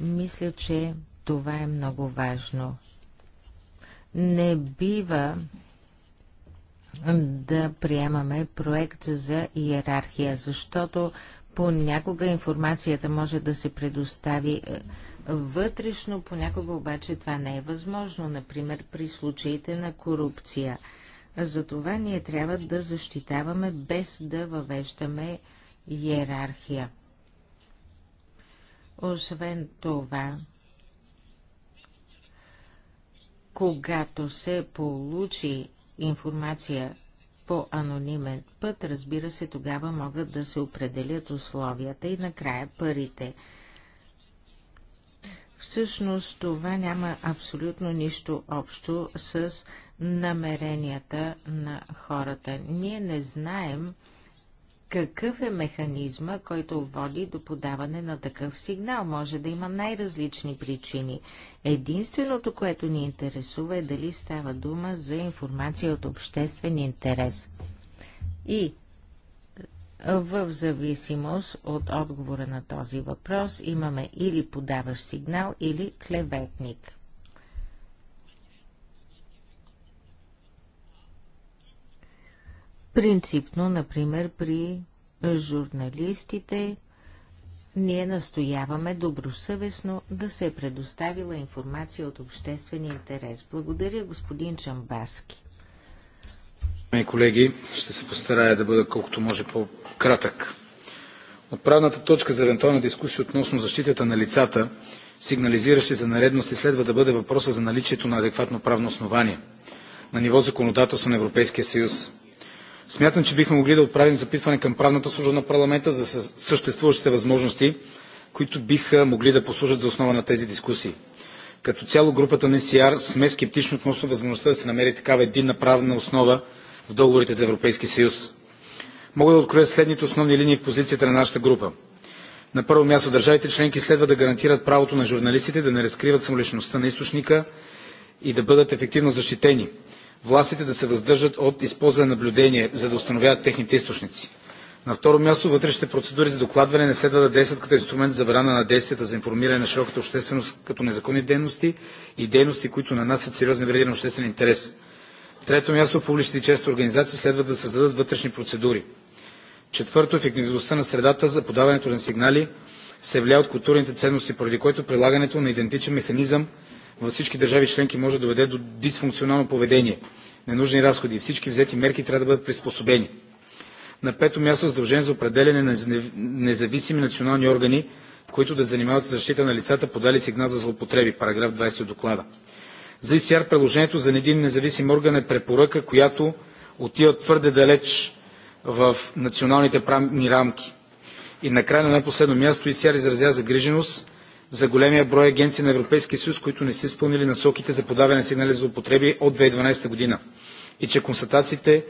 мисля, че това е много важно. Не бива да приемаме проект за иерархия, защото понякога информацията може да се предостави е, вътрешно, понякога обаче това не е възможно, например при случаите на корупция. Затова ние трябва да защитаваме без да въвеждаме иерархия. Освен това, когато се получи информация по анонимен път, разбира се, тогава могат да се определят условията и накрая парите – Всъщност това няма абсолютно нищо общо с намеренията на хората. Ние не знаем какъв е механизма, който води до подаване на такъв сигнал. Може да има най-различни причини. Единственото, което ни интересува е дали става дума за информация от обществен интерес. И в зависимост от отговора на този въпрос имаме или подаваш сигнал, или клеветник. Принципно, например, при журналистите ние настояваме добросъвестно да се е предоставила информация от обществен интерес. Благодаря, господин Чамбаски. Колеги, ще се постарая да бъда колкото може по-кратък. Отправната точка за евентуална дискусия относно защитата на лицата, сигнализиращи за наредности, следва да бъде въпроса за наличието на адекватно правно основание на ниво законодателство на Европейския съюз. Смятам, че бихме могли да отправим запитване към правната служба на парламента за съществуващите възможности, които биха могли да послужат за основа на тези дискусии. Като цяло групата на СИАР сме скептични относно възможността да се намери такава единна правна основа в договорите за Европейски съюз. Мога да откроя следните основни линии в позицията на нашата група. На първо място държавите членки следва да гарантират правото на журналистите да не разкриват самоличността на източника и да бъдат ефективно защитени. Властите да се въздържат от използване на наблюдение, за да установяват техните източници. На второ място, вътрешните процедури за докладване не следва да действат като инструмент за забрана на действията за информиране на широката общественост като незаконни дейности и дейности, които нанасят сериозни вреди на обществен интерес. Трето място, публичните и честни организации следва да създадат вътрешни процедури. Четвърто, ефективността на средата за подаването на сигнали се влияе от културните ценности, поради което прилагането на идентичен механизъм във всички държави членки може да доведе до дисфункционално поведение, ненужни разходи и всички взети мерки трябва да бъдат приспособени. На пето място задължение за определене на независими национални органи, които да занимават с защита на лицата, подали сигнал за злоупотреби, параграф 20 от доклада. За ИСР предложението за един независим орган е препоръка, която отива твърде далеч в националните правни рамки. И накрая, но не на последно място, ИСР изразява загриженост за големия брой агенции на Европейския съюз, които не са изпълнили насоките за подаване сигнали за употреби от 2012 година и че констатациите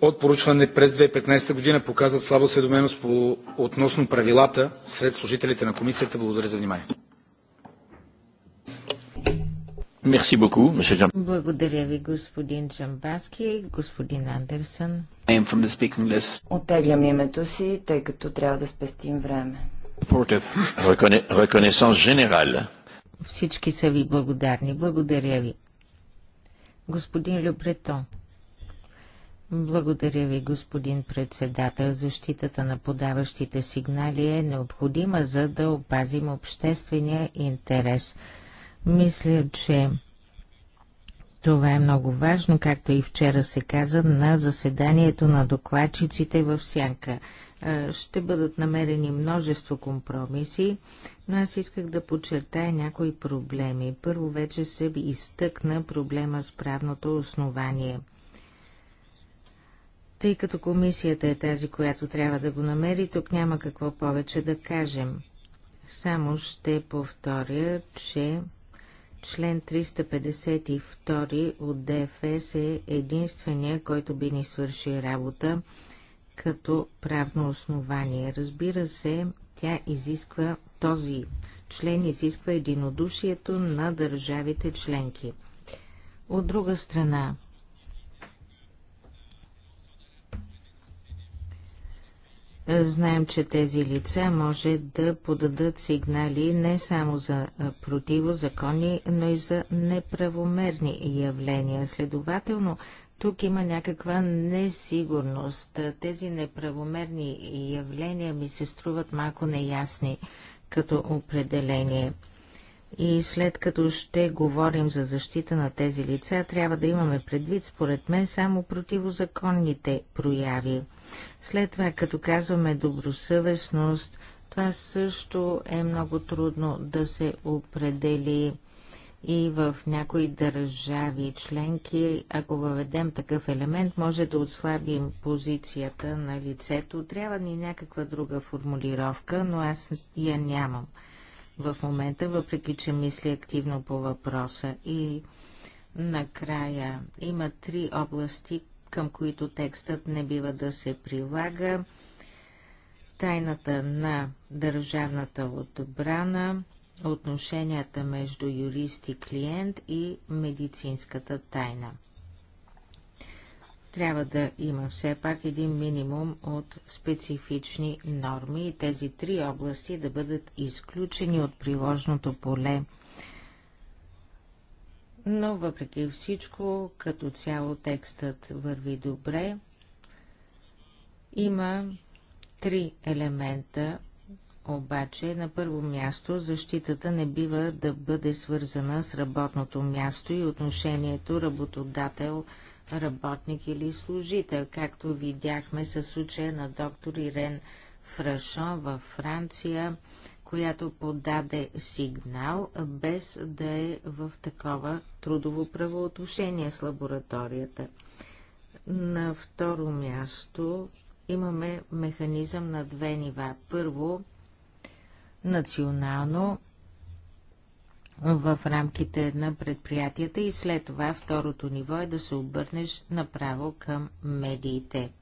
от поручване през 2015 година показват слабо осведоменост относно правилата сред служителите на Комисията. Благодаря за вниманието beaucoup, monsieur Jean. Благодаря ви, господин Джамбаски господин Андерсън. Оттеглям името си, тъй като трябва да спестим време. Всички са ви благодарни. Благодаря ви. Господин Любретон. Благодаря ви, господин председател. Защитата на подаващите сигнали е необходима, за да опазим обществения интерес. Мисля, че това е много важно, както и вчера се каза на заседанието на докладчиците в Сянка. Е, ще бъдат намерени множество компромиси, но аз исках да подчертая някои проблеми. Първо вече се изтъкна проблема с правното основание. Тъй като комисията е тази, която трябва да го намери, тук няма какво повече да кажем. Само ще повторя, че Член 352 от ДФС е единствения, който би ни свърши работа като правно основание. Разбира се, тя изисква този член изисква единодушието на държавите членки. От друга страна, Знаем, че тези лица може да подадат сигнали не само за противозаконни, но и за неправомерни явления. Следователно, тук има някаква несигурност. Тези неправомерни явления ми се струват малко неясни като определение. И след като ще говорим за защита на тези лица, трябва да имаме предвид, според мен, само противозаконните прояви – след това, като казваме добросъвестност, това също е много трудно да се определи и в някои държави членки, ако въведем такъв елемент, може да отслабим позицията на лицето. Трябва ни някаква друга формулировка, но аз я нямам в момента, въпреки че мисля активно по въпроса. И накрая има три области, към които текстът не бива да се прилага, тайната на държавната отбрана, отношенията между юрист и клиент и медицинската тайна. Трябва да има все пак един минимум от специфични норми и тези три области да бъдат изключени от приложното поле но въпреки всичко, като цяло текстът върви добре. Има три елемента, обаче на първо място защитата не бива да бъде свързана с работното място и отношението работодател работник или служител, както видяхме със случая на доктор Ирен Фрашон във Франция, която подаде сигнал, без да е в такова трудово правоотношение с лабораторията. На второ място имаме механизъм на две нива. Първо, национално в рамките на предприятията и след това второто ниво е да се обърнеш направо към медиите –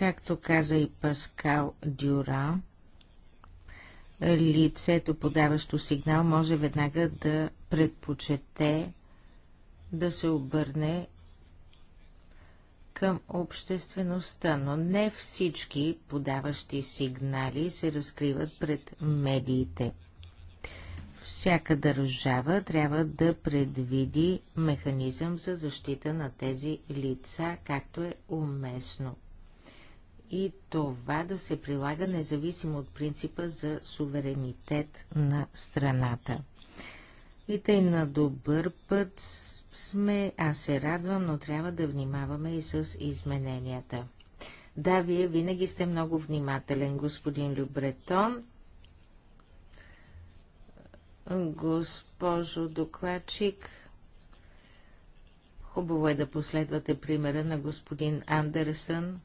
Както каза и Паскал Дюра, лицето, подаващо сигнал, може веднага да предпочете да се обърне към обществеността, но не всички подаващи сигнали се разкриват пред медиите. Всяка държава трябва да предвиди механизъм за защита на тези лица, както е уместно и това да се прилага независимо от принципа за суверенитет на страната. И тъй на добър път сме, аз се радвам, но трябва да внимаваме и с измененията. Да, вие винаги сте много внимателен, господин Любретон. Госпожо докладчик, хубаво е да последвате примера на господин Андерсън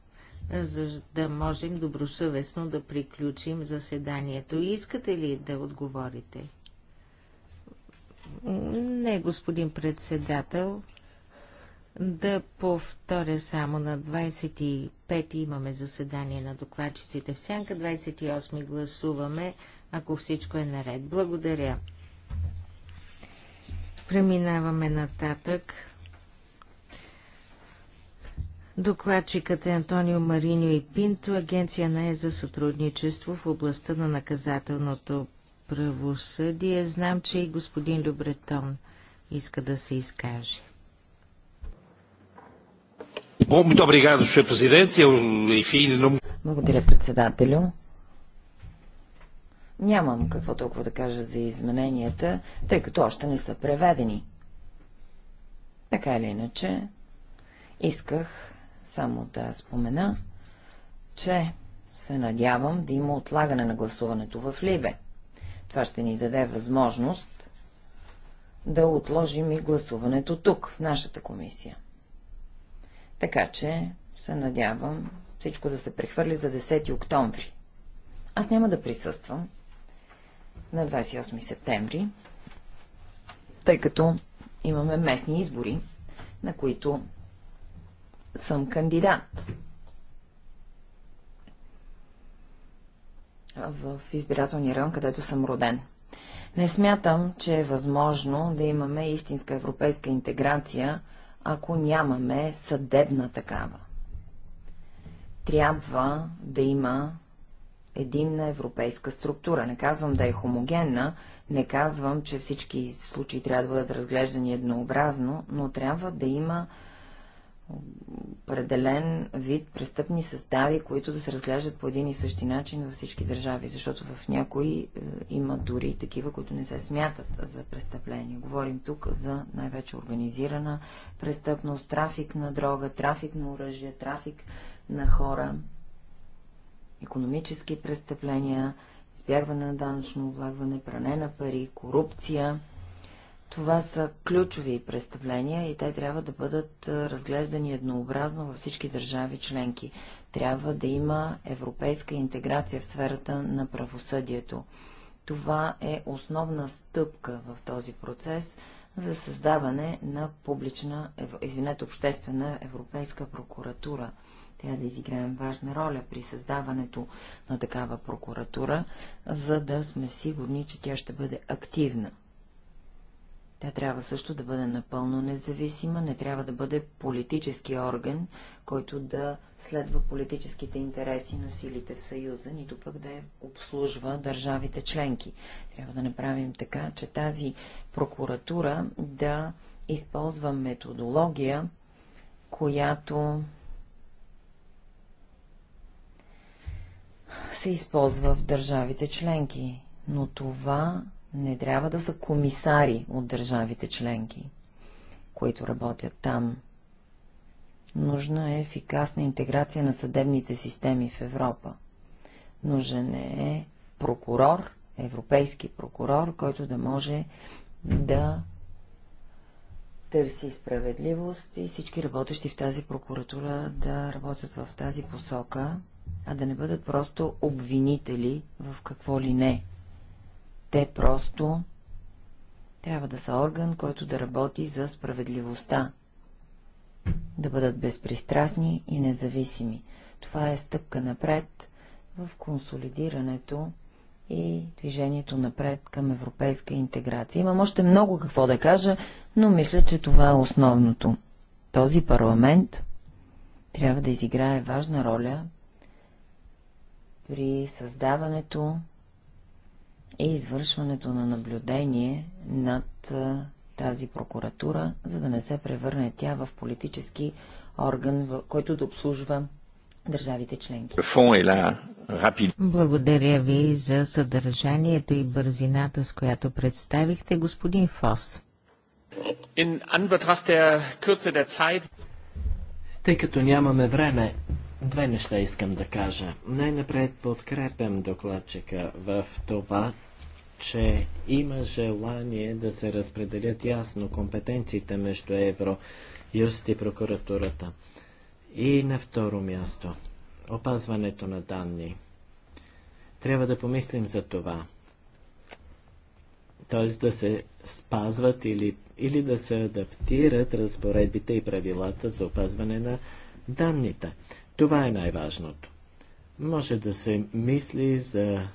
за да можем добросъвестно да приключим заседанието. Искате ли да отговорите? Не, господин председател. Да повторя само на 25 имаме заседание на докладчиците в сянка, 28 гласуваме, ако всичко е наред. Благодаря. Преминаваме нататък. Докладчикът е Антонио Мариньо и Пинто, Агенция на е за сътрудничество в областта на наказателното правосъдие. Знам, че и господин Любретон иска да се изкаже. Е е Благодаря, председателю. Нямам какво толкова да кажа за измененията, тъй като още не са преведени. Така или иначе, исках само да спомена, че се надявам да има отлагане на гласуването в Либе. Това ще ни даде възможност да отложим и гласуването тук, в нашата комисия. Така че се надявам всичко да се прехвърли за 10 октомври. Аз няма да присъствам на 28 септември, тъй като имаме местни избори, на които съм кандидат. В избирателния район, където съм роден. Не смятам, че е възможно да имаме истинска европейска интеграция, ако нямаме съдебна такава. Трябва да има единна европейска структура. Не казвам да е хомогенна, не казвам, че всички случаи трябва да бъдат разглеждани еднообразно, но трябва да има определен вид престъпни състави, които да се разглеждат по един и същи начин във всички държави, защото в някои е, има дори такива, които не се смятат за престъпления. Говорим тук за най-вече организирана престъпност, трафик на дрога, трафик на оръжие, трафик на хора, економически престъпления, избягване на данъчно облагване, пране на пари, корупция – това са ключови представления и те трябва да бъдат разглеждани еднообразно във всички държави членки. Трябва да има европейска интеграция в сферата на правосъдието. Това е основна стъпка в този процес за създаване на публична, извинете, обществена европейска прокуратура. Трябва да изиграем важна роля при създаването на такава прокуратура, за да сме сигурни, че тя ще бъде активна. Тя трябва също да бъде напълно независима, не трябва да бъде политически орган, който да следва политическите интереси на силите в Съюза, нито пък да обслужва държавите членки. Трябва да направим така, че тази прокуратура да използва методология, която се използва в държавите членки. Но това не трябва да са комисари от държавите членки, които работят там. Нужна е ефикасна интеграция на съдебните системи в Европа. Нужен е прокурор, европейски прокурор, който да може да търси справедливост и всички работещи в тази прокуратура да работят в тази посока, а да не бъдат просто обвинители в какво ли не те просто трябва да са орган, който да работи за справедливостта, да бъдат безпристрастни и независими. Това е стъпка напред в консолидирането и движението напред към европейска интеграция. Имам още много какво да кажа, но мисля, че това е основното. Този парламент трябва да изиграе важна роля при създаването е извършването на наблюдение над тази прокуратура, за да не се превърне тя в политически орган, който да обслужва държавите членки. Благодаря ви за съдържанието и бързината, с която представихте господин Фос. Тъй като нямаме време, Две неща искам да кажа. Най-напред подкрепям докладчика в това, че има желание да се разпределят ясно компетенциите между Евро, Юст и прокуратурата. И на второ място, опазването на данни. Трябва да помислим за това. Т.е. да се спазват или, или да се адаптират разпоредбите и правилата за опазване на данните. Това е най-важното. Може да се мисли за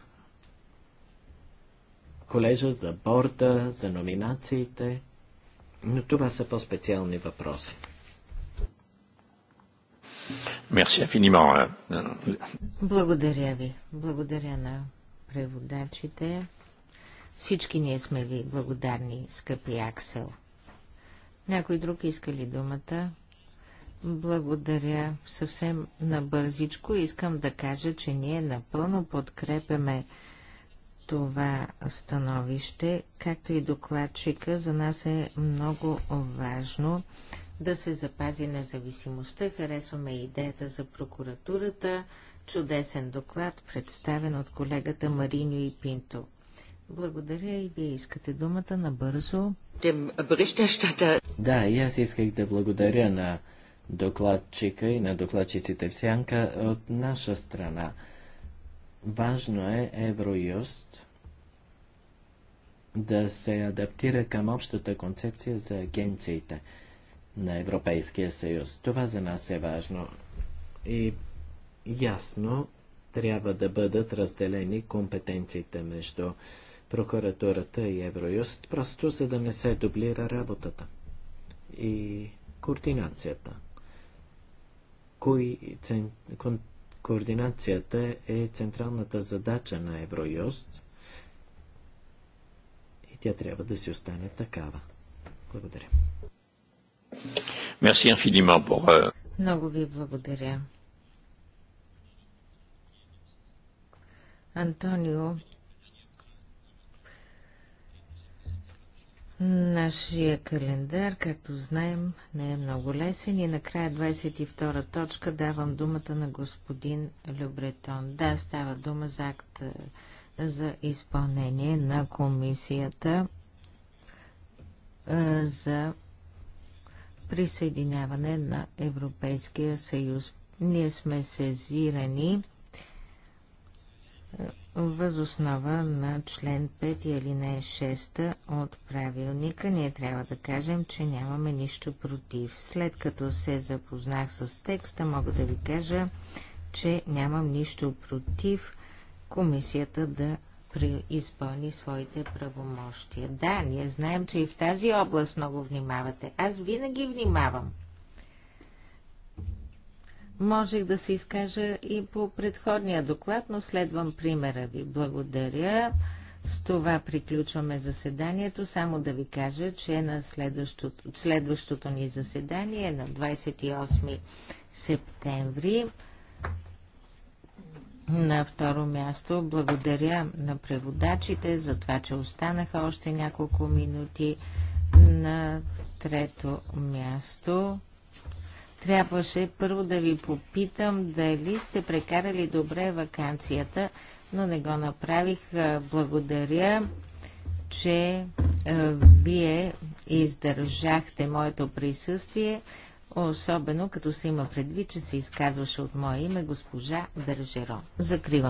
колежа, за борда, за номинациите, но това са по-специални въпроси. Благодаря ви. Благодаря на преводачите. Всички ние сме ви благодарни, скъпи Аксел. Някой друг иска ли думата? Благодаря. Съвсем набързичко искам да кажа, че ние напълно подкрепяме това становище, както и докладчика. За нас е много важно да се запази независимостта. Харесваме идеята за прокуратурата. Чудесен доклад, представен от колегата Мариньо и Пинто. Благодаря и вие искате думата набързо. Да, и аз исках да благодаря на докладчика и на докладчиците в сянка от наша страна. Важно е Евроюст да се адаптира към общата концепция за агенциите на Европейския съюз. Това за нас е важно. И ясно трябва да бъдат разделени компетенциите между прокуратурата и Евроюст, просто за да не се дублира работата и координацията кои цен... кон... координацията е централната задача на Евроюст и тя трябва да си остане такава. Благодаря. Merci infiniment pour... Euh, Много ви благодаря. Антонио Нашия календар, както знаем, не е много лесен и накрая 22 точка давам думата на господин Любретон. Да, става дума за акт е, за изпълнение на комисията е, за присъединяване на Европейския съюз. Ние сме сезирани Възоснова на член 5 или не 6 от правилника ние трябва да кажем, че нямаме нищо против. След като се запознах с текста, мога да ви кажа, че нямам нищо против комисията да изпълни своите правомощия. Да, ние знаем, че и в тази област много внимавате. Аз винаги внимавам. Можех да се изкажа и по предходния доклад, но следвам примера ви. Благодаря. С това приключваме заседанието. Само да ви кажа, че на следващото, следващото ни заседание е на 28 септември. На второ място благодаря на преводачите за това, че останаха още няколко минути. На трето място Трябваше първо да ви попитам дали сте прекарали добре вакансията, но не го направих. Благодаря, че вие издържахте моето присъствие, особено като се има предвид, че се изказваше от мое име госпожа Бержеро. Закривам.